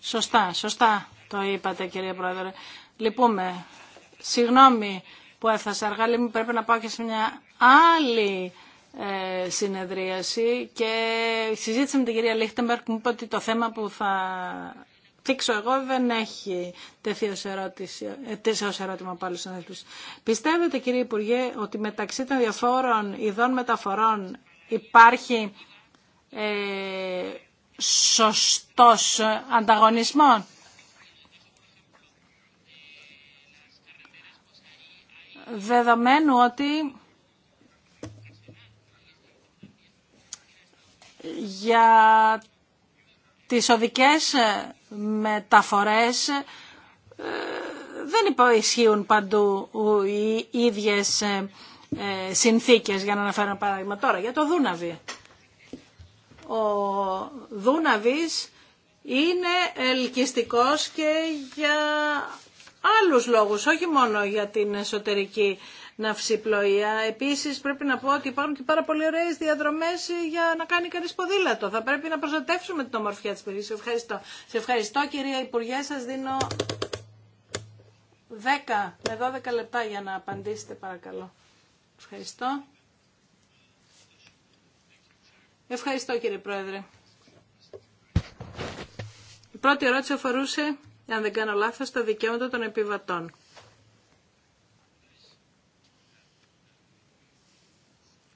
Σωστά, σωστά το είπατε κύριε Πρόεδρε. Λυπούμε. Συγγνώμη που έφτασα αργά, μου πρέπει να πάω και σε μια άλλη ε, συνεδρίαση και συζήτησα με την κυρία Λίχτεμπερκ που μου είπε ότι το θέμα που θα θίξω εγώ δεν έχει τεθεί ως, ερώτηση, ε, ερώτημα από άλλους συνεδρίους. Πιστεύετε κύριε Υπουργέ ότι μεταξύ των διαφόρων ειδών μεταφορών υπάρχει ε, σωστός ανταγωνισμό Δεδομένου ότι για τις οδικές ε, μεταφορές ε, δεν υποϊσχύουν παντού οι ίδιες ε, συνθήκες, για να αναφέρω ένα παράδειγμα τώρα, για το Δούναβι. Ο Δούναβης είναι ελκυστικός και για άλλους λόγους, όχι μόνο για την εσωτερική ναυσιπλοεία. Επίσης πρέπει να πω ότι υπάρχουν και πάρα πολύ ωραίε διαδρομές για να κάνει κανείς ποδήλατο. Θα πρέπει να προστατεύσουμε την ομορφιά της Σε Ευχαριστώ. Σε ευχαριστώ κυρία Υπουργέ. Σα δίνω 10 με 12 λεπτά για να απαντήσετε παρακαλώ. Ευχαριστώ. Ευχαριστώ κύριε Πρόεδρε. Η πρώτη ερώτηση αφορούσε, αν δεν κάνω λάθος, τα δικαιώματα των επιβατών.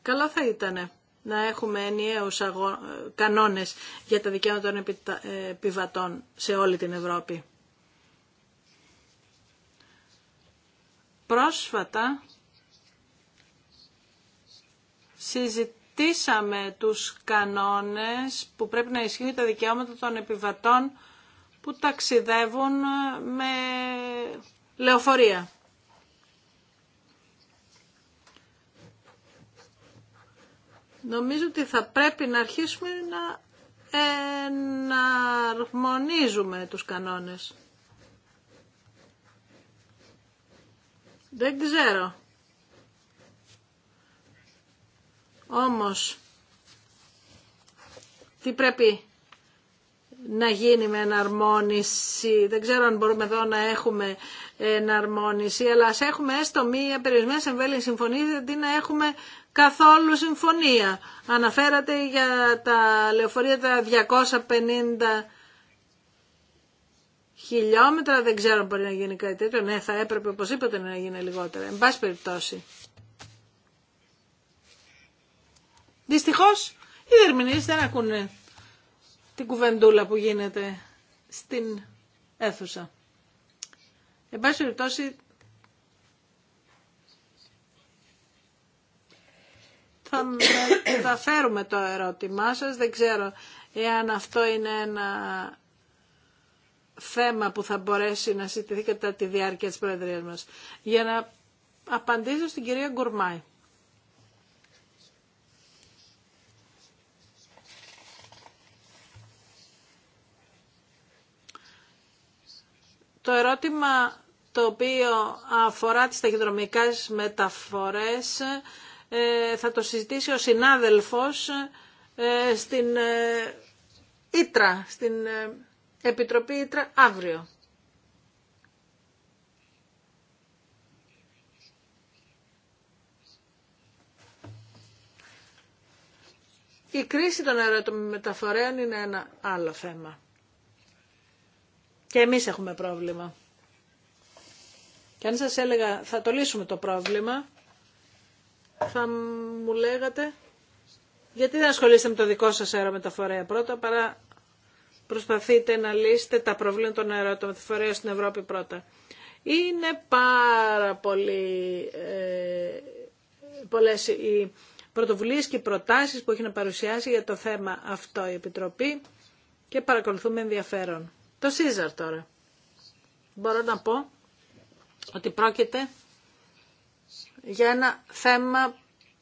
Καλό θα ήταν να έχουμε ενιαίους αγώ... κανόνες για τα δικαιώματα των επιβατών σε όλη την Ευρώπη. Πρόσφατα συζητήσαμε τους κανόνες που πρέπει να ισχύουν τα δικαιώματα των επιβατών που ταξιδεύουν με λεωφορεία. Νομίζω ότι θα πρέπει να αρχίσουμε να εναρμονίζουμε τους κανόνες. Δεν ξέρω. Όμως, τι πρέπει να γίνει με εναρμόνιση. Δεν ξέρω αν μπορούμε εδώ να έχουμε εναρμόνιση, αλλά ας έχουμε έστω μία περιορισμένη εμβέλεια συμφωνία, γιατί να έχουμε καθόλου συμφωνία. Αναφέρατε για τα λεωφορεία τα 250 χιλιόμετρα, δεν ξέρω αν μπορεί να γίνει κάτι τέτοιο. Ναι, θα έπρεπε οπωσδήποτε να γίνει λιγότερα. Εν πάση περιπτώσει. Δυστυχώς, οι δερμηνείς δεν ακούνε την κουβεντούλα που γίνεται στην αίθουσα. Εν πάση περιπτώσει, θα μεταφέρουμε το ερώτημά σας. Δεν ξέρω εάν αυτό είναι ένα θέμα που θα μπορέσει να συζητηθεί κατά τη διάρκεια της Προεδρίας μας. Για να απαντήσω στην κυρία Γκουρμάη. Το ερώτημα το οποίο αφορά τις ταχυδρομικές μεταφορές ε, θα το συζητήσει ο συνάδελφος ε, στην ε, Ήτρα, στην Επιτροπή Ήτρα αύριο. Η κρίση των αερομεταφορέων είναι ένα άλλο θέμα. Και εμείς έχουμε πρόβλημα. Και αν σας έλεγα θα το λύσουμε το πρόβλημα, θα μου λέγατε γιατί δεν ασχολείστε με το δικό σας αερομεταφορέα πρώτα παρά προσπαθείτε να λύσετε τα προβλήματα των αερομεταφορέων στην Ευρώπη πρώτα. Είναι πάρα πολύ, ε, πολλές οι πρωτοβουλίες και οι προτάσεις που έχει να παρουσιάσει για το θέμα αυτό η Επιτροπή και παρακολουθούμε ενδιαφέρον. Το Σίζαρ τώρα. Μπορώ να πω ότι πρόκειται για ένα θέμα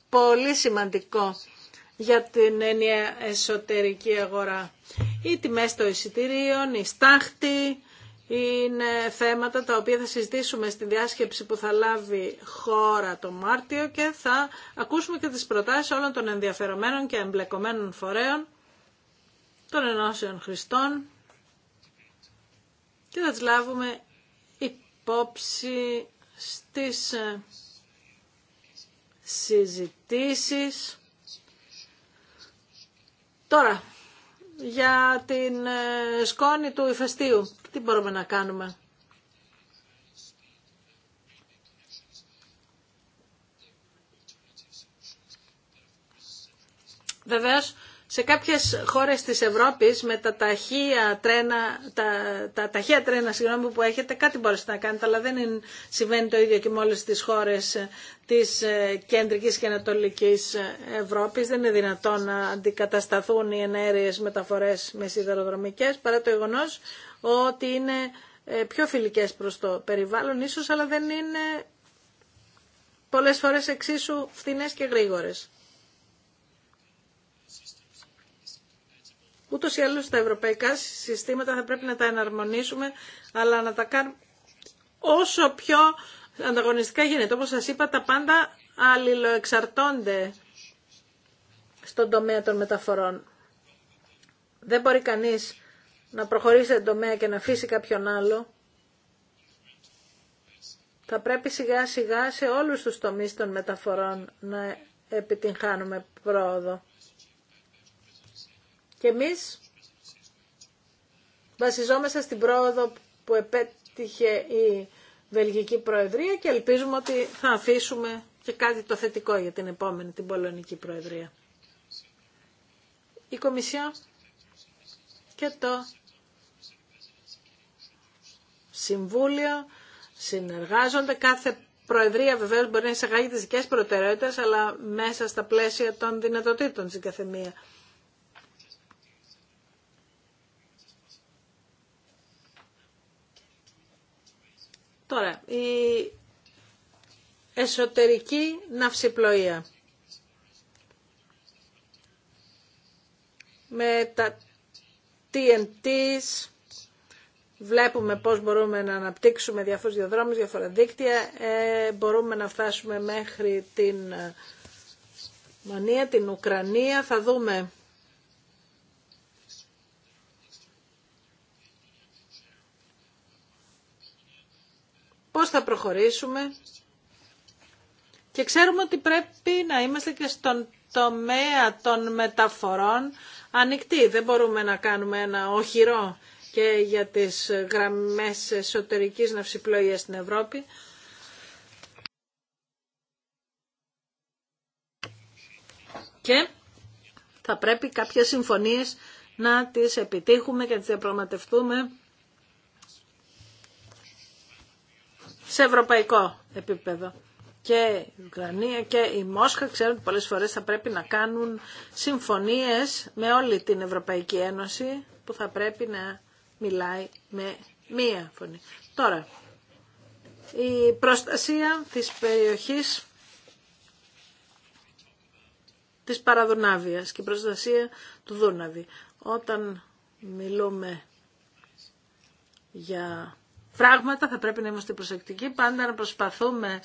πολύ σημαντικό για την ενιαία εσωτερική αγορά. Οι τιμές των εισιτηρίων, η στάχτη, είναι θέματα τα οποία θα συζητήσουμε στη διάσκεψη που θα λάβει χώρα το Μάρτιο και θα ακούσουμε και τις προτάσεις όλων των ενδιαφερομένων και εμπλεκομένων φορέων, των ενώσεων χριστών και θα τις λάβουμε υπόψη στις συζητήσεις. Τώρα, για την ε, σκόνη του ηφαιστείου, τι μπορούμε να κάνουμε. Βεβαίως, σε κάποιες χώρες της Ευρώπης με τα ταχεία τρένα, τα, ταχεία τρένα συγγνώμη, που έχετε κάτι μπορείτε να κάνετε, αλλά δεν είναι, συμβαίνει το ίδιο και με όλες τις χώρες της ε, κεντρικής και ανατολικής ε, Ευρώπης. Δεν είναι δυνατόν να αντικατασταθούν οι ενέργειες μεταφορές με σιδεροδρομικές, παρά το γεγονό ότι είναι ε, πιο φιλικές προς το περιβάλλον ίσως, αλλά δεν είναι πολλές φορές εξίσου φθηνές και γρήγορες. Ούτως ή άλλως τα ευρωπαϊκά συστήματα θα πρέπει να τα εναρμονίσουμε, αλλά να τα κάνουμε όσο πιο ανταγωνιστικά γίνεται. Όπως σας είπα, τα πάντα αλληλοεξαρτώνται στον τομέα των μεταφορών. Δεν μπορεί κανείς να προχωρήσει τον τομέα και να αφήσει κάποιον άλλο. Θα πρέπει σιγά σιγά σε όλους τους τομείς των μεταφορών να επιτυγχάνουμε πρόοδο. Και εμείς βασιζόμαστε στην πρόοδο που επέτυχε η Βελγική Προεδρία και ελπίζουμε ότι θα αφήσουμε και κάτι το θετικό για την επόμενη, την Πολωνική Προεδρία. Η Κομισιά και το Συμβούλιο συνεργάζονται. Κάθε Προεδρία βεβαίως μπορεί να εισαγάγει τις δικές προτεραιότητες, αλλά μέσα στα πλαίσια των δυνατοτήτων της καθεμία Τώρα, η εσωτερική ναυσιπλοεία. Με τα TNTs βλέπουμε πώς μπορούμε να αναπτύξουμε διαφορούς διαδρόμους, διαφορά δίκτυα. Ε, μπορούμε να φτάσουμε μέχρι την ε, Μανία, την Ουκρανία. Θα δούμε πώς θα προχωρήσουμε και ξέρουμε ότι πρέπει να είμαστε και στον τομέα των μεταφορών ανοιχτοί. Δεν μπορούμε να κάνουμε ένα οχυρό και για τις γραμμές εσωτερικής ναυσιπλοΐας στην Ευρώπη. Και θα πρέπει κάποιες συμφωνίες να τις επιτύχουμε και να τις διαπραγματευτούμε σε ευρωπαϊκό επίπεδο. Και η Ουκρανία και η Μόσχα ξέρουν ότι πολλές φορές θα πρέπει να κάνουν συμφωνίες με όλη την Ευρωπαϊκή Ένωση που θα πρέπει να μιλάει με μία φωνή. Τώρα, η προστασία της περιοχής της Παραδουνάβιας και η προστασία του Δούναβη. Όταν μιλούμε για πράγματα, θα πρέπει να είμαστε προσεκτικοί, πάντα να προσπαθούμε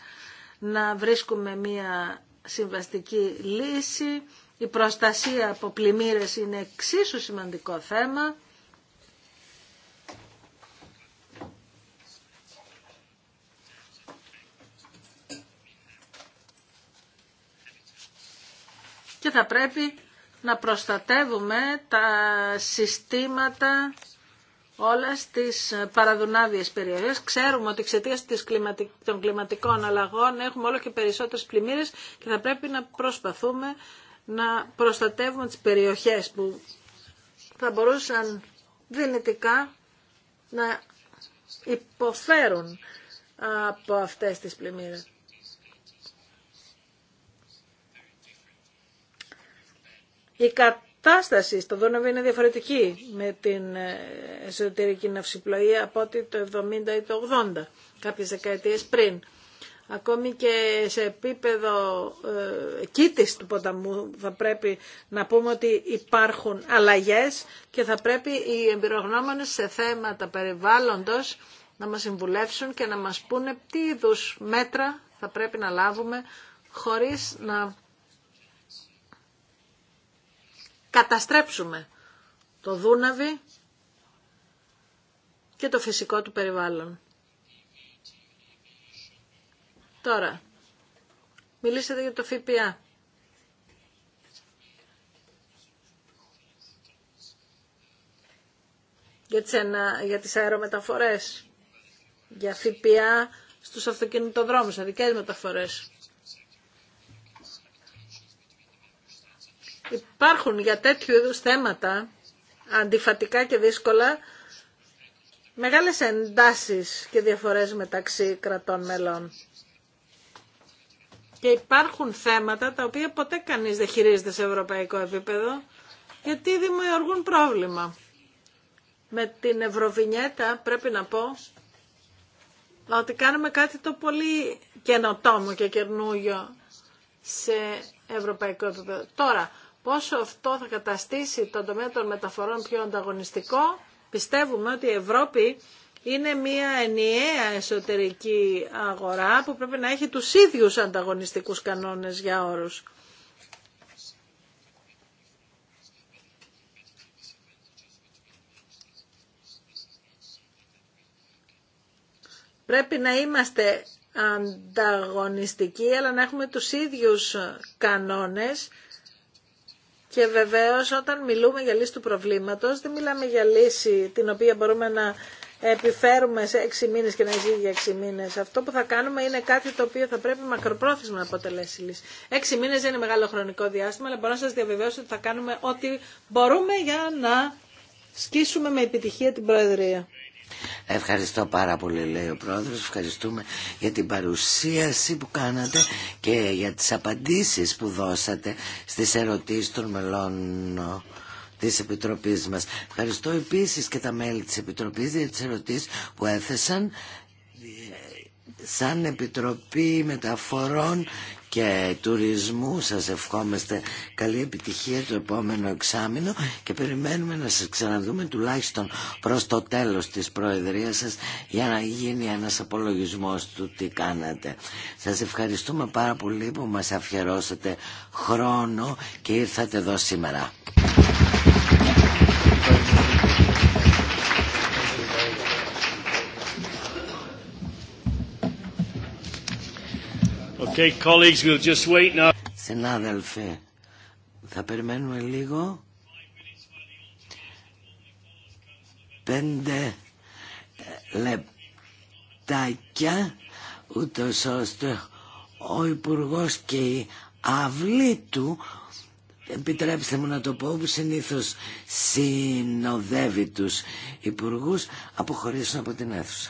να βρίσκουμε μία συμβαστική λύση. Η προστασία από πλημμύρες είναι εξίσου σημαντικό θέμα. Και θα πρέπει να προστατεύουμε τα συστήματα όλα στις ε, παραδουνάβιες περιοχές. Ξέρουμε ότι εξαιτία των κλιματικών αλλαγών έχουμε όλο και περισσότερες πλημμύρες και θα πρέπει να προσπαθούμε να προστατεύουμε τις περιοχές που θα μπορούσαν δυνητικά να υποφέρουν από αυτές τις πλημμύρες. Η κατάσταση στο είναι διαφορετική με την ε, εσωτερική ναυσιπλοεία από ότι το 70 ή το 80, κάποιες δεκαετίες πριν. Ακόμη και σε επίπεδο ε, κήτης του ποταμού θα πρέπει να πούμε ότι υπάρχουν αλλαγές και θα πρέπει οι εμπειρογνώμονες σε θέματα περιβάλλοντος να μας συμβουλεύσουν και να μας πούνε τι είδους μέτρα θα πρέπει να λάβουμε χωρίς να καταστρέψουμε το Δούναβι και το φυσικό του περιβάλλον. Τώρα, μιλήσατε για το ΦΠΑ. Για τις, για τις αερομεταφορές, για ΦΠΑ στους αυτοκινητοδρόμους, δικές μεταφορές. υπάρχουν για τέτοιου είδους θέματα αντιφατικά και δύσκολα μεγάλες εντάσεις και διαφορές μεταξύ κρατών μελών. Και υπάρχουν θέματα τα οποία ποτέ κανείς δεν χειρίζεται σε ευρωπαϊκό επίπεδο γιατί δημιουργούν πρόβλημα. Με την Ευρωβινιέτα πρέπει να πω ότι κάνουμε κάτι το πολύ καινοτόμο και καινούριο σε ευρωπαϊκό επίπεδο. Τώρα, Πόσο αυτό θα καταστήσει τον τομέα των μεταφορών πιο ανταγωνιστικό, πιστεύουμε ότι η Ευρώπη είναι μια ενιαία εσωτερική αγορά που πρέπει να έχει τους ίδιους ανταγωνιστικούς κανόνες για όρους. Πρέπει να είμαστε ανταγωνιστικοί, αλλά να έχουμε τους ίδιους κανόνες και βεβαίω, όταν μιλούμε για λύση του προβλήματος δεν μιλάμε για λύση την οποία μπορούμε να επιφέρουμε σε έξι μήνες και να ζει για έξι μήνες. Αυτό που θα κάνουμε είναι κάτι το οποίο θα πρέπει μακροπρόθεσμα να αποτελέσει λύση. Έξι μήνες δεν είναι μεγάλο χρονικό διάστημα, αλλά μπορώ να σας διαβεβαιώσω ότι θα κάνουμε ό,τι μπορούμε για να σκίσουμε με επιτυχία την Προεδρία. Ευχαριστώ πάρα πολύ λέει ο πρόεδρος, ευχαριστούμε για την παρουσίαση που κάνατε και για τις απαντήσεις που δώσατε στις ερωτήσεις των μελών ε, της Επιτροπής μας. Ευχαριστώ επίσης και τα μέλη της Επιτροπής για τις ερωτήσεις που έθεσαν ε, σαν Επιτροπή Μεταφορών και τουρισμού. Σας ευχόμαστε καλή επιτυχία το επόμενο εξάμεινο και περιμένουμε να σας ξαναδούμε τουλάχιστον προς το τέλος της Προεδρίας σας για να γίνει ένας απολογισμός του τι κάνατε. Σας ευχαριστούμε πάρα πολύ που μας αφιερώσατε χρόνο και ήρθατε εδώ σήμερα. Okay, Συνάδελφοι, θα περιμένουμε λίγο. Πέντε ε, λεπτάκια, ούτω ώστε ο υπουργό και η αυλή του, επιτρέψτε μου να το πω, που συνήθω συνοδεύει του υπουργού, αποχωρήσουν από την αίθουσα.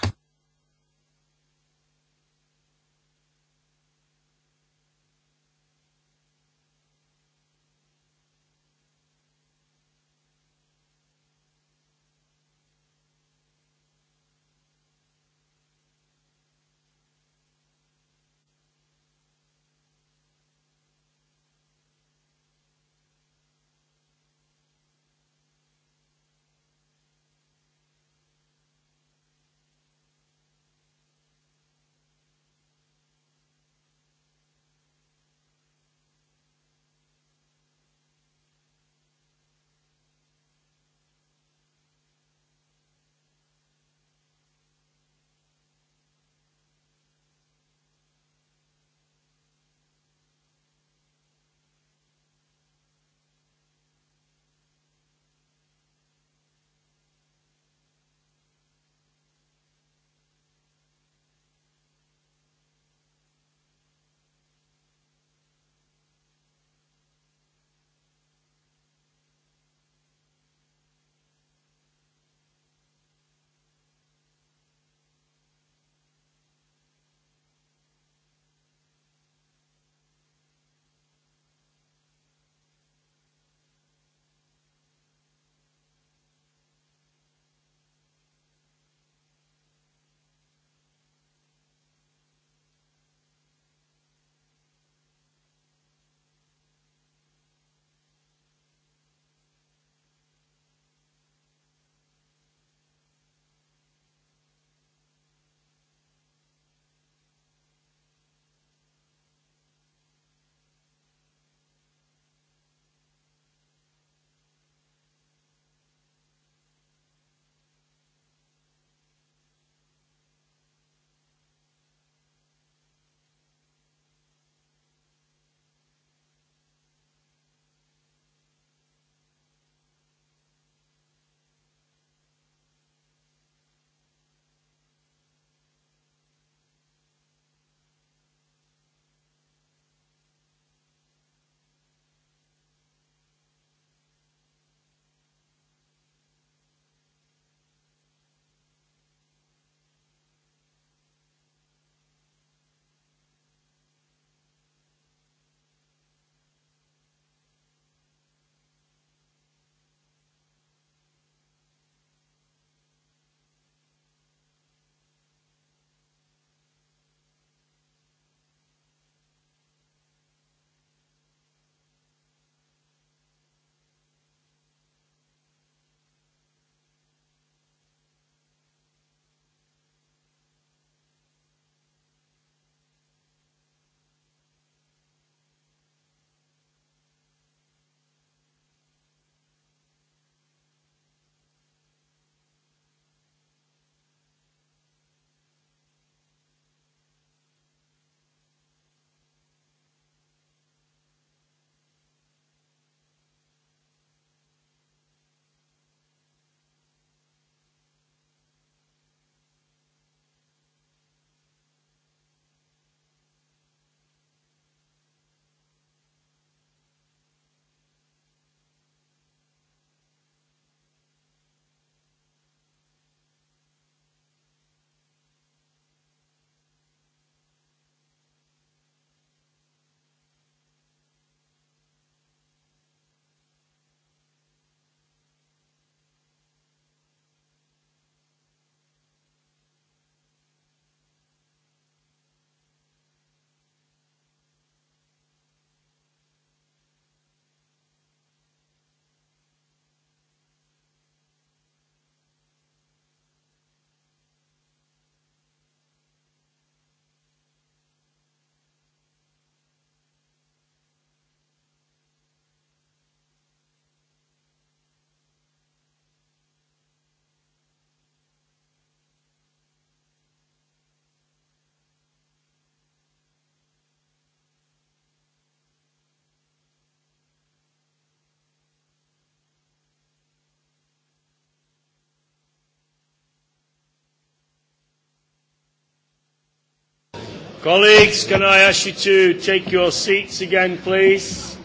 Colleagues, can I ask you to take your seats again, please?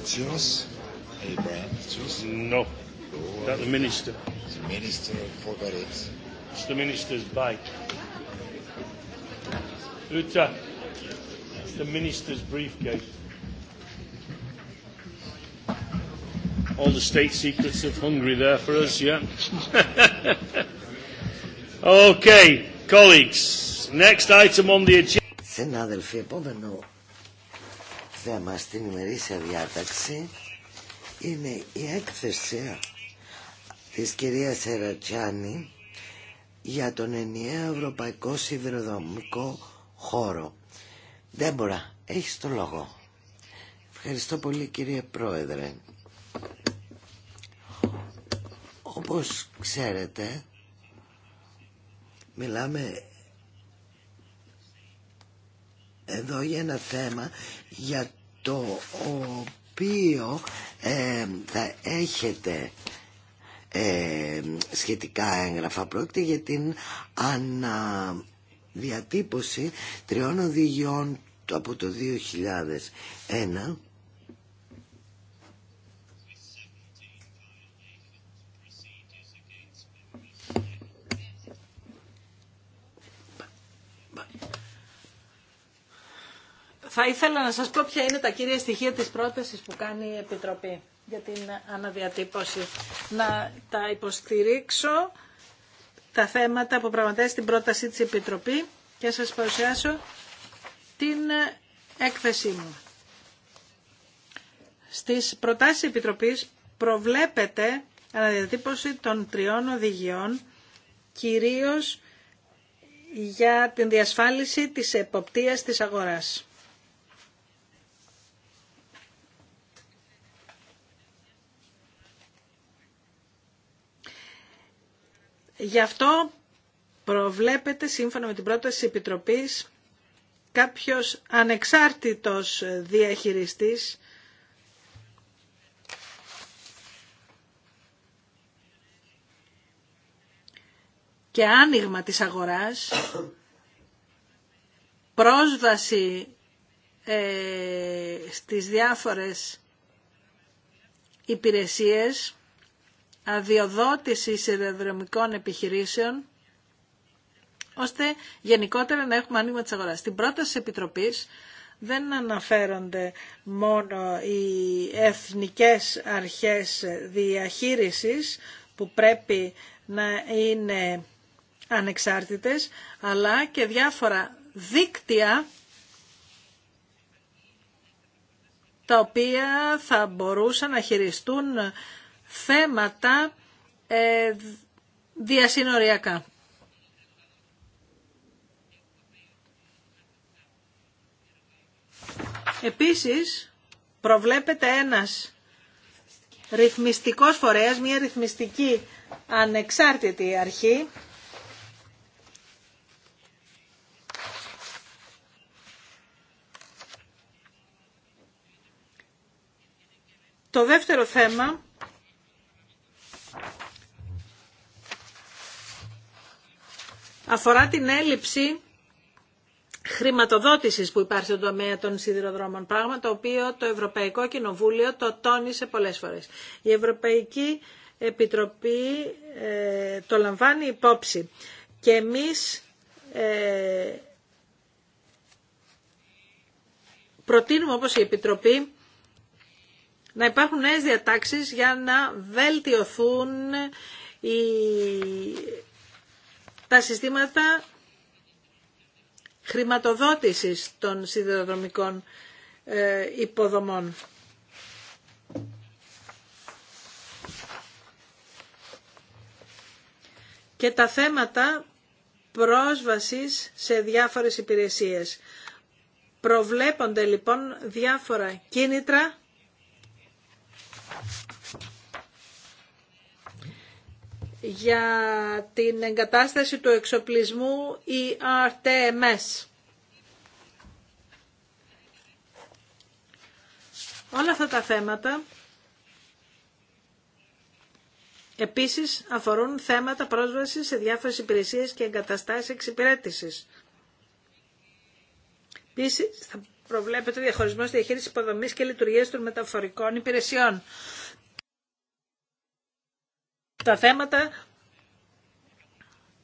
It's Abraham. No. Is that the minister? The minister forgot it. It's the minister's bike. Ruta, it's the minister's briefcase. all the state secrets of Hungary there for us, yeah? okay, colleagues, next item on the agenda. Συνάδελφοι, επόμενο θέμα στην ημερήσια διάταξη είναι η έκθεση της κυρίας Ερατσιάνη για τον ενιαίο ευρωπαϊκό σιδηροδρομικό χώρο. Δέμπορα, έχεις το λόγο. Ευχαριστώ πολύ κύριε Πρόεδρε. Όπως ξέρετε, μιλάμε εδώ για ένα θέμα για το οποίο ε, θα έχετε ε, σχετικά έγγραφα. Πρόκειται για την αναδιατύπωση τριών οδηγιών από το 2001 Θα ήθελα να σας πω ποια είναι τα κύρια στοιχεία της πρότασης που κάνει η Επιτροπή για την αναδιατύπωση. Να τα υποστηρίξω τα θέματα που πραγματεύει στην πρόταση της Επιτροπή και σας παρουσιάσω την έκθεσή μου. Στις προτάσεις Επιτροπής προβλέπεται αναδιατύπωση των τριών οδηγιών, κυρίως για την διασφάλιση της εποπτείας της αγοράς. Γι' αυτό προβλέπεται σύμφωνα με την πρόταση της Επιτροπής κάποιος ανεξάρτητος διαχειριστής και άνοιγμα της αγοράς, πρόσβαση ε, στις διάφορες υπηρεσίες αδειοδότηση σιδεδρομικών επιχειρήσεων, ώστε γενικότερα να έχουμε άνοιγμα της αγοράς. Στην πρόταση Επιτροπής δεν αναφέρονται μόνο οι εθνικές αρχές διαχείρισης που πρέπει να είναι ανεξάρτητες, αλλά και διάφορα δίκτυα τα οποία θα μπορούσαν να χειριστούν θέματα ε, διασυνοριακά. Επίσης, προβλέπεται ένας ρυθμιστικός φορέας, μια ρυθμιστική ανεξάρτητη αρχή, Το δεύτερο θέμα αφορά την έλλειψη χρηματοδότησης που υπάρχει στον τομέα των σιδηροδρόμων, πράγμα το οποίο το Ευρωπαϊκό Κοινοβούλιο το τόνισε πολλές φορές. Η Ευρωπαϊκή Επιτροπή ε, το λαμβάνει υπόψη και εμείς ε, προτείνουμε όπως η Επιτροπή να υπάρχουν νέες διατάξεις για να βελτιωθούν οι τα συστήματα χρηματοδότησης των σιδηροδρομικών ε, υποδομών. Και τα θέματα πρόσβασης σε διάφορες υπηρεσίες. Προβλέπονται λοιπόν διάφορα κίνητρα για την εγκατάσταση του εξοπλισμού ERTMS. Όλα αυτά τα θέματα επίσης αφορούν θέματα πρόσβασης σε διάφορες υπηρεσίες και εγκαταστάσεις εξυπηρέτησης. Επίσης θα προβλέπεται διαχωρισμό διαχείριση υποδομής και λειτουργίας των μεταφορικών υπηρεσιών τα θέματα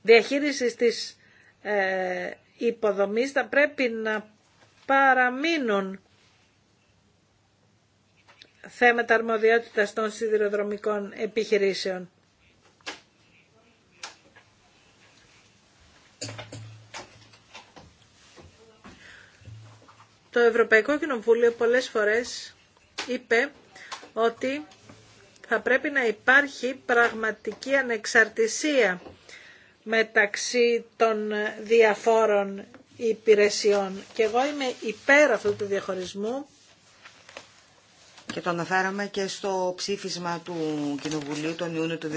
διαχείρισης της ε, υποδομής θα πρέπει να παραμείνουν θέματα αρμοδιότητας των σιδηροδρομικών επιχειρήσεων. Το Ευρωπαϊκό Κοινοβούλιο πολλές φορές είπε ότι θα πρέπει να υπάρχει πραγματική ανεξαρτησία μεταξύ των διαφόρων υπηρεσιών. Και εγώ είμαι υπέρ αυτού του διαχωρισμού. Και το αναφέραμε και στο ψήφισμα του Κοινοβουλίου τον Ιούνιο του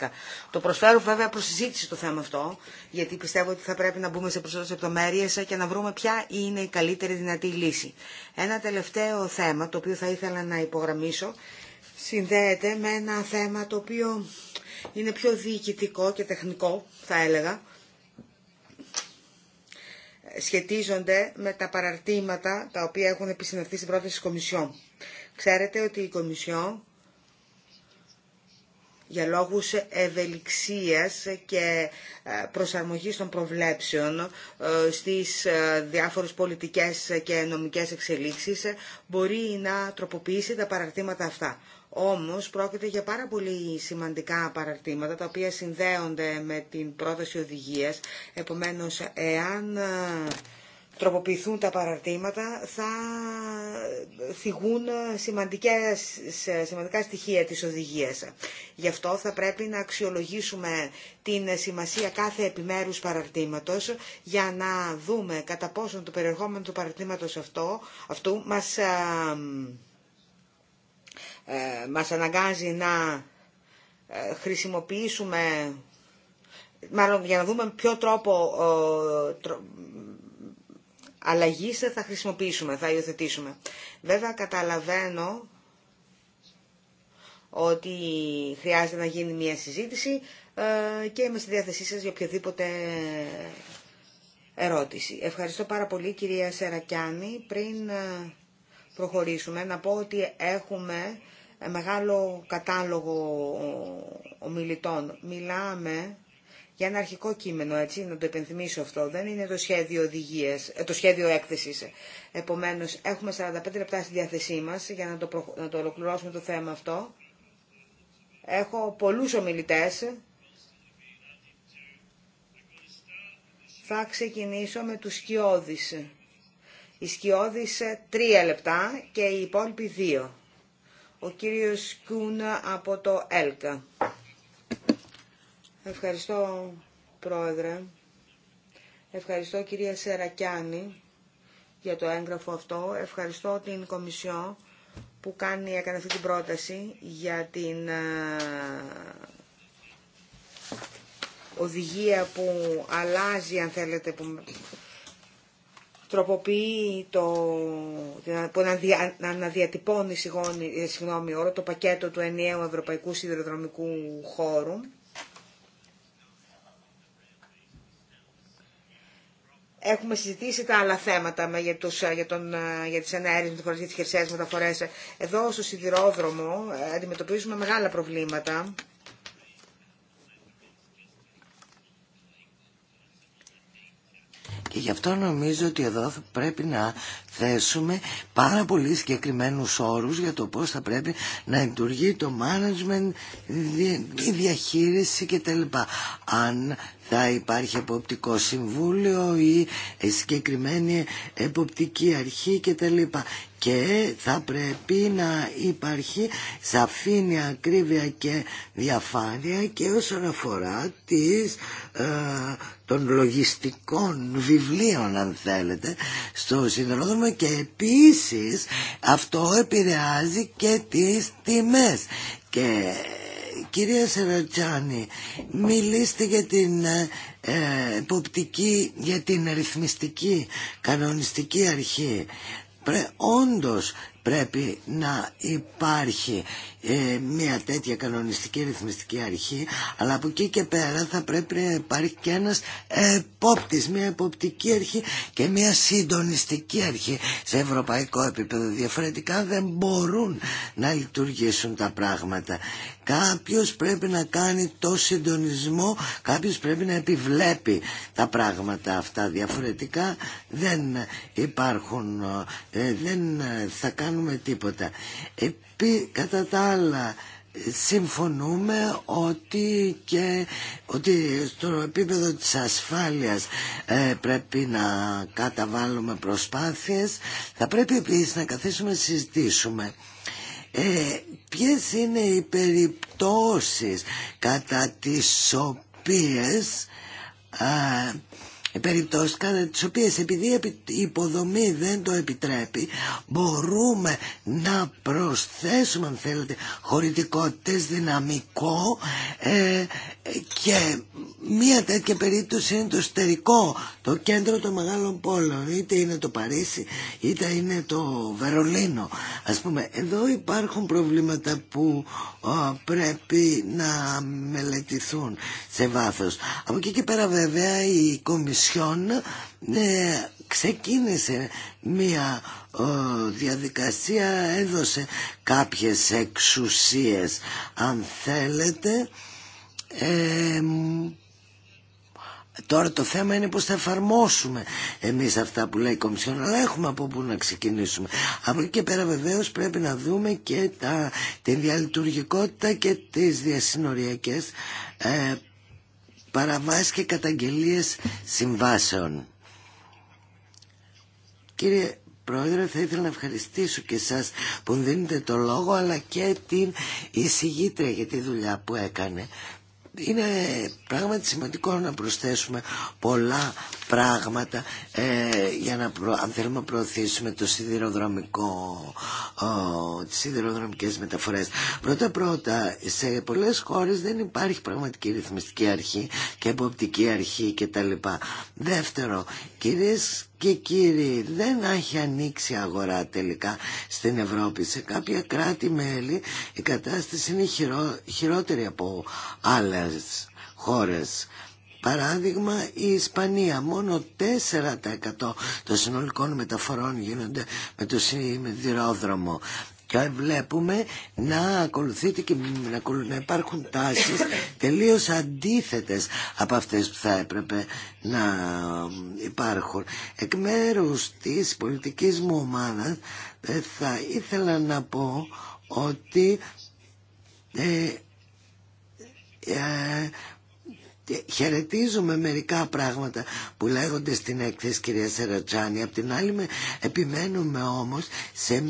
2010. Το προσφέρω βέβαια προς συζήτηση το θέμα αυτό, γιατί πιστεύω ότι θα πρέπει να μπούμε σε περισσότερες λεπτομέρειε και να βρούμε ποια είναι η καλύτερη δυνατή λύση. Ένα τελευταίο θέμα, το οποίο θα ήθελα να υπογραμμίσω, συνδέεται με ένα θέμα το οποίο είναι πιο διοικητικό και τεχνικό, θα έλεγα. Σχετίζονται με τα παραρτήματα τα οποία έχουν επισυνεχθεί στην πρόταση της Κομισιόν. Ξέρετε ότι η Κομισιόν για λόγους ευελιξίας και ε, προσαρμογής των προβλέψεων ε, στις ε, διάφορες πολιτικές και νομικές εξελίξεις μπορεί να τροποποιήσει τα παραρτήματα αυτά. Όμως πρόκειται για πάρα πολύ σημαντικά παραρτήματα τα οποία συνδέονται με την πρόταση οδηγίας. Επομένως, εάν τροποποιηθούν τα παραρτήματα θα θυγούν σημαντικές, σημαντικά στοιχεία της οδηγίας. Γι' αυτό θα πρέπει να αξιολογήσουμε την σημασία κάθε επιμέρους παραρτήματος για να δούμε κατά πόσον το περιεχόμενο του παραρτήματος αυτό, αυτού μας, ε, ε, μας αναγκάζει να ε, χρησιμοποιήσουμε μάλλον για να δούμε ποιο τρόπο αλλαγή θα χρησιμοποιήσουμε, θα υιοθετήσουμε. Βέβαια καταλαβαίνω ότι χρειάζεται να γίνει μια συζήτηση ε, και είμαι στη διάθεσή σας για οποιαδήποτε ερώτηση. Ευχαριστώ πάρα πολύ κυρία Σερακιάνη. Πριν ε, προχωρήσουμε να πω ότι έχουμε ε, μεγάλο κατάλογο ομιλητών. Μιλάμε για ένα αρχικό κείμενο, έτσι, να το επενθυμίσω αυτό, δεν είναι το σχέδιο, οδηγίες, ε, το σχέδιο έκθεσης. Επομένως, έχουμε 45 λεπτά στη διάθεσή μας για να το, να το ολοκληρώσουμε το θέμα αυτό. Έχω πολλούς ομιλητές. Θα ξεκινήσω με τους σκιώδεις. Οι σκιώδεις ε, τρία λεπτά και οι υπόλοιποι δύο. Ο κύριος Κούνα από το ΕΛΚΑ. Ευχαριστώ, Πρόεδρε. Ευχαριστώ, κυρία Σερακιάνη, για το έγγραφο αυτό. Ευχαριστώ την Κομισιό που κάνει, έκανε αυτή την πρόταση για την ε, οδηγία που αλλάζει, αν θέλετε, που τροποποιεί το, που αναδιατυπώνει ε, συγγνώμη, όλο το πακέτο του ενιαίου ευρωπαϊκού σιδηροδρομικού χώρου Έχουμε συζητήσει τα άλλα θέματα για, τους, ε, για, τον, ε, για τις ενέργειες και τις χερσαίες μεταφορές. Εδώ στο σιδηρόδρομο ε, αντιμετωπίζουμε μεγάλα προβλήματα. Και γι' αυτό νομίζω ότι εδώ πρέπει να θέσουμε πάρα πολύ συγκεκριμένου όρους για το πώς θα πρέπει να λειτουργεί το management, η διαχείριση κτλ. Αν θα υπάρχει εποπτικό συμβούλιο ή συγκεκριμένη εποπτική αρχή κτλ. Και θα πρέπει να υπάρχει σαφήνεια, ακρίβεια και διαφάνεια και όσον αφορά τις, ε, των λογιστικών βιβλίων αν θέλετε στο συνδρομό και επίσης αυτό επηρεάζει και τις τιμές και κυρία Σερατσάνη μιλήστε για την ε, ε για την αριθμιστική κανονιστική αρχή Πρε, όντως πρέπει να υπάρχει ε, μια τέτοια κανονιστική ρυθμιστική αρχή αλλά από εκεί και πέρα θα πρέπει να υπάρχει και ένας επόπτης, μια εποπτική αρχή και μια συντονιστική αρχή σε ευρωπαϊκό επίπεδο διαφορετικά δεν μπορούν να λειτουργήσουν τα πράγματα Κάποιος πρέπει να κάνει το συντονισμό, κάποιος πρέπει να επιβλέπει τα πράγματα αυτά διαφορετικά. Δεν υπάρχουν, ε, δεν θα κάνουμε τίποτα. Επί, κατά τα άλλα, συμφωνούμε ότι και ότι στο επίπεδο της ασφάλειας ε, πρέπει να καταβάλουμε προσπάθειες θα πρέπει επίσης να καθίσουμε να συζητήσουμε ε, ποιες είναι οι περιπτώσεις κατά τις οποίες α, ε, κατά τις επειδή η υποδομή δεν το επιτρέπει μπορούμε να προσθέσουμε αν θέλετε χωρητικότητες δυναμικό ε, και μία τέτοια περίπτωση είναι το στερικό το κέντρο των μεγάλων πόλων είτε είναι το Παρίσι είτε είναι το Βερολίνο ας πούμε εδώ υπάρχουν προβλήματα που πρέπει να μελετηθούν σε βάθος από εκεί και πέρα βέβαια η Κομισιόν Κομισιόν ε, ξεκίνησε μία ε, διαδικασία, έδωσε κάποιες εξουσίες αν θέλετε ε, Τώρα το θέμα είναι πώς θα εφαρμόσουμε εμείς αυτά που λέει η Κομισιόν, αλλά έχουμε από πού να ξεκινήσουμε. Από εκεί και πέρα βεβαίως πρέπει να δούμε και τα, την διαλειτουργικότητα και τις διασυνοριακές ε, Παραβάσει και καταγγελίες συμβάσεων. Κύριε Πρόεδρε, θα ήθελα να ευχαριστήσω και εσάς που δίνετε το λόγο, αλλά και την εισηγήτρια για τη δουλειά που έκανε είναι πράγματι σημαντικό να προσθέσουμε πολλά πράγματα ε, για να προ, αν θέλουμε να προωθήσουμε το σιδηροδρομικό ο, τις σιδηροδρομικές μεταφορές πρώτα πρώτα σε πολλές χώρες δεν υπάρχει πραγματική ρυθμιστική αρχή και εποπτική αρχή και τα λοιπά δεύτερο κυρίες και κύριοι, δεν έχει ανοίξει αγορά τελικά στην Ευρώπη. Σε κάποια κράτη-μέλη η κατάσταση είναι χειρό, χειρότερη από άλλες χώρες. Παράδειγμα, η Ισπανία. Μόνο 4% των συνολικών μεταφορών γίνονται με το σιδηρόδρομο βλέπουμε να ακολουθείτε και να υπάρχουν τάσεις τελείως αντίθετες από αυτές που θα έπρεπε να υπάρχουν. Εκ μέρους της πολιτικής μου ομάδας ε, θα ήθελα να πω ότι ε, ε, χαιρετίζουμε μερικά πράγματα που λέγονται στην έκθεση κυρία Σερατζάνη, απ' την άλλη με, επιμένουμε όμως σε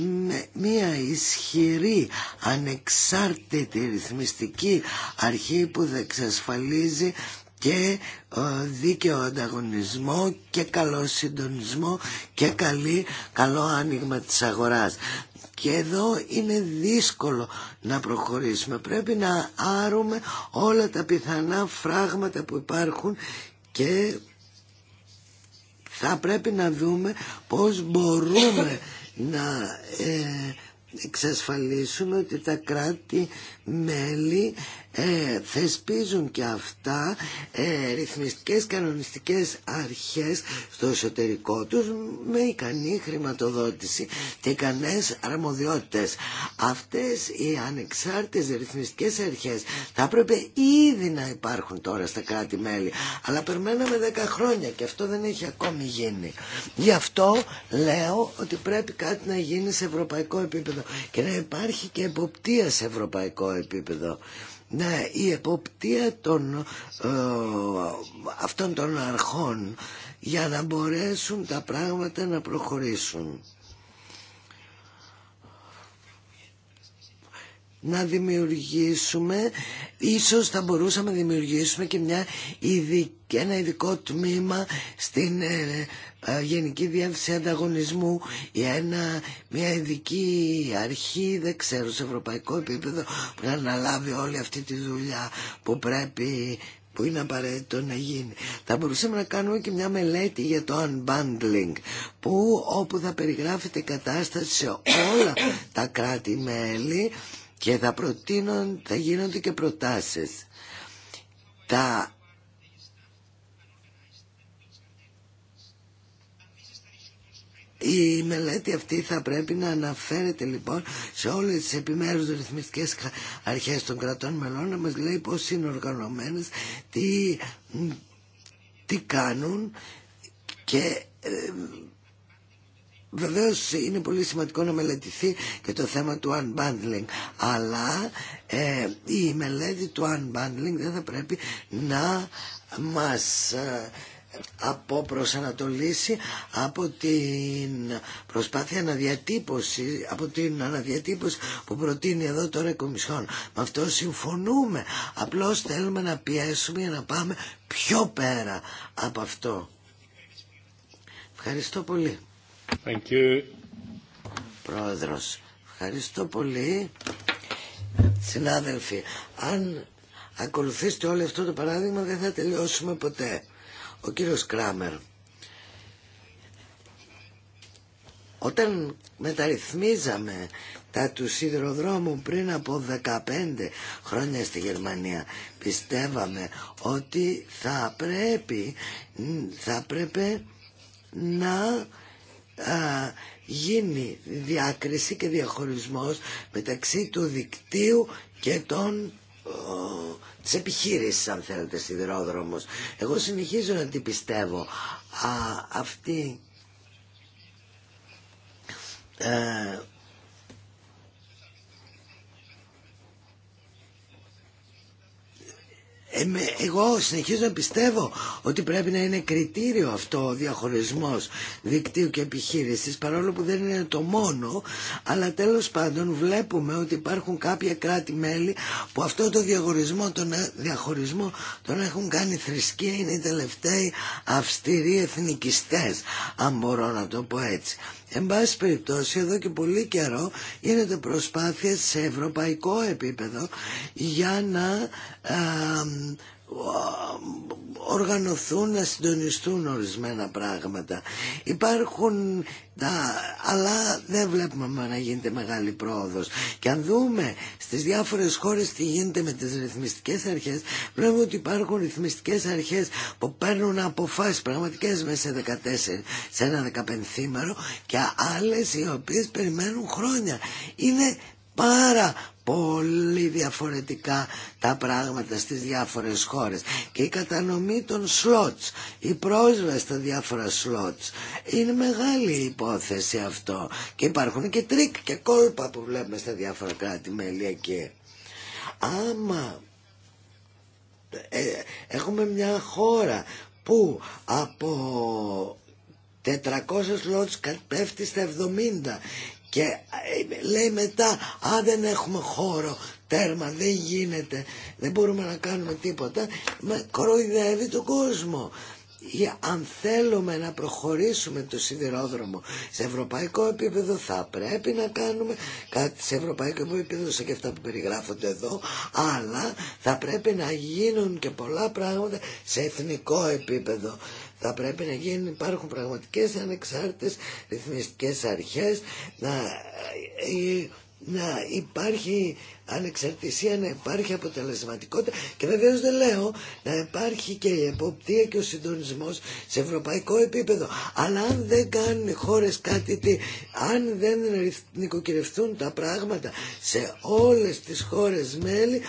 μια ισχυρή ανεξάρτητη ρυθμιστική αρχή που θα εξασφαλίζει και ε, δίκαιο ανταγωνισμό και καλό συντονισμό και καλή, καλό άνοιγμα της αγοράς. Και εδώ είναι δύσκολο να προχωρήσουμε. Πρέπει να άρουμε όλα τα πιθανά φράγματα που υπάρχουν και θα πρέπει να δούμε πώς μπορούμε να ε, εξασφαλίσουμε ότι τα κράτη-μέλη ε, θεσπίζουν και αυτά ε, ρυθμιστικές κανονιστικές αρχές στο εσωτερικό τους με ικανή χρηματοδότηση και ικανές αρμοδιότητες. Αυτές οι ανεξάρτητες ρυθμιστικές αρχές θα έπρεπε ήδη να υπάρχουν τώρα στα κράτη-μέλη αλλά περμέναμε 10 χρόνια και αυτό δεν έχει ακόμη γίνει. Γι' αυτό λέω ότι πρέπει κάτι να γίνει σε ευρωπαϊκό επίπεδο και να υπάρχει και εποπτεία σε ευρωπαϊκό επίπεδο να η εποπτεία των, ε, αυτών των αρχών για να μπορέσουν τα πράγματα να προχωρήσουν. να δημιουργήσουμε, ίσως θα μπορούσαμε να δημιουργήσουμε και μια ειδική, ένα ειδικό τμήμα στην ε, ε, γενική Διεύθυνση Ανταγωνισμού ή ένα, μια ειδική αρχή, δεν ξέρω, σε ευρωπαϊκό επίπεδο που να αναλάβει όλη αυτή τη δουλειά που πρέπει που είναι απαραίτητο να γίνει. Θα μπορούσαμε να κάνουμε και μια μελέτη για το unbundling, που όπου θα περιγράφεται η κατάσταση σε όλα τα κράτη-μέλη και θα, προτείνουν, θα γίνονται και προτάσεις. Τα Η μελέτη αυτή θα πρέπει να αναφέρεται λοιπόν σε όλες τις επιμέρους ρυθμιστικές αρχές των κρατών μελών να μας λέει πώς είναι οργανωμένες, τι, τι κάνουν και Βεβαίω είναι πολύ σημαντικό να μελετηθεί και το θέμα του unbundling, αλλά ε, η μελέτη του unbundling δεν θα πρέπει να μας ε, από προσανατολίση από την προσπάθεια αναδιατύπωση, από την αναδιατύπωση που προτείνει εδώ τώρα η Κομισιόν. Με αυτό συμφωνούμε. Απλώς θέλουμε να πιέσουμε για να πάμε πιο πέρα από αυτό. Ευχαριστώ πολύ. Thank you. Πρόεδρος, ευχαριστώ πολύ. Συνάδελφοι, αν ακολουθήσετε όλο αυτό το παράδειγμα δεν θα τελειώσουμε ποτέ. Ο κύριος Κράμερ όταν μεταρρυθμίζαμε τα του σιδηροδρόμου πριν από 15 χρόνια στη Γερμανία πιστεύαμε ότι θα πρέπει θα πρέπει να α, γίνει διάκριση και διαχωρισμός μεταξύ του δικτύου και των τη επιχείρηση, αν θέλετε σιδηρόδρομο. Εγώ συνεχίζω να την πιστεύω. Α, αυτή... Ε, Ε, εγώ συνεχίζω να πιστεύω ότι πρέπει να είναι κριτήριο αυτό ο διαχωρισμός δικτύου και επιχείρησης παρόλο που δεν είναι το μόνο αλλά τέλος πάντων βλέπουμε ότι υπάρχουν κάποια κράτη-μέλη που αυτό το διαχωρισμό τον, ε, διαχωρισμό τον έχουν κάνει θρησκεία είναι οι τελευταίοι αυστηροί εθνικιστές αν μπορώ να το πω έτσι. Εν πάση περιπτώσει, εδώ και πολύ καιρό γίνεται προσπάθεια σε ευρωπαϊκό επίπεδο για να ε, οργανωθούν να συντονιστούν ορισμένα πράγματα. Υπάρχουν τα, αλλά δεν βλέπουμε να γίνεται μεγάλη πρόοδος. Και αν δούμε στις διάφορες χώρες τι γίνεται με τις ρυθμιστικές αρχές, βλέπουμε ότι υπάρχουν ρυθμιστικές αρχές που παίρνουν αποφάσεις πραγματικές μέσα σε 14, σε ένα 15 θήμερο και άλλες οι οποίες περιμένουν χρόνια. Είναι πάρα πολύ διαφορετικά τα πράγματα στις διάφορες χώρες και η κατανομή των σλότς, η πρόσβαση στα διάφορα σλότς είναι μεγάλη υπόθεση αυτό και υπάρχουν και τρίκ και κόλπα που βλέπουμε στα διάφορα κράτη-μέλη και άμα ε, έχουμε μια χώρα που από 400 σλότς πέφτει στα 70 και ε, λέει μετά αν δεν έχουμε χώρο, τέρμα, δεν γίνεται, δεν μπορούμε να κάνουμε τίποτα». Με κοροϊδεύει τον κόσμο. Αν θέλουμε να προχωρήσουμε το σιδηρόδρομο σε ευρωπαϊκό επίπεδο θα πρέπει να κάνουμε κάτι σε ευρωπαϊκό επίπεδο σε και αυτά που περιγράφονται εδώ αλλά θα πρέπει να γίνουν και πολλά πράγματα σε εθνικό επίπεδο θα πρέπει να γίνουν, υπάρχουν πραγματικές ανεξάρτητες ρυθμιστικές αρχές, να, ε, ε, να υπάρχει ανεξαρτησία, να υπάρχει αποτελεσματικότητα και βεβαίως δεν λέω να υπάρχει και η εποπτεία και ο συντονισμός σε ευρωπαϊκό επίπεδο. Αλλά αν δεν κάνουν οι χώρες κάτι, τι, αν δεν νοικοκυρευτούν τα πράγματα σε όλες τις χώρες μέλη,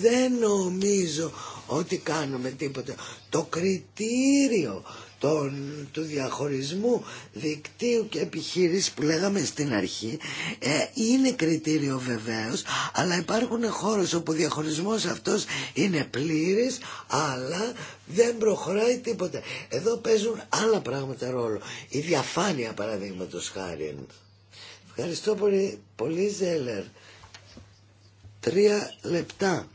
δεν νομίζω ότι κάνουμε τίποτα. Το κριτήριο του διαχωρισμού δικτύου και επιχείρηση που λέγαμε στην αρχή ε, είναι κριτήριο βεβαίως αλλά υπάρχουν χώρες όπου ο διαχωρισμός αυτός είναι πλήρης αλλά δεν προχωράει τίποτα. Εδώ παίζουν άλλα πράγματα ρόλο. Η διαφάνεια παραδείγματος χάρη. Ευχαριστώ πολύ, πολύ Ζέλερ τρία λεπτά.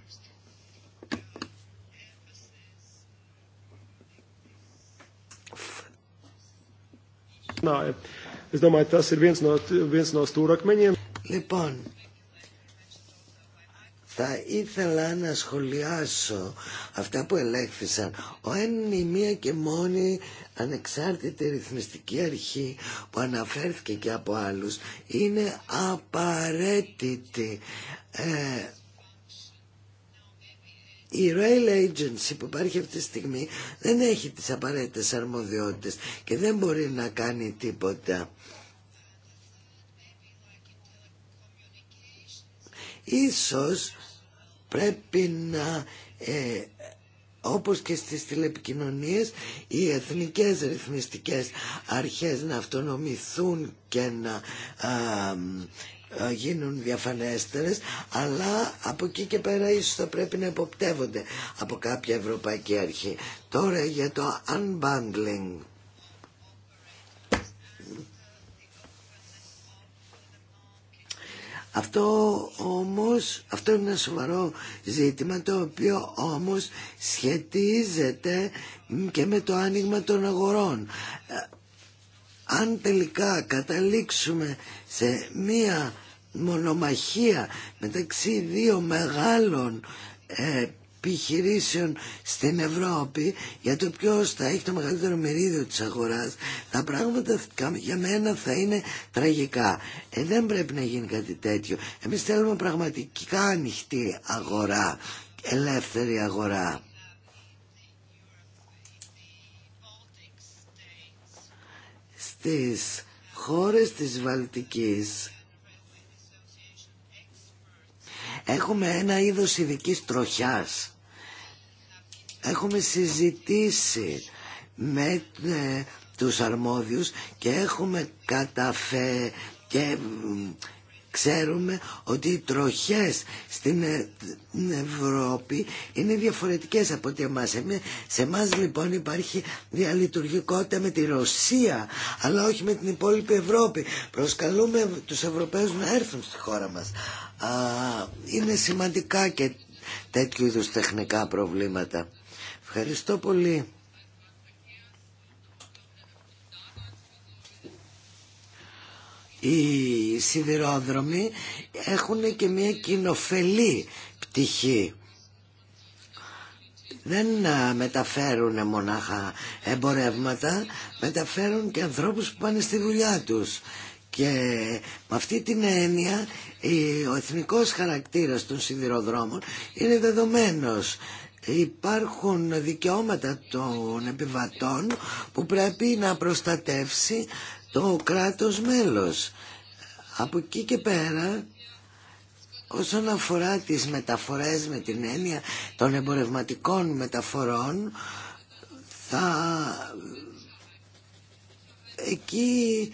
Λοιπόν, θα ήθελα να σχολιάσω αυτά που ελέγχθησαν. Ο ένα η μία και μόνη ανεξάρτητη ρυθμιστική αρχή που αναφέρθηκε και από άλλους. Είναι απαραίτητη ε, η Rail Agency που υπάρχει αυτή τη στιγμή δεν έχει τις απαραίτητες αρμοδιότητες και δεν μπορεί να κάνει τίποτα. Ίσως πρέπει να, ε, όπως και στις τηλεπικοινωνίες, οι εθνικές ρυθμιστικές αρχές να αυτονομηθούν και να γίνουν διαφανέστερες αλλά από εκεί και πέρα ίσως θα πρέπει να υποπτεύονται από κάποια ευρωπαϊκή αρχή τώρα για το unbundling Αυτό όμως, αυτό είναι ένα σοβαρό ζήτημα το οποίο όμως σχετίζεται και με το άνοιγμα των αγορών. Ε, αν τελικά καταλήξουμε σε μία μονομαχία μεταξύ δύο μεγάλων ε, επιχειρήσεων στην Ευρώπη για το ποιο θα έχει το μεγαλύτερο μερίδιο της αγοράς τα πράγματα για μένα θα είναι τραγικά ε, δεν πρέπει να γίνει κάτι τέτοιο εμείς θέλουμε πραγματικά ανοιχτή αγορά ελεύθερη αγορά στις χώρες της Βαλτικής έχουμε ένα είδος ειδική τροχιάς. Έχουμε συζητήσει με ε, τους αρμόδιους και έχουμε καταφέρει και Ξέρουμε ότι οι τροχές ε, στην Ευρώπη είναι διαφορετικές από ό,τι εμάς. Σε εμά λοιπόν υπάρχει διαλειτουργικότητα με τη Ρωσία, αλλά όχι με την υπόλοιπη Ευρώπη. Προσκαλούμε τους Ευρωπαίους να έρθουν στη χώρα μας. είναι σημαντικά και τέτοιου είδους τεχνικά προβλήματα. Ευχαριστώ πολύ. οι σιδηρόδρομοι έχουν και μια κοινοφελή πτυχή. Δεν ε, μεταφέρουν μονάχα εμπορεύματα, μεταφέρουν και ανθρώπους που πάνε στη δουλειά τους. Και με αυτή την έννοια ο εθνικός χαρακτήρας των σιδηροδρόμων είναι δεδομένος. Υπάρχουν δικαιώματα των επιβατών που πρέπει να προστατεύσει το κράτος μέλος. Από εκεί και πέρα, όσον αφορά τις μεταφορές με την έννοια των εμπορευματικών μεταφορών, θα... εκεί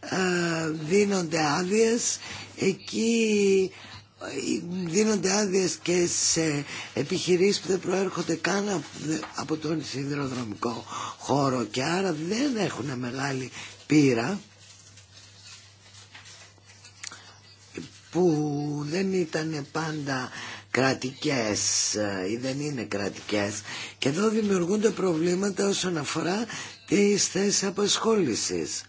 ε, δίνονται άδειες, εκεί ε, δίνονται άδειε και σε επιχειρήσεις που δεν προέρχονται καν από τον σιδηροδρομικό χώρο και άρα δεν έχουν μεγάλη πήρα που δεν ήταν πάντα κρατικές ε, ή δεν είναι κρατικές και εδώ δημιουργούνται προβλήματα όσον αφορά τις θέσεις απασχόλησης.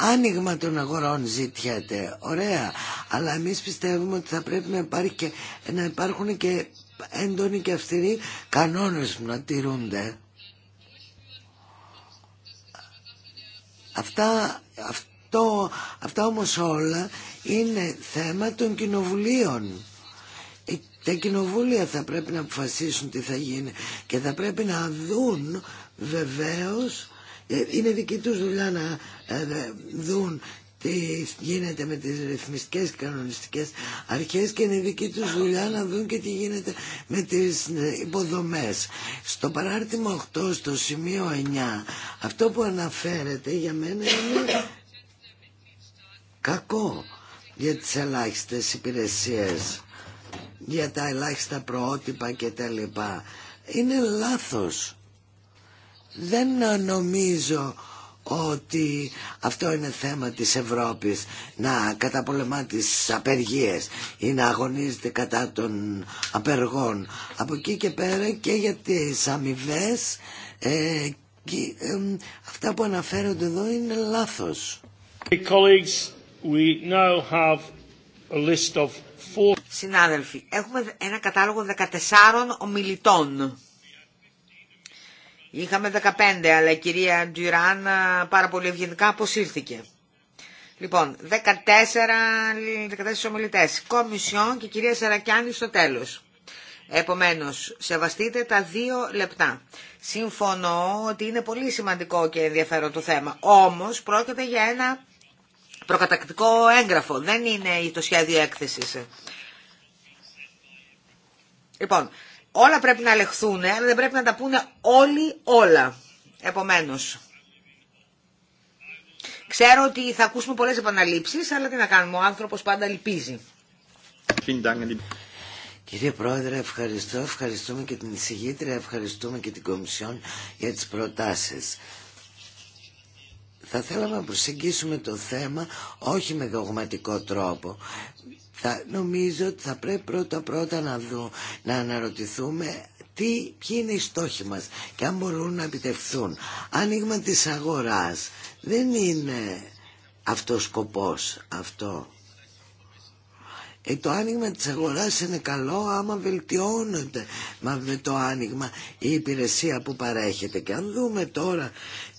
Άνοιγμα των αγορών ζητιέται, ωραία, αλλά εμείς πιστεύουμε ότι θα πρέπει να, υπάρχουν και έντονοι και αυστηροί κανόνες που να τηρούνται. Αυτά, αυτό, αυτά όμως όλα είναι θέμα των κοινοβουλίων. Ε, τα κοινοβούλια θα πρέπει να αποφασίσουν τι θα γίνει και θα πρέπει να δουν βεβαίως ε, είναι δική τους δουλειά να ε, δουν τι γίνεται με τις ρυθμιστικές και κανονιστικές αρχές και είναι δική τους δουλειά να δουν και τι γίνεται με τις υποδομές. Στο παράρτημα 8, στο σημείο 9, αυτό που αναφέρεται για μένα είναι κακό για τις ελάχιστες υπηρεσίες, για τα ελάχιστα προότυπα κτλ. Είναι λάθος. Δεν νομίζω ότι αυτό είναι θέμα της Ευρώπης να καταπολεμά τις απεργίες ή να αγωνίζεται κατά των απεργών από εκεί και πέρα και για τις αμοιβέ. Ε, ε, αυτά που αναφέρονται εδώ είναι λάθος. Συνάδελφοι, έχουμε ένα κατάλογο 14 ομιλητών. Είχαμε 15, αλλά η κυρία Ντουράν πάρα πολύ ευγενικά αποσύρθηκε. Λοιπόν, 14, 14 ομιλητέ. Κομισιόν και κυρία Σερακιάνη στο τέλος. Επομένω, σεβαστείτε τα δύο λεπτά. Συμφωνώ ότι είναι πολύ σημαντικό και ενδιαφέρον το θέμα. Όμω, πρόκειται για ένα προκατακτικό έγγραφο. Δεν είναι το σχέδιο έκθεση. Λοιπόν, Όλα πρέπει να λεχθούν, αλλά δεν πρέπει να τα πούνε όλοι όλα. Επομένως, ξέρω ότι θα ακούσουμε πολλές επαναλήψεις, αλλά τι να κάνουμε, ο άνθρωπος πάντα λυπίζει. Κύριε Πρόεδρε, ευχαριστώ. Ευχαριστούμε και την εισηγήτρια, ευχαριστούμε και την Κομισιόν για τις προτάσεις. Θα θέλαμε να προσεγγίσουμε το θέμα όχι με δογματικό τρόπο θα, νομίζω ότι θα πρέπει πρώτα πρώτα να, δω, να αναρωτηθούμε τι, ποιοι είναι οι στόχοι μας και αν μπορούν να επιτευχθούν. Άνοιγμα της αγοράς δεν είναι αυτός σκοπός αυτό. Ε, το άνοιγμα της αγοράς είναι καλό άμα βελτιώνεται μα με το άνοιγμα η υπηρεσία που παρέχεται. Και αν δούμε τώρα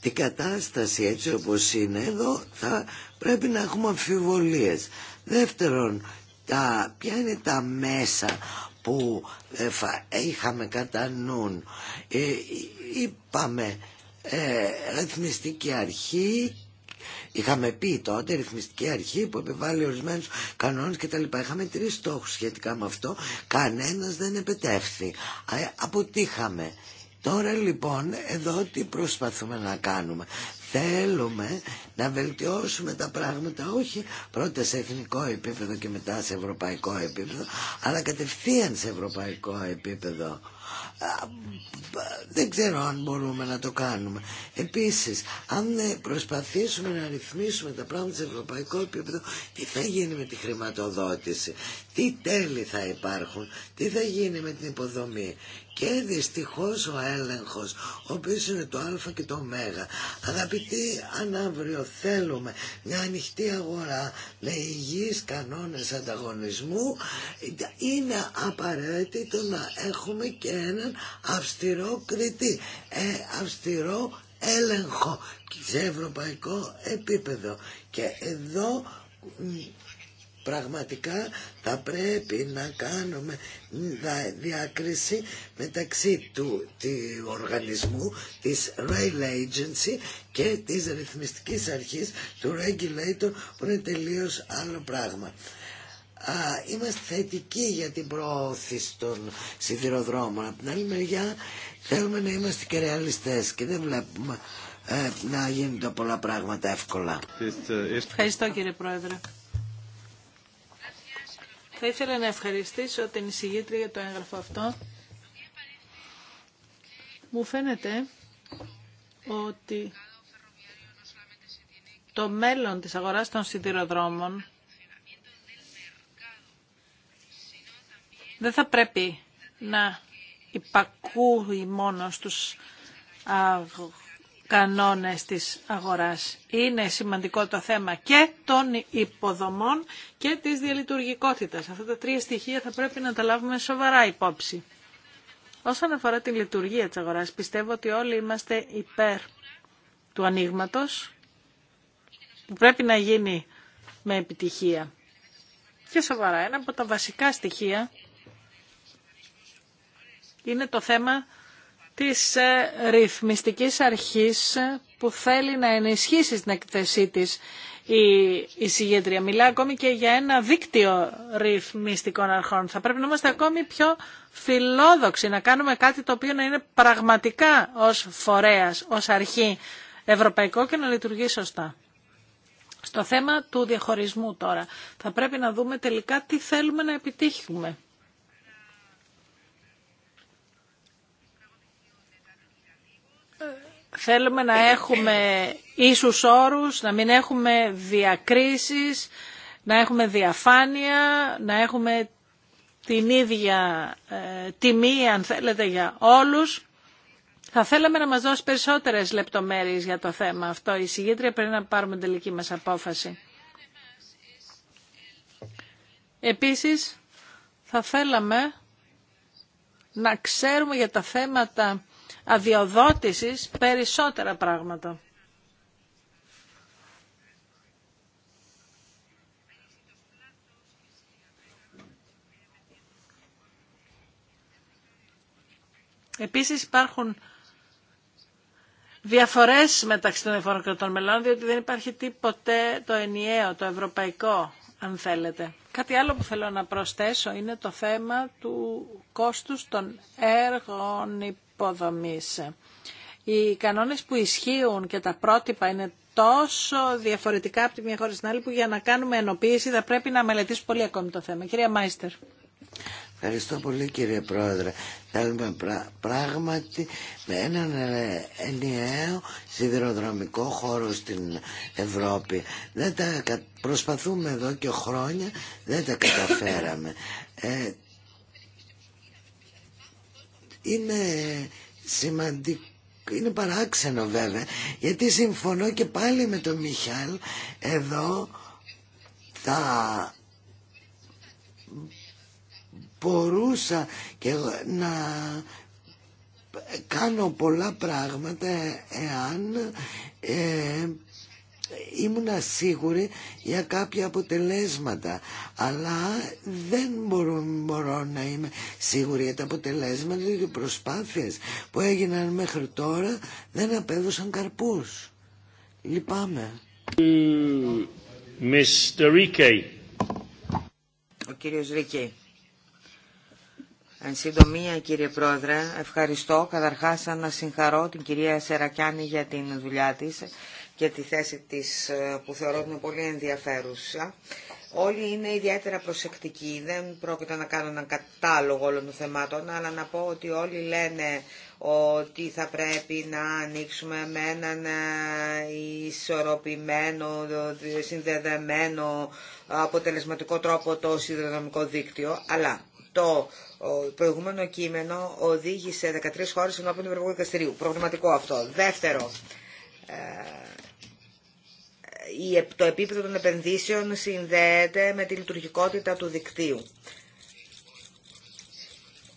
την κατάσταση έτσι όπως είναι εδώ θα πρέπει να έχουμε αμφιβολίες. Δεύτερον, τα, ποια είναι τα μέσα που ε, ε, είχαμε κατά νου. Ε, είπαμε ε, ρυθμιστική αρχή Είχαμε πει τότε ρυθμιστική αρχή που επιβάλλει ορισμένου κανόνε κτλ. Είχαμε τρει στόχου σχετικά με αυτό. Κανένα δεν επετεύθη. Αποτύχαμε. Τώρα λοιπόν εδώ τι προσπαθούμε να κάνουμε θέλουμε να βελτιώσουμε τα πράγματα όχι πρώτα σε εθνικό επίπεδο και μετά σε ευρωπαϊκό επίπεδο αλλά κατευθείαν σε ευρωπαϊκό επίπεδο δεν ξέρω αν μπορούμε να το κάνουμε επίσης αν ε, προσπαθήσουμε να ρυθμίσουμε τα πράγματα σε ευρωπαϊκό επίπεδο τι θα γίνει με τη χρηματοδότηση τι τέλη θα υπάρχουν τι θα γίνει με την υποδομή και δυστυχώς ο έλεγχος, ο οποίος είναι το α και το ω. Αγαπητοί, αν αύριο θέλουμε μια ανοιχτή αγορά με υγιείς κανόνες ανταγωνισμού, είναι απαραίτητο να έχουμε και έναν αυστηρό κριτή, ε, αυστηρό έλεγχο σε ευρωπαϊκό επίπεδο. Και εδώ Πραγματικά θα πρέπει να κάνουμε διάκριση μεταξύ του, οργανισμού της Rail Agency και της ρυθμιστικής αρχής του Regulator που είναι τελείως άλλο πράγμα. είμαστε θετικοί για την προώθηση των σιδηροδρόμων. Από την άλλη μεριά θέλουμε να είμαστε και ρεαλιστές και δεν βλέπουμε ε, να γίνονται πολλά πράγματα εύκολα. Ευχαριστώ κύριε Πρόεδρε. Θα ήθελα να ευχαριστήσω την εισηγήτρια για το έγγραφο αυτό. Μου φαίνεται ότι το μέλλον της αγοράς των σιδηροδρόμων δεν θα πρέπει να υπακούει μόνο στους αγ κανόνες της αγοράς. Είναι σημαντικό το θέμα και των υποδομών και της διαλειτουργικότητας. Αυτά τα τρία στοιχεία θα πρέπει να τα λάβουμε σοβαρά υπόψη. Όσον αφορά τη λειτουργία της αγοράς, πιστεύω ότι όλοι είμαστε υπέρ του ανοίγματο που πρέπει να γίνει με επιτυχία. Και σοβαρά, ένα από τα βασικά στοιχεία είναι το θέμα της ε, ρυθμιστικής αρχής που θέλει να ενισχύσει την εκθεσή της η συγγεντρία. Μιλά ακόμη και για ένα δίκτυο ρυθμιστικών αρχών. Θα πρέπει να είμαστε ακόμη πιο φιλόδοξοι, να κάνουμε κάτι το οποίο να είναι πραγματικά ως φορέας, ως αρχή ευρωπαϊκό και να λειτουργεί σωστά. Στο θέμα του διαχωρισμού τώρα, θα πρέπει να δούμε τελικά τι θέλουμε να επιτύχουμε. Θέλουμε να έχουμε ίσους όρους, να μην έχουμε διακρίσεις, να έχουμε διαφάνεια, να έχουμε την ίδια ε, τιμή, αν θέλετε, για όλους. Θα θέλαμε να μας δώσει περισσότερες λεπτομέρειες για το θέμα αυτό. Η συγγήτρια πρέπει να πάρουμε τελική μας απόφαση. Επίσης, θα θέλαμε να ξέρουμε για τα θέματα αδειοδότησης περισσότερα πράγματα. Επίσης υπάρχουν διαφορές μεταξύ των διαφορών των μελών, διότι δεν υπάρχει τίποτε το ενιαίο, το ευρωπαϊκό, αν θέλετε. Κάτι άλλο που θέλω να προσθέσω είναι το θέμα του κόστους των έργων υποδομής. Οι κανόνες που ισχύουν και τα πρότυπα είναι τόσο διαφορετικά από τη μία χώρα στην άλλη που για να κάνουμε ενοποίηση θα πρέπει να μελετήσουμε πολύ ακόμη το θέμα. Κυρία Μάιστερ. Ευχαριστώ πολύ κύριε Πρόεδρε. Θέλουμε πράγματι με έναν ε, ενιαίο σιδηροδρομικό χώρο στην Ευρώπη. Δεν τα προσπαθούμε εδώ και χρόνια, δεν τα καταφέραμε. Ε, είναι σημαντικό είναι παράξενο βέβαια γιατί συμφωνώ και πάλι με τον Μιχάλ εδώ θα μπορούσα και να κάνω πολλά πράγματα εάν ε, ήμουνα σίγουρη για κάποια αποτελέσματα αλλά δεν μπορώ, μπορώ να είμαι σίγουρη για τα αποτελέσματα διότι οι προσπάθειες που έγιναν μέχρι τώρα δεν απέδωσαν καρπούς λυπάμαι Ο κύριος Ρίκη Εν συντομία κύριε Πρόεδρε ευχαριστώ καταρχάς να συγχαρώ την κυρία Σερακιάνη για την δουλειά της για τη θέση της ε, που θεωρώ ότι είναι πολύ ενδιαφέρουσα. Όλοι είναι ιδιαίτερα προσεκτικοί, δεν πρόκειται να κάνω έναν κατάλογο όλων των θεμάτων, αλλά να πω ότι όλοι λένε ότι θα πρέπει να ανοίξουμε με έναν ε, ισορροπημένο, συνδεδεμένο, αποτελεσματικό τρόπο το σιδηροδρομικό δίκτυο, αλλά το προηγούμενο κείμενο οδήγησε 13 χώρες ενώπιον του Ευρωπαϊκού Δικαστηρίου. Προβληματικό αυτό. Δεύτερο, ε, το επίπεδο των επενδύσεων συνδέεται με τη λειτουργικότητα του δικτύου.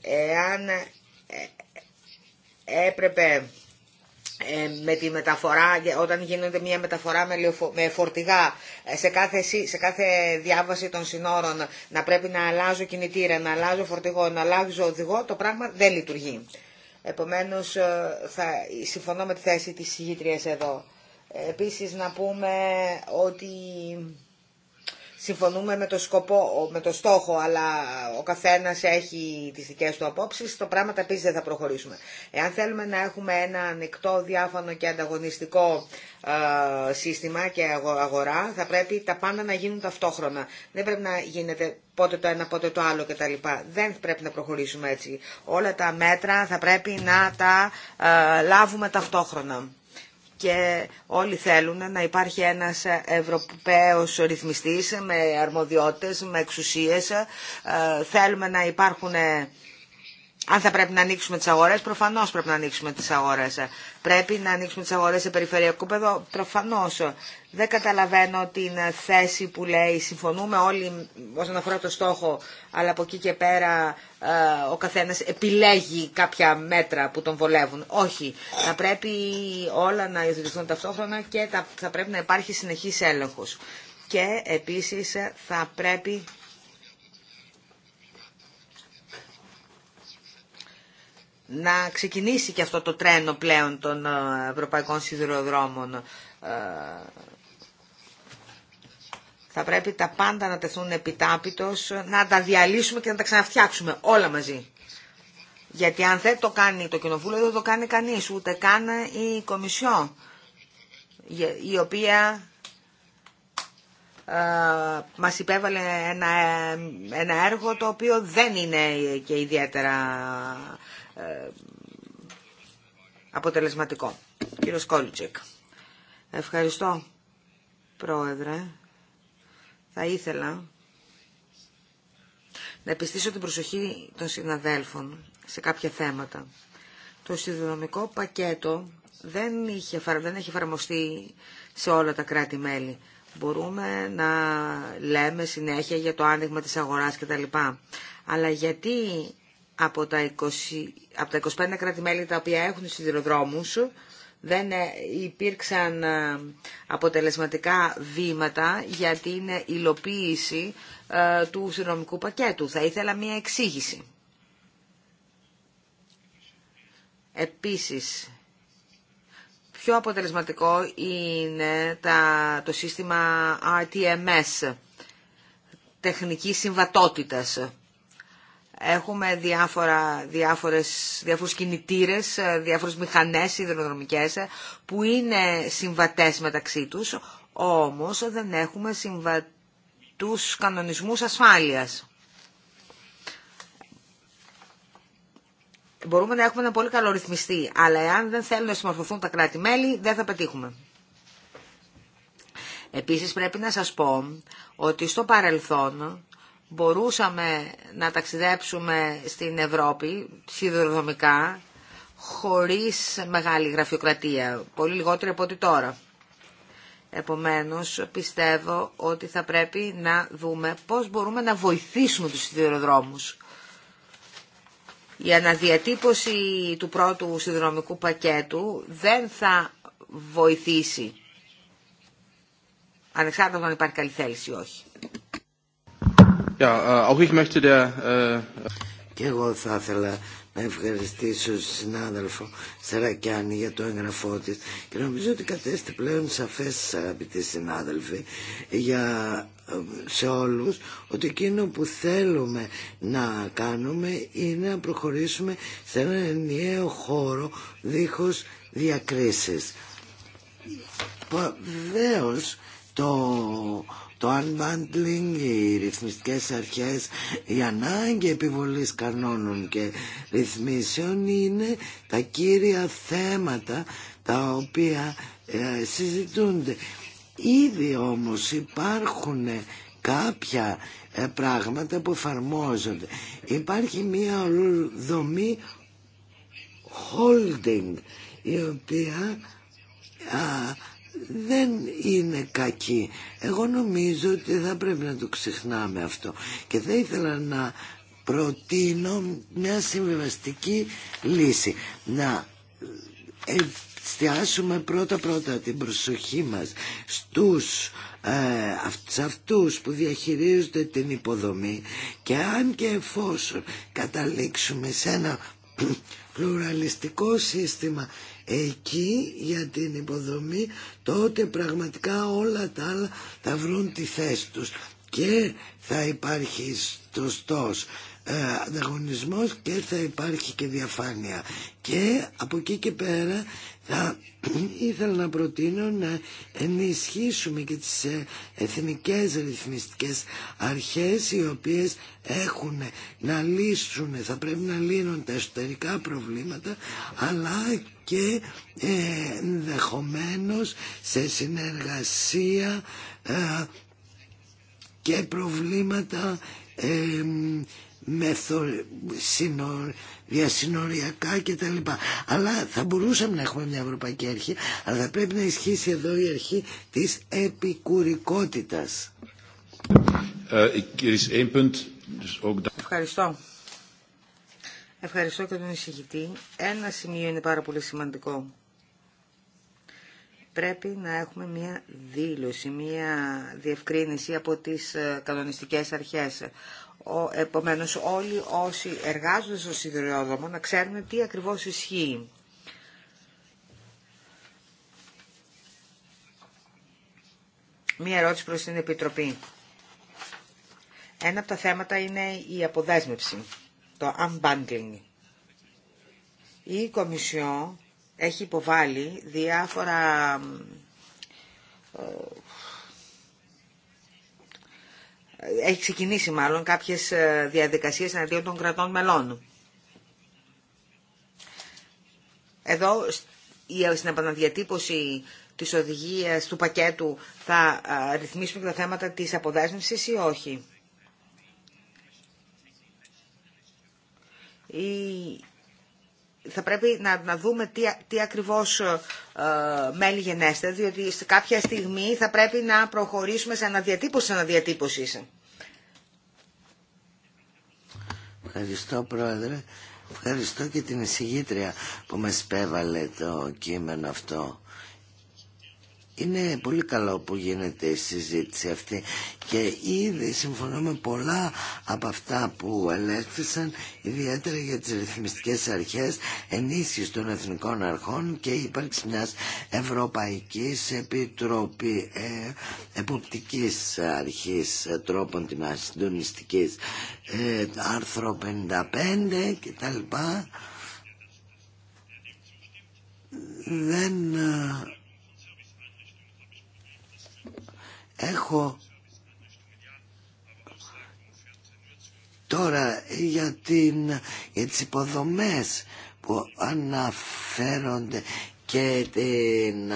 Εάν ε, έπρεπε ε, με τη μεταφορά, όταν γίνεται μια μεταφορά με φορτηγά ε, σε κάθε, σε κάθε διάβαση των συνόρων να πρέπει να αλλάζω κινητήρα, να αλλάζω φορτηγό, να αλλάζω οδηγό, το πράγμα δεν λειτουργεί. Επομένως, θα συμφωνώ με τη θέση της συγγήτριας εδώ. Επίσης να πούμε ότι συμφωνούμε με το, σκοπό, με το στόχο, αλλά ο καθένας έχει τις δικές του απόψεις, το πράγμα τα επίσης δεν θα προχωρήσουμε. Εάν θέλουμε να έχουμε ένα ανοιχτό, διάφανο και ανταγωνιστικό ε, σύστημα και αγορά, θα πρέπει τα πάντα να γίνουν ταυτόχρονα. Δεν πρέπει να γίνεται πότε το ένα, πότε το άλλο κτλ. Δεν πρέπει να προχωρήσουμε έτσι. Όλα τα μέτρα θα πρέπει να τα ε, λάβουμε ταυτόχρονα και όλοι θέλουν να υπάρχει ένας Ευρωπαίος ρυθμιστής με αρμοδιότητες, με εξουσίες. Ε, θέλουμε να υπάρχουν αν θα πρέπει να ανοίξουμε τι αγορέ, προφανώ πρέπει να ανοίξουμε τις αγορές. Πρέπει να ανοίξουμε τις αγορέ σε περιφερειακό πεδίο, Προφανώ. Δεν καταλαβαίνω την θέση που λέει, συμφωνούμε όλοι όσον αφορά το στόχο, αλλά από εκεί και πέρα ε, ο καθένας επιλέγει κάποια μέτρα που τον βολεύουν. Όχι, θα πρέπει όλα να ιδρυθούν ταυτόχρονα και θα πρέπει να υπάρχει συνεχής έλεγχος. Και επίση θα πρέπει να ξεκινήσει και αυτό το τρένο πλέον των ε, ευρωπαϊκών σιδηροδρόμων. Ε, θα πρέπει τα πάντα να τεθούν επιτάπητος, να τα διαλύσουμε και να τα ξαναφτιάξουμε όλα μαζί. Γιατί αν δεν το κάνει το κοινοβούλιο, δεν το κάνει κανείς, ούτε καν η Κομισιό, η οποία ε, μας υπέβαλε ένα, ένα έργο το οποίο δεν είναι και ιδιαίτερα ε, αποτελεσματικό. Κύριο Κόλτσεκ. Ευχαριστώ, Πρόεδρε. Θα ήθελα να επιστήσω την προσοχή των συναδέλφων σε κάποια θέματα. Το συνδρομικό πακέτο δεν, δεν έχει εφαρμοστεί σε όλα τα κράτη-μέλη. Μπορούμε να λέμε συνέχεια για το άνοιγμα της αγοράς κτλ. Αλλά γιατί από τα, 20, 25 κράτη-μέλη τα οποία έχουν σιδηροδρόμους δεν ε, υπήρξαν ε, αποτελεσματικά βήματα για την υλοποίηση ε, του συνδρομικού πακέτου. Θα ήθελα μία εξήγηση. Επίσης, πιο αποτελεσματικό είναι τα, το σύστημα RTMS, τεχνικής συμβατότητας Έχουμε διάφορα, διάφορες, διάφορους κινητήρες, ε, διάφορες μηχανές υδροδρομικές ε, που είναι συμβατές μεταξύ τους, όμως δεν έχουμε συμβατούς κανονισμούς ασφάλειας. Μπορούμε να έχουμε ένα πολύ καλό ρυθμιστή, αλλά εάν δεν θέλουν να συμμορφωθούν τα κράτη-μέλη, δεν θα πετύχουμε. Επίσης πρέπει να σας πω ότι στο παρελθόν μπορούσαμε να ταξιδέψουμε στην Ευρώπη σιδηροδρομικά χωρίς μεγάλη γραφειοκρατία, πολύ λιγότερη από ό,τι τώρα. Επομένως, πιστεύω ότι θα πρέπει να δούμε πώς μπορούμε να βοηθήσουμε τους σιδηροδρόμους. Η αναδιατύπωση του πρώτου σιδηροδρομικού πακέτου δεν θα βοηθήσει, ανεξάρτητα αν υπάρχει καλή θέληση ή όχι. Äh, äh, και εγώ θα ήθελα να ευχαριστήσω συνάδελφο Σερακιάνη για το έγγραφό της και νομίζω ότι κατέστη πλέον σαφές αγαπητοί συνάδελφοι για ε, σε όλους ότι εκείνο που θέλουμε να κάνουμε είναι να προχωρήσουμε σε ένα ενιαίο χώρο δίχως διακρίσεις. Βεβαίω το το unbundling, οι ρυθμιστικές αρχές, η ανάγκη επιβολής κανόνων και ρυθμίσεων είναι τα κύρια θέματα τα οποία ε, συζητούνται. Ήδη όμως υπάρχουν κάποια ε, πράγματα που εφαρμόζονται. Υπάρχει μια δομή holding η οποία α, δεν είναι κακή. Εγώ νομίζω ότι θα πρέπει να το ξεχνάμε αυτό. Και θα ήθελα να προτείνω μια συμβιβαστική λύση. Να ε, εστιάσουμε πρώτα-πρώτα την προσοχή μας στους ε, αυτούς που διαχειρίζονται την υποδομή και αν και εφόσον καταλήξουμε σε ένα πλουραλιστικό σύστημα εκεί για την υποδομή τότε πραγματικά όλα τα άλλα θα βρουν τη θέση τους και θα υπάρχει σωστό ε, ανταγωνισμός και θα υπάρχει και διαφάνεια και από εκεί και πέρα θα ήθελα να προτείνω να ενισχύσουμε και τις ε, εθνικές ρυθμιστικές αρχές οι οποίες έχουν να λύσουν, θα πρέπει να λύνουν τα εσωτερικά προβλήματα αλλά και ε, σε συνεργασία ε, και προβλήματα ε, διασυνοριακά κτλ. Αλλά θα μπορούσαμε να έχουμε μια Ευρωπαϊκή Αρχή, αλλά θα πρέπει να ισχύσει εδώ η αρχή της επικουρικότητας. Ε, ε, Ευχαριστώ. Ευχαριστώ και τον εισηγητή. Ένα σημείο είναι πάρα πολύ σημαντικό. Πρέπει να έχουμε μία δήλωση, μία διευκρίνηση από τις ε, κανονιστικές αρχές Επομένως όλοι όσοι εργάζονται στο σιδηρόδρομο να ξέρουν τι ακριβώς ισχύει. Μία ερώτηση προς την Επιτροπή. Ένα από τα θέματα είναι η αποδέσμευση, το unbundling. Η Κομισιό έχει υποβάλει διάφορα έχει ξεκινήσει μάλλον κάποιες ε, διαδικασίες εναντίον των κρατών μελών. Εδώ στην επαναδιατύπωση της οδηγίας του πακέτου θα ε, ρυθμίσουμε τα θέματα της αποδέσμευσης ή όχι. Η θα πρέπει να, να δούμε τι, τι ακριβώς ε, μέλη γενέστε, διότι σε κάποια στιγμή θα πρέπει να προχωρήσουμε σε αναδιατύπωση αναδιατύπωσης. Ευχαριστώ Πρόεδρε. Ευχαριστώ και την εισηγήτρια που με σπέβαλε το κείμενο αυτό είναι πολύ καλό που γίνεται η συζήτηση αυτή και ήδη συμφωνώ με πολλά από αυτά που ελέγχθησαν ιδιαίτερα για τις ρυθμιστικές αρχές ενίσχυση των εθνικών αρχών και ύπαρξη μιας Ευρωπαϊκής Επιτροπή ε, Εποπτικής Αρχής ε, Τρόπων την Συντονιστικής ε, άρθρο 55 κτλ δεν ε, Έχω τώρα για, την, για τις υποδομές που αναφέρονται και την,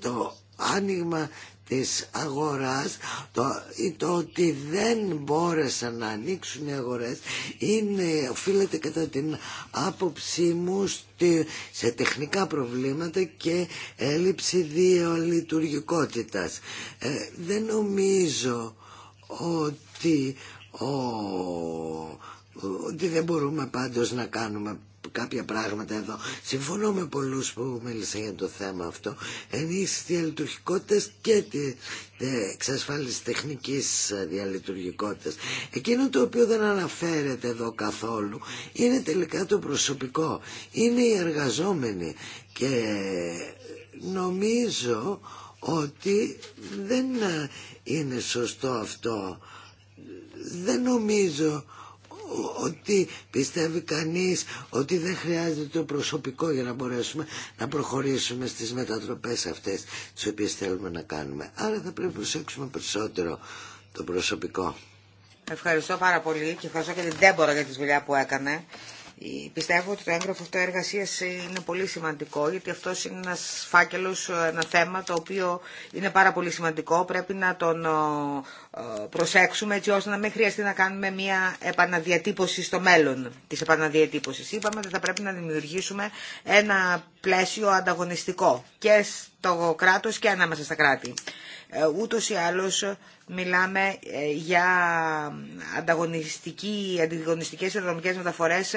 το άνοιγμα της το, το ότι δεν μπόρεσαν να ανοίξουν οι αγορές είναι, οφείλεται κατά την άποψή μου στη, σε τεχνικά προβλήματα και έλλειψη διολειτουργικότητας ε, δεν νομίζω ότι ο ότι δεν μπορούμε πάντως να κάνουμε κάποια πράγματα εδώ. Συμφωνώ με πολλούς που μίλησαν για το θέμα αυτό. Ενίσχυση διαλειτουργικότητας και τη εξασφάλιση τεχνικής διαλειτουργικότητας. Εκείνο το οποίο δεν αναφέρεται εδώ καθόλου είναι τελικά το προσωπικό. Είναι οι εργαζόμενοι και νομίζω ότι δεν είναι σωστό αυτό. Δεν νομίζω ότι πιστεύει κανείς ότι δεν χρειάζεται το προσωπικό για να μπορέσουμε να προχωρήσουμε στις μετατροπές αυτές τις οποίες θέλουμε να κάνουμε. Άρα θα πρέπει να προσέξουμε περισσότερο το προσωπικό. Ευχαριστώ πάρα πολύ και ευχαριστώ και την Τέμπορα για τη δουλειά που έκανε. Πιστεύω ότι το έγγραφο αυτό εργασία είναι πολύ σημαντικό, γιατί αυτό είναι ένα φάκελο, ένα θέμα το οποίο είναι πάρα πολύ σημαντικό. Πρέπει να τον ε, προσέξουμε έτσι ώστε να μην χρειαστεί να κάνουμε μια επαναδιατύπωση στο μέλλον τη επαναδιατύπωση. Είπαμε ότι θα πρέπει να δημιουργήσουμε ένα πλαίσιο ανταγωνιστικό και στο κράτο και ανάμεσα στα κράτη. Ε, ούτως ή άλλως ε, μιλάμε ε, για ανταγωνιστική, αντιγωνιστικές αεροδρομικές μεταφορές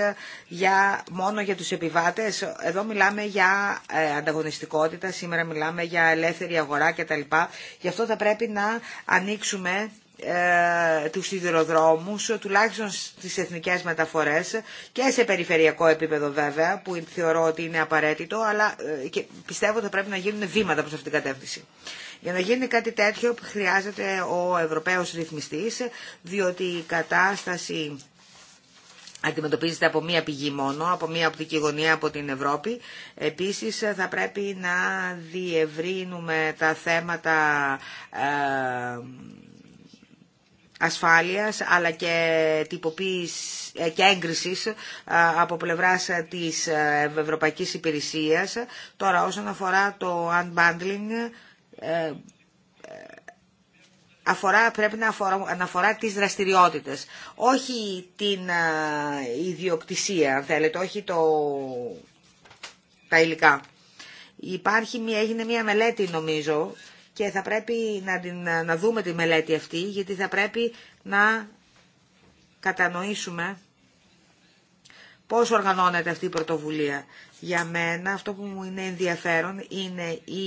για, μόνο για τους επιβάτες. Εδώ μιλάμε για ανταγωνιστικότητα, σήμερα μιλάμε για ελεύθερη αγορά κτλ. Γι' αυτό θα πρέπει να ανοίξουμε ε, Του σιδηροδρόμου, τουλάχιστον στι εθνικέ μεταφορέ και σε περιφερειακό επίπεδο βέβαια, που θεωρώ ότι είναι απαραίτητο, αλλά ε, και πιστεύω ότι θα πρέπει να γίνουν βήματα προς αυτήν την κατεύθυνση. Για να γίνει κάτι τέτοιο χρειάζεται ο Ευρωπαίος ρυθμιστής, διότι η κατάσταση αντιμετωπίζεται από μία πηγή μόνο, από μία οπτική γωνία από την Ευρώπη. Επίσης θα πρέπει να διευρύνουμε τα θέματα... Ε, ασφάλειας αλλά και τυποποίηση ε, και έγκρισης ε, από πλευράς ε, της Ευρωπαϊκής Υπηρεσίας. Τώρα όσον αφορά το unbundling αφορά, πρέπει να αφορά, αναφορά τις δραστηριότητες, όχι την ιδιοκτησία αν θέλετε, όχι το, τα υλικά. Υπάρχει, έγινε μια μελέτη νομίζω και θα πρέπει να, να δούμε τη μελέτη αυτή, γιατί θα πρέπει να κατανοήσουμε πώς οργανώνεται αυτή η πρωτοβουλία. Για μένα αυτό που μου είναι ενδιαφέρον είναι η...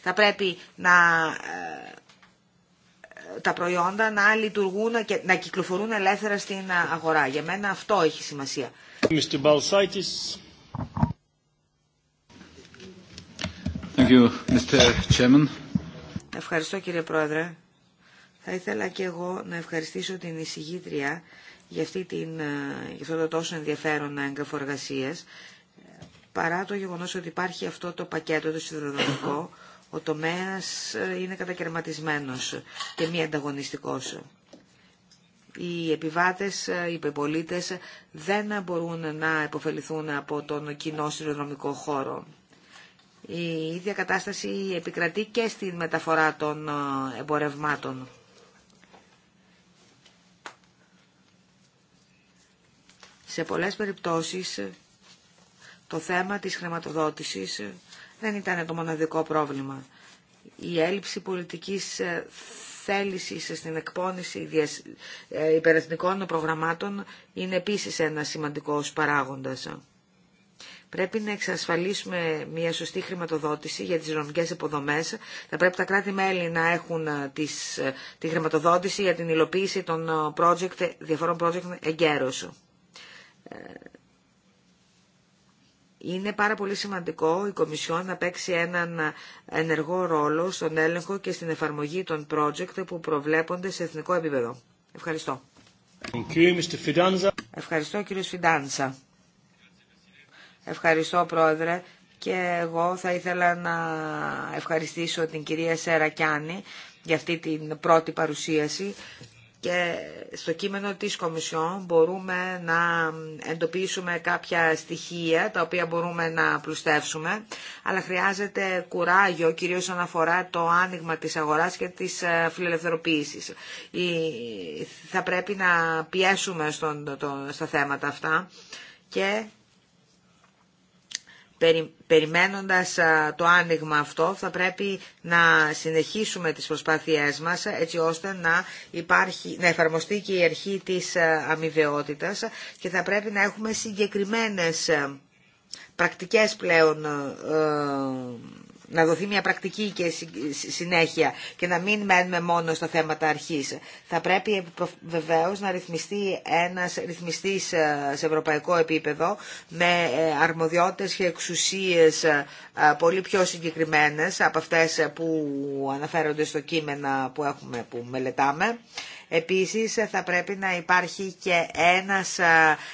Θα πρέπει να ε, τα προϊόντα να λειτουργούν και να κυκλοφορούν ελεύθερα στην αγορά. Για μένα αυτό έχει σημασία. Ευχαριστώ κύριε Πρόεδρε. Θα ήθελα και εγώ να ευχαριστήσω την εισηγήτρια για, αυτή την, ε, για αυτό το τόσο ενδιαφέρον έγγραφο εργασία. Παρά το γεγονός ότι υπάρχει αυτό το πακέτο το σιδηροδρομικό, ο τομέας ε, είναι κατακερματισμένος και μη ανταγωνιστικό. Οι επιβάτες, ε, οι υπεπολίτε δεν μπορούν να υποφεληθούν από τον κοινό σιδηροδρομικό χώρο. Η ίδια κατάσταση επικρατεί και στη μεταφορά των ε, εμπορευμάτων. Σε πολλές περιπτώσεις το θέμα της χρηματοδότησης δεν ήταν το μοναδικό πρόβλημα. Η έλλειψη πολιτικής ε, θέλησης στην εκπόνηση ε, υπερεθνικών προγραμμάτων είναι επίσης ένα σημαντικός παράγοντας. Πρέπει να εξασφαλίσουμε μια σωστή χρηματοδότηση για τις νομικές υποδομές. Θα πρέπει τα κράτη-μέλη να έχουν ε, τις, ε, τη χρηματοδότηση για την υλοποίηση των ε, project, διαφορών project εγκαίρως. Είναι πάρα πολύ σημαντικό η Κομισιόν να παίξει έναν ενεργό ρόλο στον έλεγχο και στην εφαρμογή των project που προβλέπονται σε εθνικό επίπεδο. Ευχαριστώ. Ευχαριστώ κύριο Φιντάνσα. Ευχαριστώ Πρόεδρε και εγώ θα ήθελα να ευχαριστήσω την κυρία Σερακιάνη για αυτή την πρώτη παρουσίαση και στο κείμενο της Κομισιόν μπορούμε να εντοπίσουμε κάποια στοιχεία τα οποία μπορούμε να πλουστεύσουμε αλλά χρειάζεται κουράγιο κυρίως αναφορά αφορά το άνοιγμα της αγοράς και της ε, φιλελευθεροποίησης. Θα πρέπει να πιέσουμε στα θέματα αυτά και περιμένοντας το άνοιγμα αυτό θα πρέπει να συνεχίσουμε τις προσπάθειές μας έτσι ώστε να, υπάρχει, να εφαρμοστεί και η αρχή της αμοιβαιότητα και θα πρέπει να έχουμε συγκεκριμένες πρακτικές πλέον να δοθεί μια πρακτική και συνέχεια και να μην μένουμε μόνο στα θέματα αρχής. Θα πρέπει βεβαίως να ρυθμιστεί ένας ρυθμιστής ε, σε ευρωπαϊκό επίπεδο με ε, αρμοδιότητες και εξουσίες ε, πολύ πιο συγκεκριμένες από αυτές που αναφέρονται στο κείμενα που, έχουμε, που μελετάμε. Επίσης θα πρέπει να υπάρχει και ένας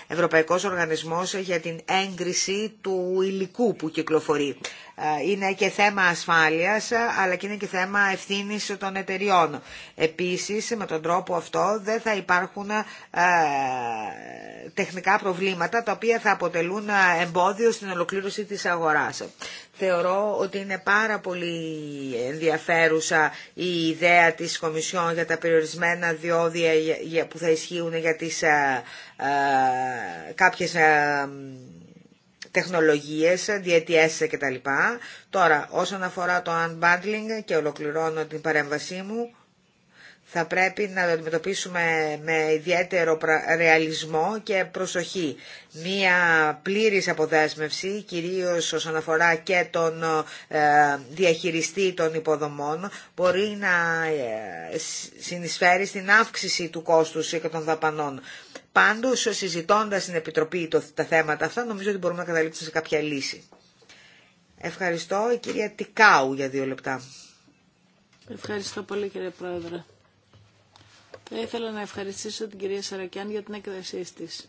ευρωπαϊκός οργανισμός για την έγκριση του υλικού που κυκλοφορεί. Ε, είναι και θέμα ασφάλειας ε, αλλά και είναι και θέμα ευθύνης των εταιριών. Επίσης με τον τρόπο αυτό δεν θα υπάρχουν ε, τεχνικά προβλήματα τα οποία θα αποτελούν εμπόδιο στην ολοκλήρωση της αγοράς. Θεωρώ ότι είναι πάρα πολύ ενδιαφέρουσα η ιδέα της Κομισιόν για τα περιορισμένα διόδια που θα ισχύουν για τις κάποιες τεχνολογίες, διαιτιές κτλ. Τώρα, όσον αφορά το unbundling και ολοκληρώνω την παρέμβασή μου, θα πρέπει να το αντιμετωπίσουμε με ιδιαίτερο ρεαλισμό και προσοχή. Μία πλήρης αποδέσμευση, κυρίως όσον αφορά και τον ε, διαχειριστή των υποδομών, μπορεί να ε, συνεισφέρει στην αύξηση του κόστους και των δαπανών. Πάντως, συζητώντας στην Επιτροπή τα θέματα αυτά, νομίζω ότι μπορούμε να καταλήξουμε σε κάποια λύση. Ευχαριστώ. Η κυρία Τικάου για δύο λεπτά. Ευχαριστώ πολύ κύριε Πρόεδρε. Θα ήθελα να ευχαριστήσω την κυρία Σαρακιάν για την έκδοσή της.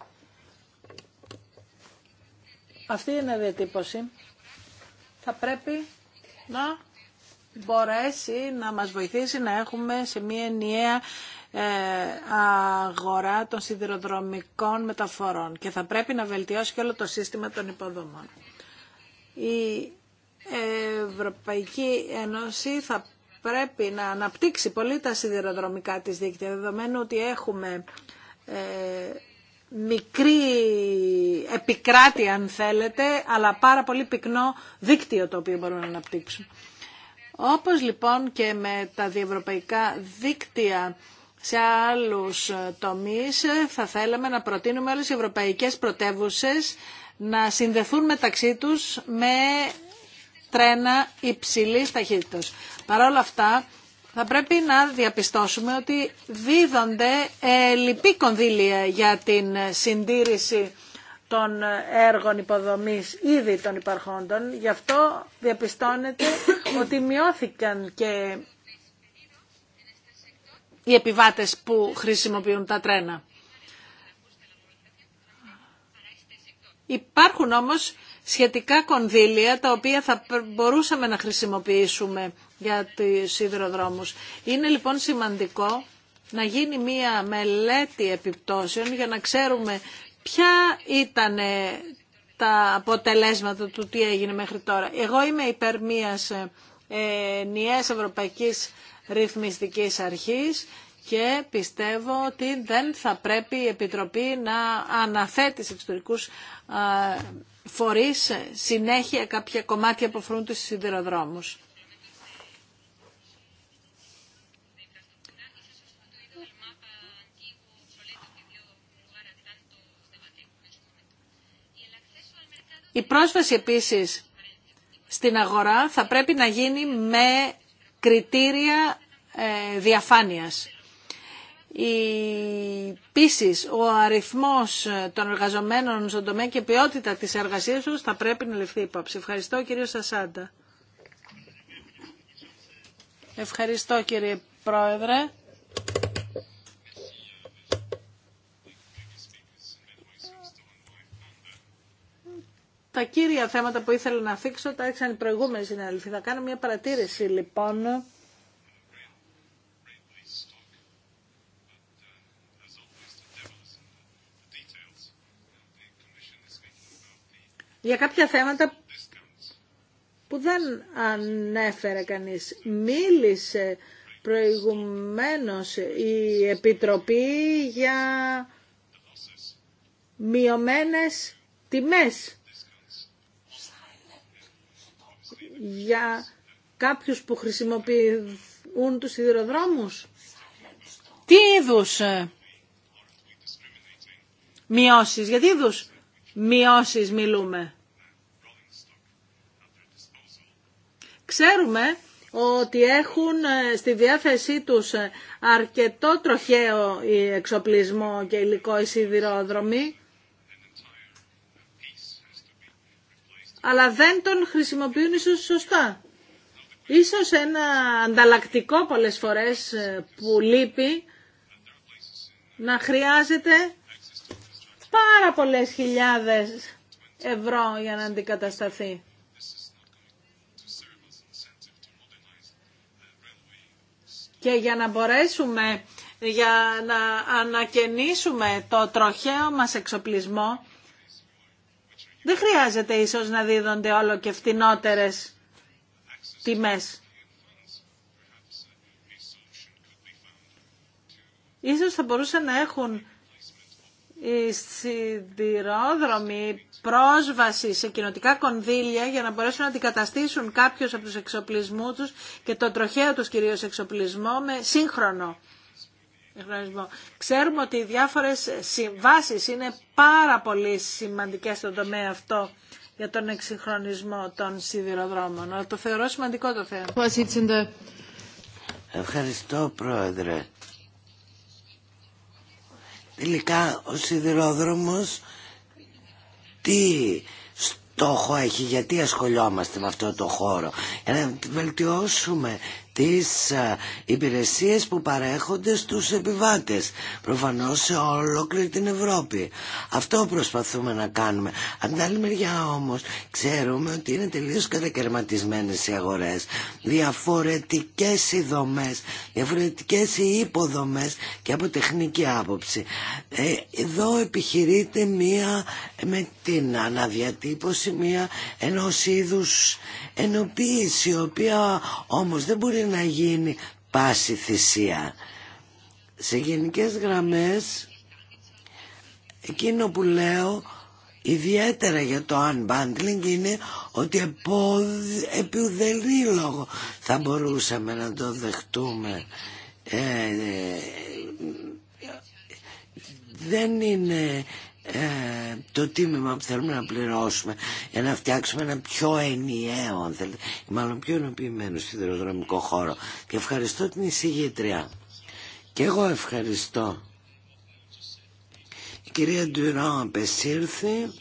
Αυτή είναι η διατύπωση. Θα πρέπει να μπορέσει να μας βοηθήσει να έχουμε σε μια ενιαία ε, αγορά των σιδηροδρομικών μεταφορών και θα πρέπει να βελτιώσει και όλο το σύστημα των υποδομών. Η Ευρωπαϊκή Ένωση θα πρέπει να αναπτύξει πολύ τα σιδηροδρομικά της δίκτυα, δεδομένου ότι έχουμε ε, μικρή επικράτεια αν θέλετε, αλλά πάρα πολύ πυκνό δίκτυο το οποίο μπορούμε να αναπτύξουμε. Όπως λοιπόν και με τα διευρωπαϊκά δίκτυα σε άλλους ε, τομείς ε, θα θέλαμε να προτείνουμε όλες οι ευρωπαϊκές πρωτεύουσες να συνδεθούν μεταξύ τους με τρένα υψηλής ταχύτητα. Παρ' όλα αυτά, θα πρέπει να διαπιστώσουμε ότι δίδονται ε, λυπή κονδύλια για την συντήρηση των έργων υποδομής ήδη των υπαρχόντων. Γι' αυτό διαπιστώνεται ότι μειώθηκαν και οι επιβάτες που χρησιμοποιούν τα τρένα. Υπάρχουν όμως σχετικά κονδύλια τα οποία θα μπορούσαμε να χρησιμοποιήσουμε για τους σιδηροδρόμους. Είναι λοιπόν σημαντικό να γίνει μία μελέτη επιπτώσεων για να ξέρουμε ποια ήταν ε, τα αποτελέσματα του τι έγινε μέχρι τώρα. Εγώ είμαι υπέρ μίας ε, ε, νιές ευρωπαϊκής ρυθμιστικής αρχής και πιστεύω ότι δεν θα πρέπει η Επιτροπή να αναθέτει σε εξωτερικούς φορείς ε, συνέχεια κάποια κομμάτια που αφορούν τους σιδηροδρόμους. Η πρόσβαση επίσης στην αγορά θα πρέπει να γίνει με κριτήρια ε, διαφάνειας. Επίση, ο αριθμό των εργαζομένων στον τομέα και η ποιότητα της εργασίας του θα πρέπει να ληφθεί υπόψη. Ευχαριστώ κύριο Σασάντα. Ευχαριστώ κύριε Πρόεδρε. Τα κύρια θέματα που ήθελα να θίξω τα έξαν οι προηγούμενοι συνάδελφοι. Θα κάνω μια παρατήρηση λοιπόν για κάποια θέματα που δεν ανέφερε κανείς. Μίλησε προηγουμένως η Επιτροπή για μειωμένες τιμές για κάποιους που χρησιμοποιούν τους σιδηροδρόμους. Τι είδους μειώσεις, γιατί είδους μειώσεις μιλούμε. Ξέρουμε ότι έχουν ε, στη διάθεσή τους ε, αρκετό τροχαίο εξοπλισμό και υλικό οι αλλά δεν τον χρησιμοποιούν ίσως σωστά. Ίσως ένα ανταλλακτικό πολλές φορές ε, που λείπει να χρειάζεται πάρα πολλές χιλιάδες ευρώ για να αντικατασταθεί. Και για να μπορέσουμε για να ανακαινήσουμε το τροχαίο μας εξοπλισμό, δεν χρειάζεται ίσως να δίδονται όλο και φτηνότερες τιμές. Ίσως θα μπορούσαν να έχουν οι σιδηρόδρομοι πρόσβαση σε κοινοτικά κονδύλια για να μπορέσουν να αντικαταστήσουν κάποιους από τους εξοπλισμούς τους και το τροχαίο τους κυρίως εξοπλισμό με σύγχρονο. εξοπλισμό. Ξέρουμε ότι οι διάφορες συμβάσεις είναι πάρα πολύ σημαντικές στον τομέα αυτό για τον εξυγχρονισμό των σιδηροδρόμων. Αλλά το θεωρώ σημαντικό το θέμα. Ευχαριστώ Πρόεδρε τελικά ο σιδηρόδρομος τι στόχο έχει, γιατί ασχολιόμαστε με αυτό το χώρο, για να βελτιώσουμε τις ε, υπηρεσίες που παρέχονται στους επιβάτες προφανώς σε ολόκληρη την Ευρώπη αυτό προσπαθούμε να κάνουμε από την άλλη μεριά όμως ξέρουμε ότι είναι τελείως κατακαιρματισμένες οι αγορές διαφορετικές οι δομές διαφορετικές οι υποδομές και από τεχνική άποψη ε, εδώ επιχειρείται μία με την αναδιατύπωση μία ενός είδους ενοποίηση η οποία όμως δεν μπορεί να γίνει πάση θυσία. Σε γενικές γραμμές, εκείνο που λέω ιδιαίτερα για το unbundling είναι ότι επί ουδελή λόγο θα μπορούσαμε να το δεχτούμε. Ε, ε, δεν είναι ε, το τίμημα που θέλουμε να πληρώσουμε για να φτιάξουμε ένα πιο ενιαίο, αν μάλλον πιο ενοποιημένο σιδηροδρομικό χώρο. Και ευχαριστώ την εισηγήτρια. Και εγώ ευχαριστώ. Η κυρία ντουρο απεσύρθη.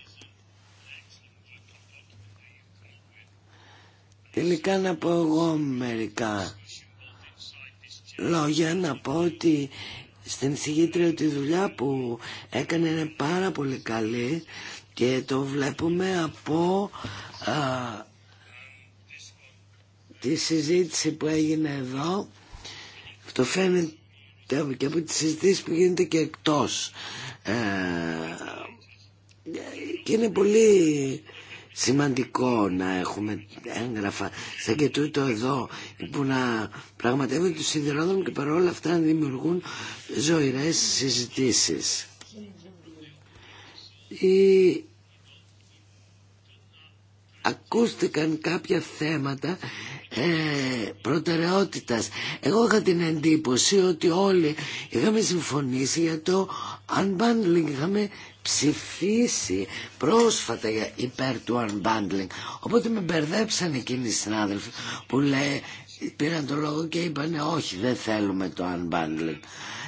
Τελικά να πω εγώ μερικά λόγια να πω ότι στην συγγήτρια τη η δουλειά που έκανε είναι πάρα πολύ καλή και το βλέπουμε από α, τη συζήτηση που έγινε εδώ Το φαίνεται και από τη συζήτηση που γίνεται και εκτός ε, και είναι πολύ σημαντικό να έχουμε έγγραφα σαν και τούτο εδώ που να πραγματεύουν τους σιδηρόδρομους και παρόλα αυτά να δημιουργούν ζωηρές συζητήσεις. Ή... Ακούστηκαν κάποια θέματα ε, προτεραιότητας. Εγώ είχα την εντύπωση ότι όλοι είχαμε συμφωνήσει για το unbundling, είχαμε ψηφίσει πρόσφατα υπέρ του unbundling. Οπότε με μπερδέψαν εκείνοι οι συνάδελφοι που λέει, πήραν το λόγο και είπανε «Ναι, όχι δεν θέλουμε το unbundling.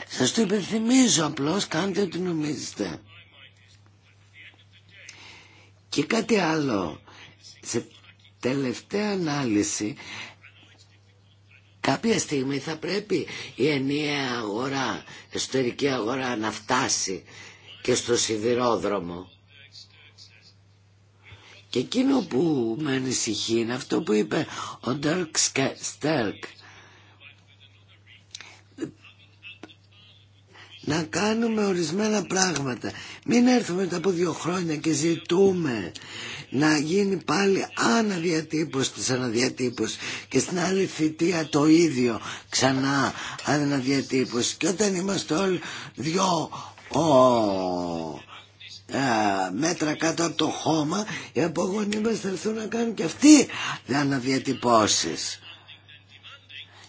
Σας το υπενθυμίζω απλώς, κάντε ό,τι νομίζετε. Και κάτι άλλο, σε τελευταία ανάλυση κάποια στιγμή θα πρέπει η ενιαία αγορά, η εσωτερική αγορά να φτάσει και στο σιδηρόδρομο. Και εκείνο που με ανησυχεί είναι αυτό που είπε ο Ντέρκ Στέρκ. Να κάνουμε ορισμένα πράγματα. Μην έρθουμε μετά από δύο χρόνια και ζητούμε να γίνει πάλι αναδιατύπωση της αναδιατύπωσης και στην άλλη θητεία το ίδιο ξανά αναδιατύπωση. Και όταν είμαστε όλοι δυο μέτρα κάτω από το χώμα οι απογονοί μας θα έρθουν να κάνουν και αυτοί αναδιατυπώσεις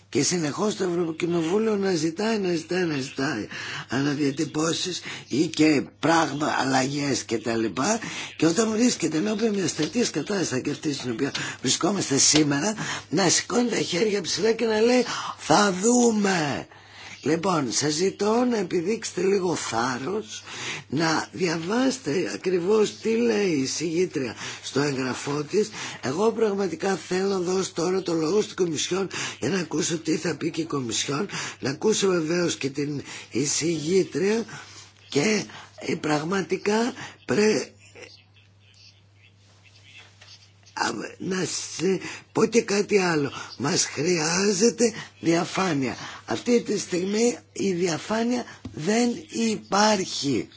και συνεχώς το Ευρωκοινοβούλιο να ζητάει, να ζητάει, να ζητάει αναδιατυπώσεις ή και πράγμα, αλλαγές και τα λοιπά και όταν βρίσκεται ενώπιον μια στρατής κατάσταση και αυτή στην οποία βρισκόμαστε σήμερα να σηκώνει τα χέρια ψηλά και να λέει θα δούμε Λοιπόν, σας ζητώ να επιδείξετε λίγο θάρρος, να διαβάσετε ακριβώς τι λέει η συγγήτρια στο εγγραφό της. Εγώ πραγματικά θέλω να δώσω τώρα το λόγο στην Κομισιόν για να ακούσω τι θα πει και η Κομισιόν, να ακούσω βεβαίως και την συγγήτρια και ε, πραγματικά πρέπει να σε πω και κάτι άλλο. Μας χρειάζεται διαφάνεια. Αυτή τη στιγμή η διαφάνεια δεν υπάρχει.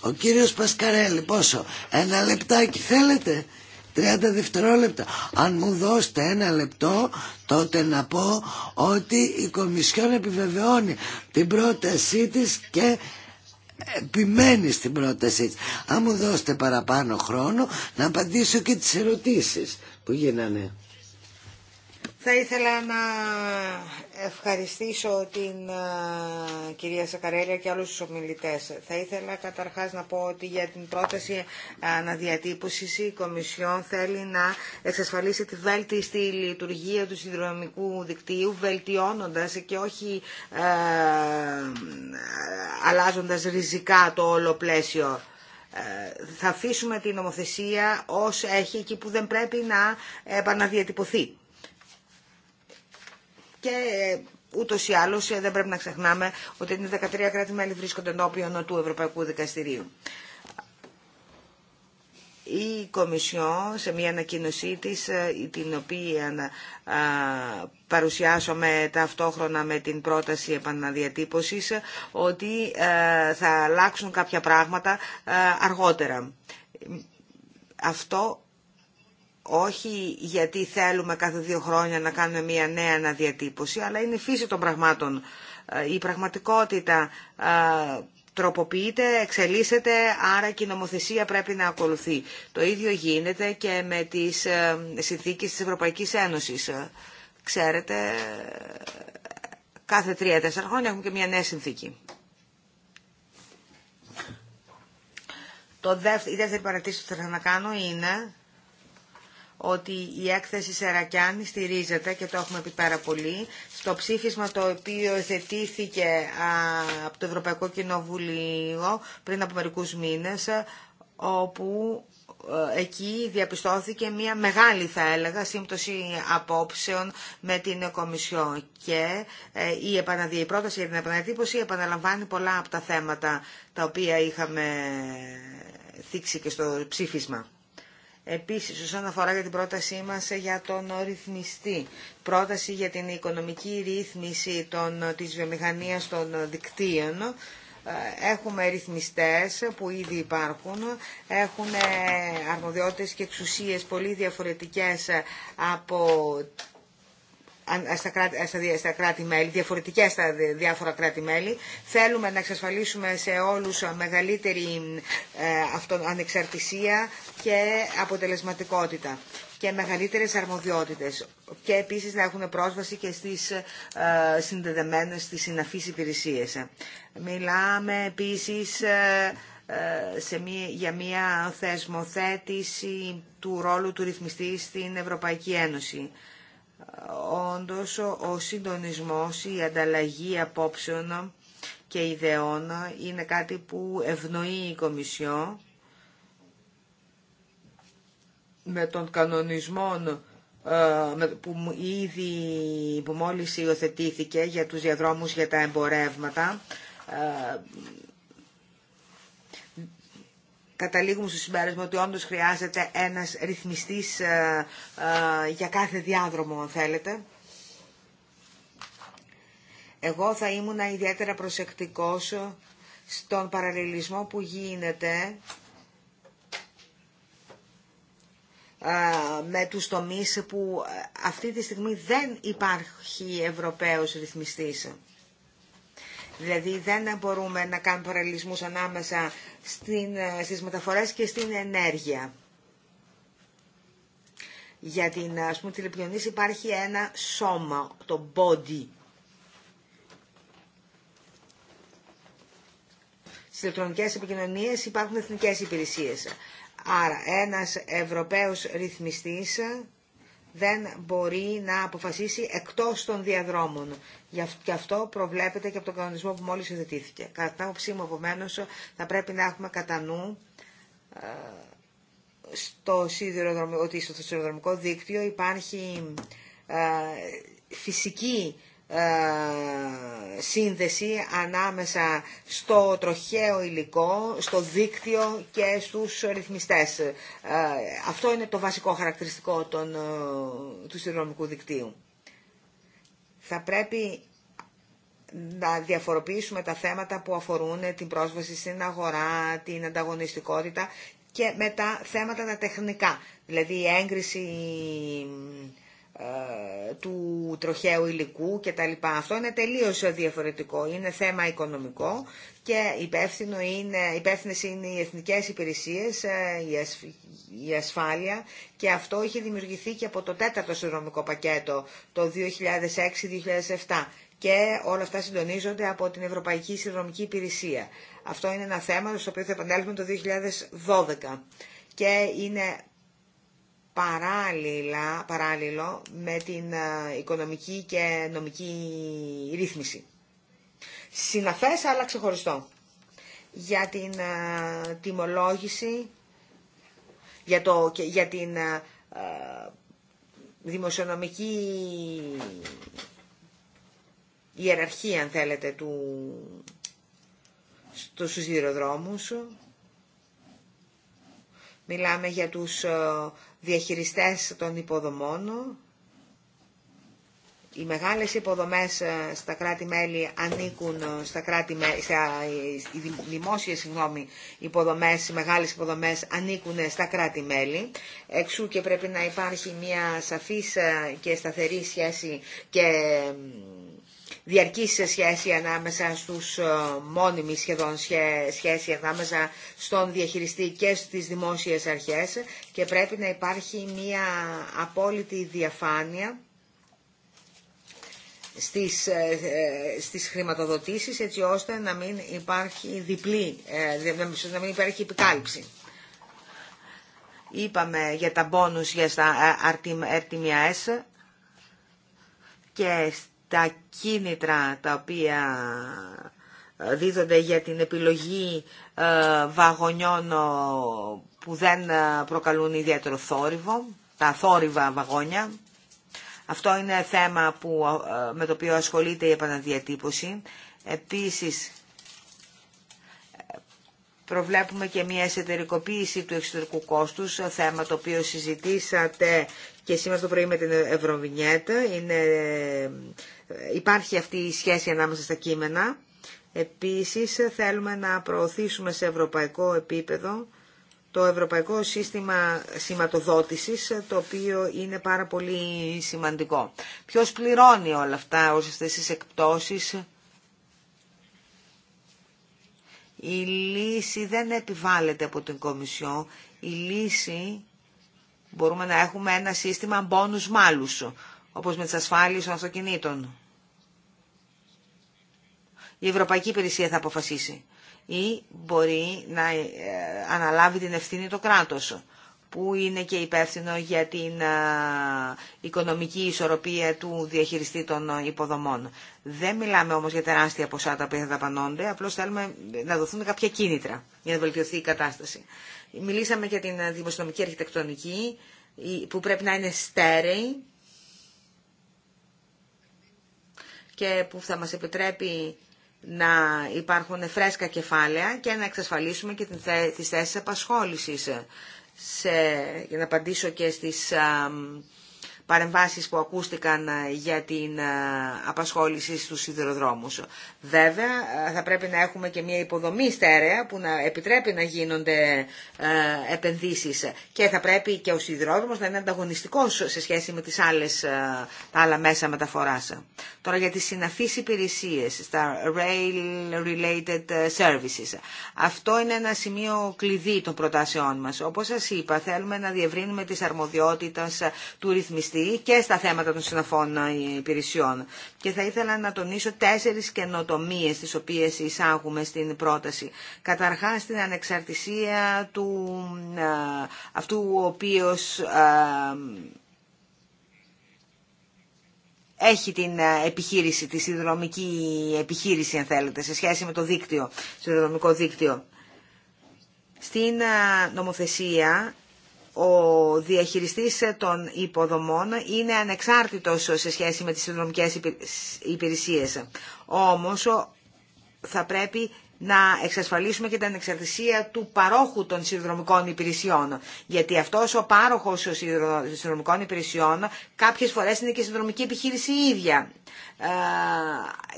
Ο κύριος Πασκαρέλη πόσο, ένα λεπτάκι θέλετε, 30 δευτερόλεπτα. Αν μου δώσετε ένα λεπτό τότε να πω ότι η Κομισιόν επιβεβαιώνει την πρότασή της και επιμένει στην πρότασή της. Αν μου δώσετε παραπάνω χρόνο να απαντήσω και τις ερωτήσεις που γίνανε. Θα ήθελα να ευχαριστήσω την ε, κυρία Σακαρέλια και όλους τους ομιλητές. Θα ήθελα καταρχάς να πω ότι για την πρόταση αναδιατύπωσης η Κομισιόν θέλει να εξασφαλίσει τη βέλτιστη λειτουργία του συνδρομικού δικτύου, βελτιώνοντας και όχι ε, αλλάζοντας ριζικά το όλο πλαίσιο ε, θα αφήσουμε την νομοθεσία ως έχει εκεί που δεν πρέπει να επαναδιατυπωθεί και ε, ούτω ή άλλω ε, δεν πρέπει να ξεχνάμε ότι είναι 13 κράτη-μέλη βρίσκονται ενώπιον του Ευρωπαϊκού Δικαστηρίου. Η Κομισιό σε μια ανακοίνωσή της, ε, την οποία παρουσιάσαμε ταυτόχρονα με την πρόταση επαναδιατύπωσης, ότι θα αλλάξουν κάποια πράγματα αργότερα. Αυτό όχι γιατί θέλουμε κάθε δύο χρόνια να κάνουμε μια νέα αναδιατύπωση, αλλά είναι η φύση των πραγμάτων. Ε, η πραγματικότητα ε, τροποποιείται, εξελίσσεται, άρα και η νομοθεσία πρέπει να ακολουθεί. Το ίδιο γίνεται και με τις ε, συνθήκες της Ευρωπαϊκής Ένωσης. Ξέρετε, κάθε τρία-τέσσερα χρόνια έχουμε και μια νέα συνθήκη. Το δεύτερο, η δεύτερη παρατήρηση που θέλω να κάνω είναι ότι η έκθεση Σερακιάνη στηρίζεται και το έχουμε πει πάρα πολύ στο ψήφισμα το οποίο θετήθηκε από το Ευρωπαϊκό Κοινοβουλίο πριν από μερικούς μήνες όπου ε, εκεί διαπιστώθηκε μια μεγάλη θα έλεγα σύμπτωση απόψεων με την Κομισιό και ε, η, η πρόταση για την επανατύπωση επαναλαμβάνει πολλά από τα θέματα τα οποία είχαμε θίξει και στο ψήφισμα. Επίσης, όσον αφορά για την πρότασή μας για τον ρυθμιστή, πρόταση για την οικονομική ρύθμιση των, της βιομηχανίας των δικτύων, ε, έχουμε ρυθμιστές που ήδη υπάρχουν, έχουν ε, αρμοδιότητες και εξουσίες πολύ διαφορετικές από στα κράτη-μέλη, στα διαφορετικές στα διάφορα κράτη-μέλη. Θέλουμε να εξασφαλίσουμε σε όλους μεγαλύτερη ε, ανεξαρτησία και αποτελεσματικότητα και μεγαλύτερες αρμοδιότητες και επίσης να έχουν πρόσβαση και στις ε, συνδεδεμένες, στις συναφείς υπηρεσίες. Μιλάμε επίσης ε, σε μία, για μια θεσμοθέτηση του ρόλου του ρυθμιστή στην Ευρωπαϊκή Ένωση όντως ο συντονισμός, η ανταλλαγή απόψεων και ιδεών είναι κάτι που ευνοεί η Κομισιό με τον κανονισμό ε, που ήδη μόλις υιοθετήθηκε για τους διαδρόμους για τα εμπορεύματα ε, καταλήγουμε στο συμπέρασμα ότι όντως χρειάζεται ένας ρυθμιστής ε, ε, για κάθε διάδρομο, αν θέλετε. Εγώ θα ήμουν ιδιαίτερα προσεκτικός στον παραλληλισμό που γίνεται ε, με τους τομείς που αυτή τη στιγμή δεν υπάρχει Ευρωπαίος ρυθμιστής. Δηλαδή δεν μπορούμε να κάνουμε παραλληλισμούς ανάμεσα στην, ε, στις μεταφορές και στην ενέργεια. Για την ας πούμε, τηλεπιονής υπάρχει ένα σώμα, το body. Στις ηλεκτρονικές επικοινωνίες υπάρχουν εθνικές υπηρεσίες. Άρα ένας Ευρωπαίος ρυθμιστής δεν μπορεί να αποφασίσει εκτός των διαδρόμων. Γι' αυτό προβλέπεται και από τον κανονισμό που μόλις συζητήθηκε. Κατά την άποψή μου, επομένω, θα πρέπει να έχουμε κατά νου ε, στο ότι στο σιδηροδρομικό δίκτυο υπάρχει ε, φυσική ε, σύνδεση ανάμεσα στο τροχαίο υλικό, στο δίκτυο και στους ρυθμιστές. Ε, αυτό είναι το βασικό χαρακτηριστικό των, ε, του συνδρομικού δικτύου. Θα πρέπει να διαφοροποιήσουμε τα θέματα που αφορούν την πρόσβαση στην αγορά, την ανταγωνιστικότητα και με τα θέματα τα τεχνικά, δηλαδή η έγκριση ε, του τροχαίου υλικού λοιπά Αυτό είναι τελείως διαφορετικό. Είναι θέμα οικονομικό και υπεύθυνο είναι, υπεύθυνες είναι οι εθνικές υπηρεσίες, ε, η, ασφάλεια και αυτό είχε δημιουργηθεί και από το τέταρτο συνδρομικό πακέτο το 2006-2007 και όλα αυτά συντονίζονται από την Ευρωπαϊκή Συνδρομική Υπηρεσία. Αυτό είναι ένα θέμα στο οποίο θα επανέλθουμε το 2012 και είναι παράλληλα, παράλληλο με την ε, οικονομική και νομική ρύθμιση. Συναφές αλλά ξεχωριστό. Για την ε, τιμολόγηση, για, το, για την ε, δημοσιονομική ιεραρχία, αν θέλετε, του, στους Μιλάμε για τους διαχειριστές των υποδομών. Οι μεγάλες υποδομές ε, στα κράτη-μέλη ανήκουν ε, στα κράτη στα, ε, οι δημόσιες συγγνώμη, υποδομές, οι μεγάλες υποδομές ανήκουν στα κράτη-μέλη. Εξού και πρέπει να υπάρχει μια σαφής και σταθερή σχέση και σε σχέση ανάμεσα στους ε, μόνιμη σχεδόν σχέση ανάμεσα στον διαχειριστή και στις δημόσιες αρχές και πρέπει να υπάρχει μια απόλυτη διαφάνεια στις, ε, ε, στις χρηματοδοτήσεις έτσι ώστε να μην υπάρχει διπλή, να μην υπάρχει επικάλυψη. Είπαμε για τα μπόνους για στα RTMS και τα κίνητρα τα οποία ε, δίδονται για την επιλογή ε, βαγονιών που δεν ε, προκαλούν ιδιαίτερο θόρυβο, τα θόρυβα βαγόνια. Αυτό είναι θέμα που, με το οποίο ασχολείται η επαναδιατύπωση. Επίσης, προβλέπουμε και μια εσωτερικοποίηση του εξωτερικού κόστους, θέμα το οποίο συζητήσατε και σήμερα το πρωί με την Ευρωβινιέτα. Είναι υπάρχει αυτή η σχέση ανάμεσα στα κείμενα. Επίσης θέλουμε να προωθήσουμε σε ευρωπαϊκό επίπεδο το Ευρωπαϊκό Σύστημα Σηματοδότησης, το οποίο είναι πάρα πολύ σημαντικό. Ποιος πληρώνει όλα αυτά, όσες τις εκπτώσεις. Η λύση δεν επιβάλλεται από την Κομισιό. Η λύση μπορούμε να έχουμε ένα σύστημα μπόνους μάλους, όπως με τις ασφάλειες των αυτοκινήτων η Ευρωπαϊκή Υπηρεσία θα αποφασίσει ή μπορεί να ε, αναλάβει την ευθύνη το κράτος που είναι και υπεύθυνο για την ε, οικονομική ισορροπία του διαχειριστή των ε, υποδομών. Δεν μιλάμε όμως για τεράστια ποσά τα οποία θα δαπανώνται, απλώς θέλουμε να δοθούν κάποια κίνητρα για να βελτιωθεί η κατάσταση. Μιλήσαμε για την δημοσιονομική αρχιτεκτονική που πρέπει να είναι στέρεη και που θα μας επιτρέπει να υπάρχουν φρέσκα κεφάλαια και να εξασφαλίσουμε και τις θέσεις απασχόλησης. Ε, σε, για να απαντήσω και στις, ε, παρεμβάσεις που ακούστηκαν ε, για την ε, απασχόληση στους σιδηροδρόμους. Βέβαια, ε, θα πρέπει να έχουμε και μια υποδομή στέρεα που να επιτρέπει να γίνονται επενδύσεις και θα πρέπει και ο σιδηρόδρομος να είναι ανταγωνιστικός σε σχέση με τις άλλες, άλλα μέσα μεταφοράς. Τώρα για τις συναφείς υπηρεσίες, τα rail-related services. Αυτό είναι ένα σημείο κλειδί των προτάσεών μας. Όπως σας είπα, θέλουμε να διευρύνουμε τις αρμοδιότητες του ρυθμιστή και στα θέματα των συναφών υπηρεσιών. Και θα ήθελα να τονίσω τέσσερις καινοτομίες τις οποίες εισάγουμε στην πρόταση. Καταρχάς την ανεξαρτησία του, ε, αυτού ο οποίος ε, έχει την ε, επιχείρηση, τη συνδρομική επιχείρηση αν θέλετε, σε σχέση με το δίκτυο, συνδρομικό δίκτυο. Στην νομοθεσία ο διαχειριστής των υποδομών είναι ανεξάρτητος σε σχέση με τις συνδρομικές υπηρεσίες. Όμως θα πρέπει να εξασφαλίσουμε και την ανεξαρτησία του παρόχου των συνδρομικών υπηρεσιών. Γιατί αυτός ο πάροχος των συνδρομικών υπηρεσιών κάποιες φορές είναι και συνδρομική επιχείρηση ίδια. Ε,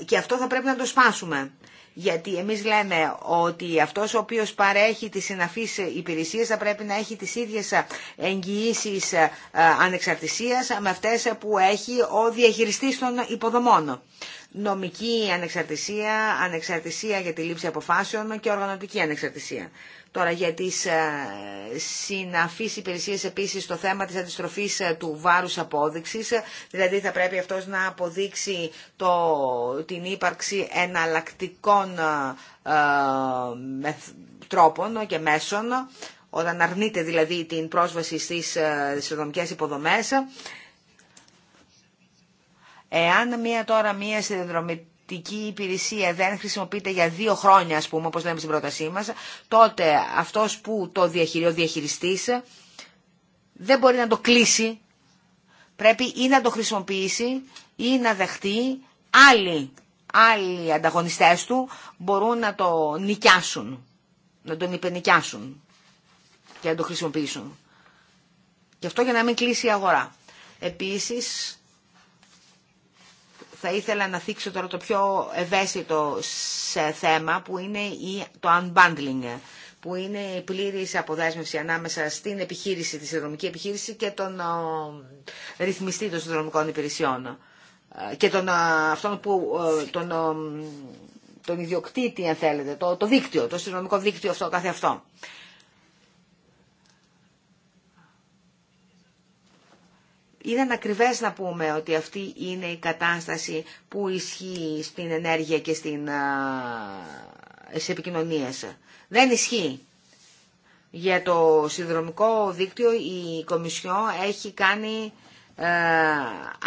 και αυτό θα πρέπει να το σπάσουμε γιατί εμείς λέμε ότι αυτός ο οποίος παρέχει τις συναφείς υπηρεσίες θα πρέπει να έχει τις ίδιες εγγυήσει ε, ανεξαρτησίας με αυτές που έχει ο διαχειριστής των υποδομών. Νομική ανεξαρτησία, ανεξαρτησία για τη λήψη αποφάσεων και οργανωτική ανεξαρτησία. Τώρα για τις ε, συναφείς υπηρεσίες επίσης το θέμα της αντιστροφής ε, του βάρους απόδειξης, ε, δηλαδή θα πρέπει αυτός να αποδείξει το, την ύπαρξη εναλλακτικών τρόπων και μέσων, όταν αρνείται δηλαδή την πρόσβαση στις συνδρομικές υποδομές. Εάν μία τώρα μία συνδρομική η υπηρεσία δεν χρησιμοποιείται για δύο χρόνια, ας πούμε, όπως λέμε στην πρότασή μας, τότε αυτός που το διαχειρεί, δεν μπορεί να το κλείσει. Πρέπει ή να το χρησιμοποιήσει ή να δεχτεί άλλοι, άλλοι ανταγωνιστές του μπορούν να το νοικιάσουν, να τον υπενικιάσουν και να το χρησιμοποιήσουν. Και αυτό για να μην κλείσει η αγορά. Επίσης, θα ήθελα να θίξω τώρα το πιο ευαίσθητο σε θέμα που είναι το unbundling που είναι η πλήρης αποδέσμευση ανάμεσα στην επιχείρηση, τη συνδρομική επιχείρηση και τον ρυθμιστή των συνδρομικών υπηρεσιών ε, και τον, ε, αυτόν που, ε, τον, τον ιδιοκτήτη, αν θέλετε, το, το δίκτυο, το συνδρομικό δίκτυο αυτό κάθε αυτό. είναι ακριβέ να πούμε ότι αυτή είναι η κατάσταση που ισχύει στην ενέργεια και στην, στις Δεν ισχύει. Για το συνδρομικό δίκτυο η Κομισιό έχει κάνει ε,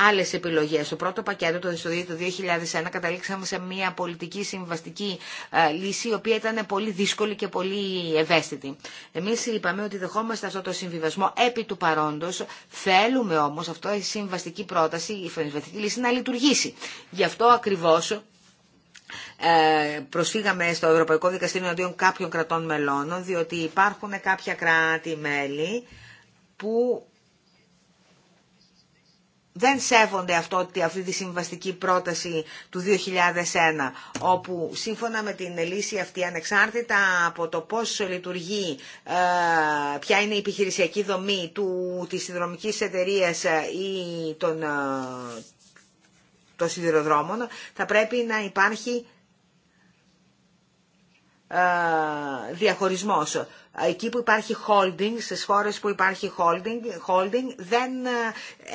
άλλες επιλογές. Στο πρώτο πακέτο, το 2001, καταλήξαμε σε μια πολιτική συμβαστική ε, λύση, η οποία ήταν πολύ δύσκολη και πολύ ευαίσθητη. Εμείς είπαμε ότι δεχόμαστε αυτό το συμβιβασμό επί του παρόντος, θέλουμε όμως αυτό η συμβαστική πρόταση, η συμβαστική λύση να λειτουργήσει. Γι' αυτό ακριβώς ε, προσφύγαμε στο Ευρωπαϊκό Δικαστήριο αντίον κάποιων κρατών μελών, διότι υπάρχουν κάποια κράτη-μέλη που δεν σέβονται αυτό, αυτή τη συμβαστική πρόταση του 2001, όπου σύμφωνα με την λύση αυτή, ανεξάρτητα από το πώς λειτουργεί, ε, ποια είναι η επιχειρησιακή δομή του, της συνδρομικής εταιρείας ε, ή των, ε, των σιδηροδρόμων, θα πρέπει να υπάρχει διαχωρισμός. Εκεί που υπάρχει holding, στις χώρες που υπάρχει holding, holding δεν,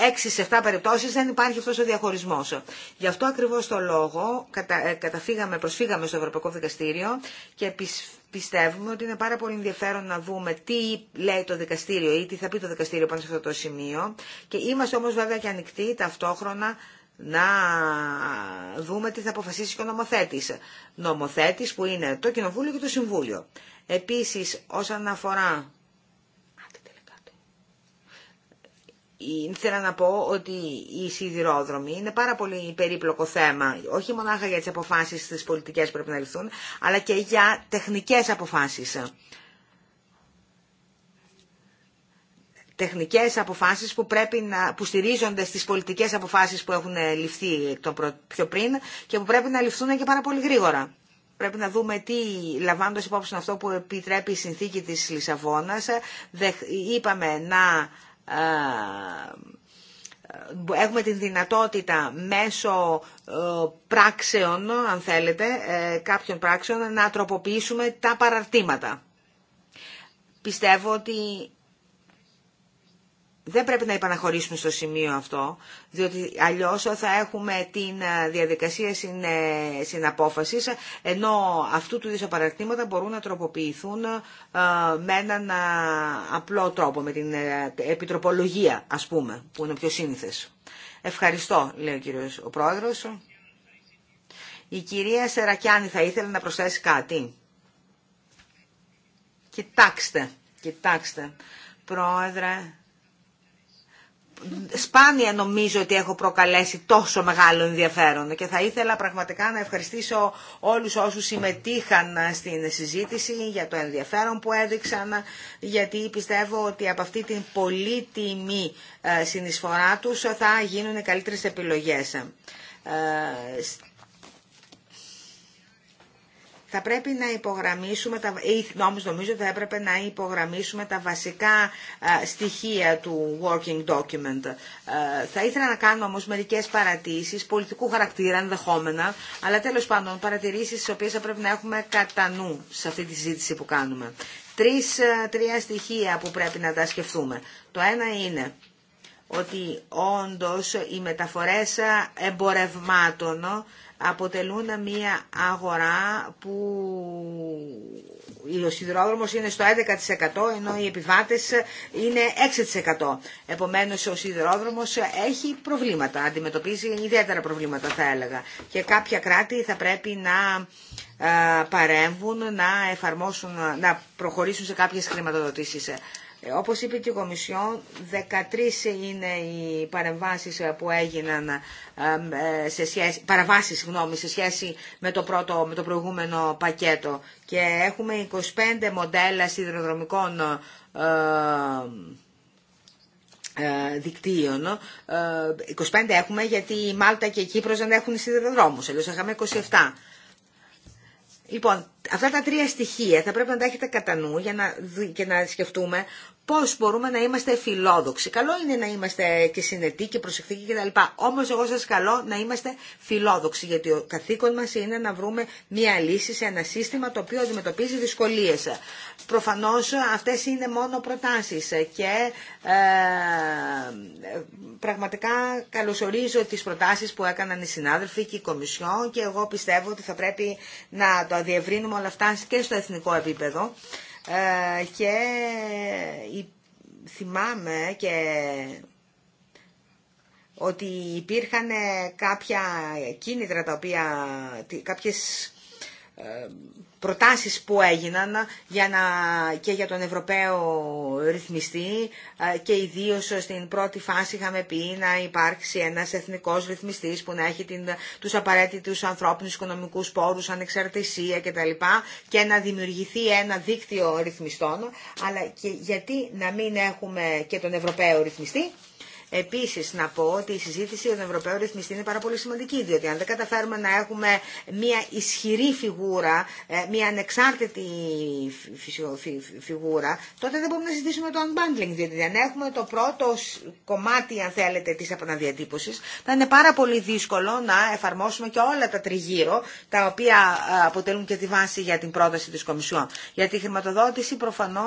6 ε, σε 7 περιπτώσεις δεν υπάρχει αυτός ο διαχωρισμός. Γι' αυτό ακριβώς το λόγο κατα, ε, καταφύγαμε, προσφύγαμε στο Ευρωπαϊκό Δικαστήριο και πιστεύουμε ότι είναι πάρα πολύ ενδιαφέρον να δούμε τι λέει το δικαστήριο ή τι θα πει το δικαστήριο πάνω σε αυτό το σημείο και είμαστε όμως βέβαια και ανοιχτοί ταυτόχρονα να δούμε τι θα αποφασίσει και ο νομοθέτης. Νομοθέτης που είναι το Κοινοβούλιο και το Συμβούλιο. Επίσης, όσον αφορά... Ε, ήθελα να πω ότι η σιδηρόδρομη είναι πάρα πολύ περίπλοκο θέμα, όχι μονάχα για τις αποφάσεις στις πολιτικές που πρέπει να ληφθούν, αλλά και για τεχνικές αποφάσεις. τεχνικές αποφάσεις που, πρέπει να, που στηρίζονται στις πολιτικές αποφάσεις που έχουν ληφθεί πιο πριν και που πρέπει να ληφθούν και πάρα πολύ γρήγορα. Πρέπει να δούμε τι, λαμβάνοντα υπόψη αυτό που επιτρέπει η συνθήκη της Λισαβόνας, είπαμε να ε, έχουμε την δυνατότητα μέσω ε, πράξεων, αν θέλετε, ε, κάποιων πράξεων, να τροποποιήσουμε τα παραρτήματα. Πιστεύω ότι δεν πρέπει να υπαναχωρήσουμε στο σημείο αυτό, διότι αλλιώς θα έχουμε την ε, διαδικασία συναπόφασης, ενώ αυτού του είδους παρακτήματα μπορούν να τροποποιηθούν ε, με έναν ε, απλό τρόπο, με την επιτροπολογία, ας πούμε, που είναι πιο σύνηθες. Ευχαριστώ, λέει ο κύριος ο πρόεδρος. Η κυρία Σερακιάνη θα ήθελε να προσθέσει κάτι. Κοιτάξτε, κοιτάξτε. Πρόεδρε, σπάνια νομίζω ότι έχω προκαλέσει τόσο μεγάλο ενδιαφέρον και θα ήθελα πραγματικά να ευχαριστήσω όλους όσους συμμετείχαν στην συζήτηση για το ενδιαφέρον που έδειξαν γιατί πιστεύω ότι από αυτή την πολύτιμη ε, συνεισφορά τους θα γίνουν οι καλύτερες επιλογές ε, θα πρέπει να υπογραμμίσουμε, τα, ή όμως νομίζω θα έπρεπε να υπογραμμίσουμε τα βασικά στοιχεία του working document. θα ήθελα να κάνω όμως μερικές παρατήσεις, πολιτικού χαρακτήρα ενδεχόμενα, αλλά τέλος πάντων παρατηρήσεις τις οποίες θα πρέπει να έχουμε κατά νου σε αυτή τη συζήτηση που κάνουμε. Τρεις, τρία στοιχεία που πρέπει να τα σκεφτούμε. Το ένα είναι ότι όντως οι μεταφορές εμπορευμάτων αποτελούν μια αγορά που ο σιδηρόδρομος είναι στο 11% ενώ οι επιβάτες είναι 6%. Επομένως ο σιδηρόδρομος έχει προβλήματα, αντιμετωπίζει ιδιαίτερα προβλήματα θα έλεγα και κάποια κράτη θα πρέπει να ε, παρέμβουν, να, εφαρμόσουν, να προχωρήσουν σε κάποιες χρηματοδοτήσεις. Όπως είπε και η Κομισιόν, 13 είναι οι παρεμβάσεις ε, που έγιναν ε, σε σχέση, σε σχέση με το, πρώτο, με το προηγούμενο πακέτο και έχουμε 25 μοντέλα σιδηροδρομικών ε, δικτύων. 25 έχουμε γιατί η Μάλτα και η Κύπρος δεν έχουν σιδηροδρόμους, αλλιώς είχαμε 27. Λοιπόν, Αυτά τα τρία στοιχεία θα πρέπει να τα έχετε κατά νου για να, και να σκεφτούμε πώς μπορούμε να είμαστε φιλόδοξοι. Καλό είναι να είμαστε και συνετοί και προσεκτικοί κτλ. Όμως εγώ σας καλώ να είμαστε φιλόδοξοι γιατί ο καθήκον μας είναι να βρούμε μια λύση σε ένα σύστημα το οποίο αντιμετωπίζει δυσκολίες. Προφανώς αυτές είναι μόνο προτάσεις και ε, πραγματικά καλωσορίζω τις προτάσεις που έκαναν οι συνάδελφοι και η Κομισιόν και εγώ πιστεύω ότι θα πρέπει να το διευρύνουμε αλλά όλα αυτά και στο εθνικό επίπεδο ε, και θυμάμαι και ότι υπήρχαν κάποια κίνητρα τα οποία, κάποιες προτάσεις που έγιναν για να, και για τον Ευρωπαίο ρυθμιστή ε, και ιδίω στην πρώτη φάση είχαμε πει να υπάρξει ένας εθνικός ρυθμιστής που να έχει την, τους απαραίτητους ανθρώπινους οικονομικούς πόρους, ανεξαρτησία κτλ. και να δημιουργηθεί ένα δίκτυο ρυθμιστών αλλά και γιατί να μην έχουμε και τον Ευρωπαίο ρυθμιστή Επίση να πω ότι η συζήτηση για τον Ευρωπαίο Ρυθμιστή είναι πάρα πολύ σημαντική, διότι αν δεν καταφέρουμε να έχουμε μια ισχυρή φιγούρα, ε, μια ανεξάρτητη φιγούρα, τότε δεν μπορούμε να συζητήσουμε το unbundling, διότι αν έχουμε το πρώτο κομμάτι, αν θέλετε, της επαναδιατύπωση. θα είναι πάρα πολύ δύσκολο να εφαρμόσουμε και όλα τα τριγύρω, τα οποία ε, αποτελούν και τη βάση για την πρόταση τη Κομισιόν. Για τη χρηματοδότηση, προφανώ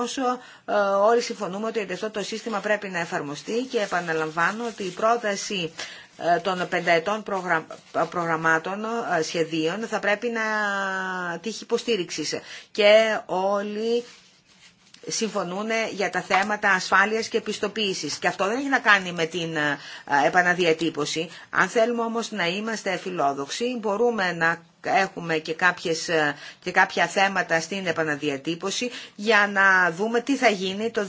ε, όλοι συμφωνούμε ότι αυτό το σύστημα πρέπει να εφαρμοστεί και επαναλαμβάνουμε επαναλαμβάνω ότι η πρόταση ε, των πενταετών προγραμμάτων ε, σχεδίων θα πρέπει να τύχει υποστήριξη και όλοι συμφωνούν ε, για τα θέματα ασφάλειας και επιστοποίησης. Και αυτό δεν έχει να κάνει με την επαναδιατύπωση. Αν θέλουμε όμως να είμαστε φιλόδοξοι, μπορούμε να έχουμε και, κάποιες, ε, και κάποια θέματα στην επαναδιατύπωση για να δούμε τι θα γίνει το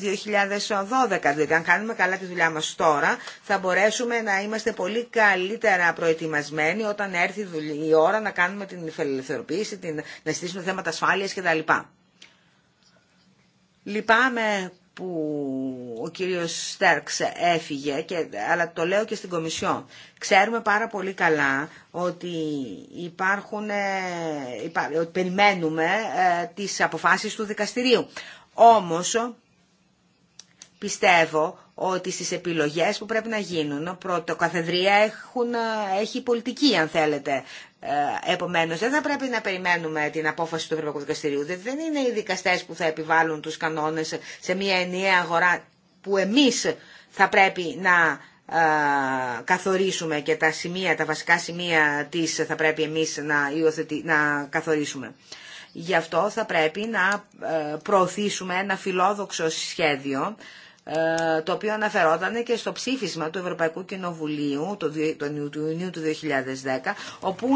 2012. Δηλαδή αν κάνουμε καλά τη δουλειά μας τώρα θα μπορέσουμε να είμαστε πολύ καλύτερα προετοιμασμένοι όταν έρθει η ώρα να κάνουμε την ελευθεροποίηση, την, να στήσουμε θέματα ασφάλειας κτλ. Λυπάμαι που ο κύριος Στέρξ έφυγε, και, αλλά το λέω και στην Κομισιό. Ξέρουμε πάρα πολύ καλά ότι υπάρχουν, ε, ότι περιμένουμε ε, τις αποφάσεις του δικαστηρίου. Όμως πιστεύω ότι στις επιλογές που πρέπει να γίνουν, πρώτο, καθεδρία έχουν, ε, έχει πολιτική αν θέλετε. Ε, επομένως δεν θα πρέπει να περιμένουμε την απόφαση του Ευρωπαϊκού Δικαστηρίου. Δεν είναι οι δικαστέ που θα επιβάλλουν τους κανόνες σε μια ενιαία αγορά που εμείς θα πρέπει να ε, καθορίσουμε και τα σημεία, τα βασικά σημεία τη θα πρέπει εμείς να, να καθορίσουμε. Γι' αυτό θα πρέπει να ε, προωθήσουμε ένα φιλόδοξο σχέδιο ε, το οποίο αναφερόταν και στο ψήφισμα του Ευρωπαϊκού Κοινοβουλίου το, του Ιουνίου του 2010, όπου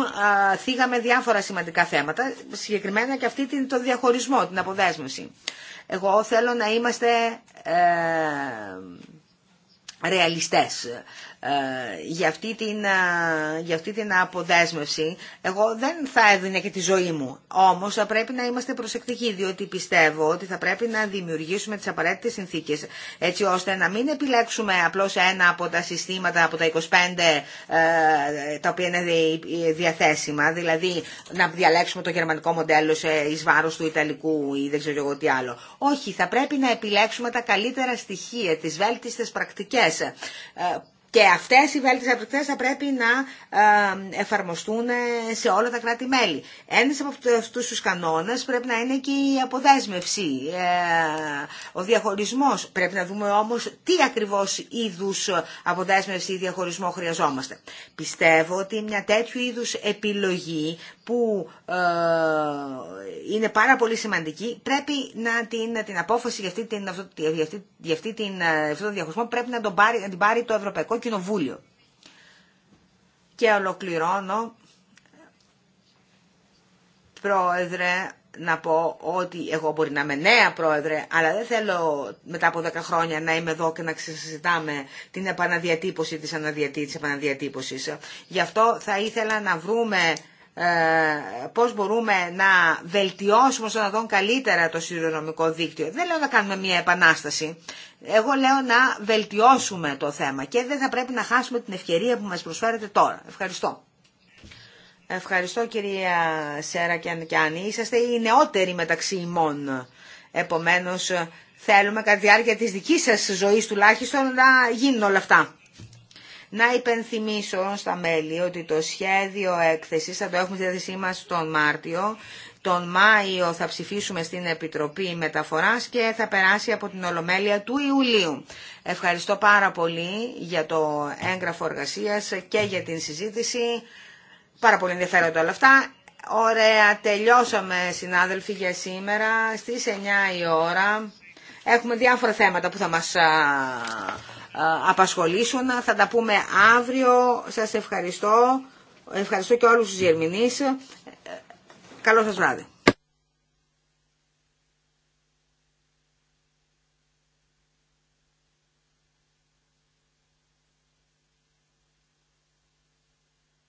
θίγαμε διάφορα σημαντικά θέματα, συγκεκριμένα και αυτή την, το διαχωρισμό, την αποδέσμευση. Εγώ θέλω να είμαστε ε, ρεαλιστές. Ε, για, αυτή την, ε, για την αποδέσμευση, εγώ δεν θα έδινε και τη ζωή μου. Όμως θα πρέπει να είμαστε προσεκτικοί, διότι πιστεύω ότι θα πρέπει να δημιουργήσουμε τις απαραίτητες συνθήκες, έτσι ώστε να μην επιλέξουμε απλώς ένα από τα συστήματα, από τα 25 ε, τα οποία είναι διαθέσιμα, δηλαδή να διαλέξουμε το γερμανικό μοντέλο σε εις βάρος του Ιταλικού ή δεν ξέρω εγώ τι άλλο. Όχι, θα πρέπει να επιλέξουμε τα καλύτερα στοιχεία, τις βέλτιστες πρακτικές και αυτές οι βέλτιστες πρακτικές θα πρέπει να ε, εφαρμοστούν ε, σε όλα τα κράτη-μέλη. Ένας από αυτούς τους κανόνες πρέπει να είναι και η αποδέσμευση, ε, ο διαχωρισμός. Πρέπει να δούμε όμως τι ακριβώς είδους αποδέσμευση ή διαχωρισμό χρειαζόμαστε. Πιστεύω ότι μια τέτοιου είδους επιλογή που ε, είναι πάρα πολύ σημαντική, πρέπει να την, την απόφαση για αυτή, την, για αυτή, για αυτή την, ε, αυτό το διαχωρισμό πρέπει να, τον πάρει, να την πάρει το Ευρωπαϊκό Κοινοβούλιο. Και ολοκληρώνω, πρόεδρε, να πω ότι εγώ μπορεί να είμαι νέα πρόεδρε, αλλά δεν θέλω μετά από 10 χρόνια να είμαι εδώ και να συζητάμε την επαναδιατύπωση της, αναδιατή, της επαναδιατύπωσης. Γι' αυτό θα ήθελα να βρούμε ε, πώς μπορούμε να βελτιώσουμε όσο να δω καλύτερα το σιδηρονομικό δίκτυο. Δεν λέω να κάνουμε μια επανάσταση. Εγώ λέω να βελτιώσουμε το θέμα και δεν θα πρέπει να χάσουμε την ευκαιρία που μας προσφέρετε τώρα. Ευχαριστώ. Ευχαριστώ κυρία Σέρα και Είσαστε οι νεότεροι μεταξύ ημών. Επομένως θέλουμε κατά τη διάρκεια της δικής σας ζωής τουλάχιστον να γίνουν όλα αυτά. Να υπενθυμίσω στα μέλη ότι το σχέδιο έκθεσης θα το έχουμε στη διάθεσή μας τον Μάρτιο. Τον Μάιο θα ψηφίσουμε στην Επιτροπή Μεταφοράς και θα περάσει από την Ολομέλεια του Ιουλίου. Ευχαριστώ πάρα πολύ για το έγγραφο εργασίας και για την συζήτηση. Πάρα πολύ ενδιαφέροντα όλα αυτά. Ωραία, τελειώσαμε συνάδελφοι για σήμερα στις 9 η ώρα. Έχουμε διάφορα θέματα που θα μας ε, απασχολήσουν. Θα τα πούμε αύριο. Σας ευχαριστώ. Ευχαριστώ και όλους τους γερμηνείς. Ε, καλό σας βράδυ.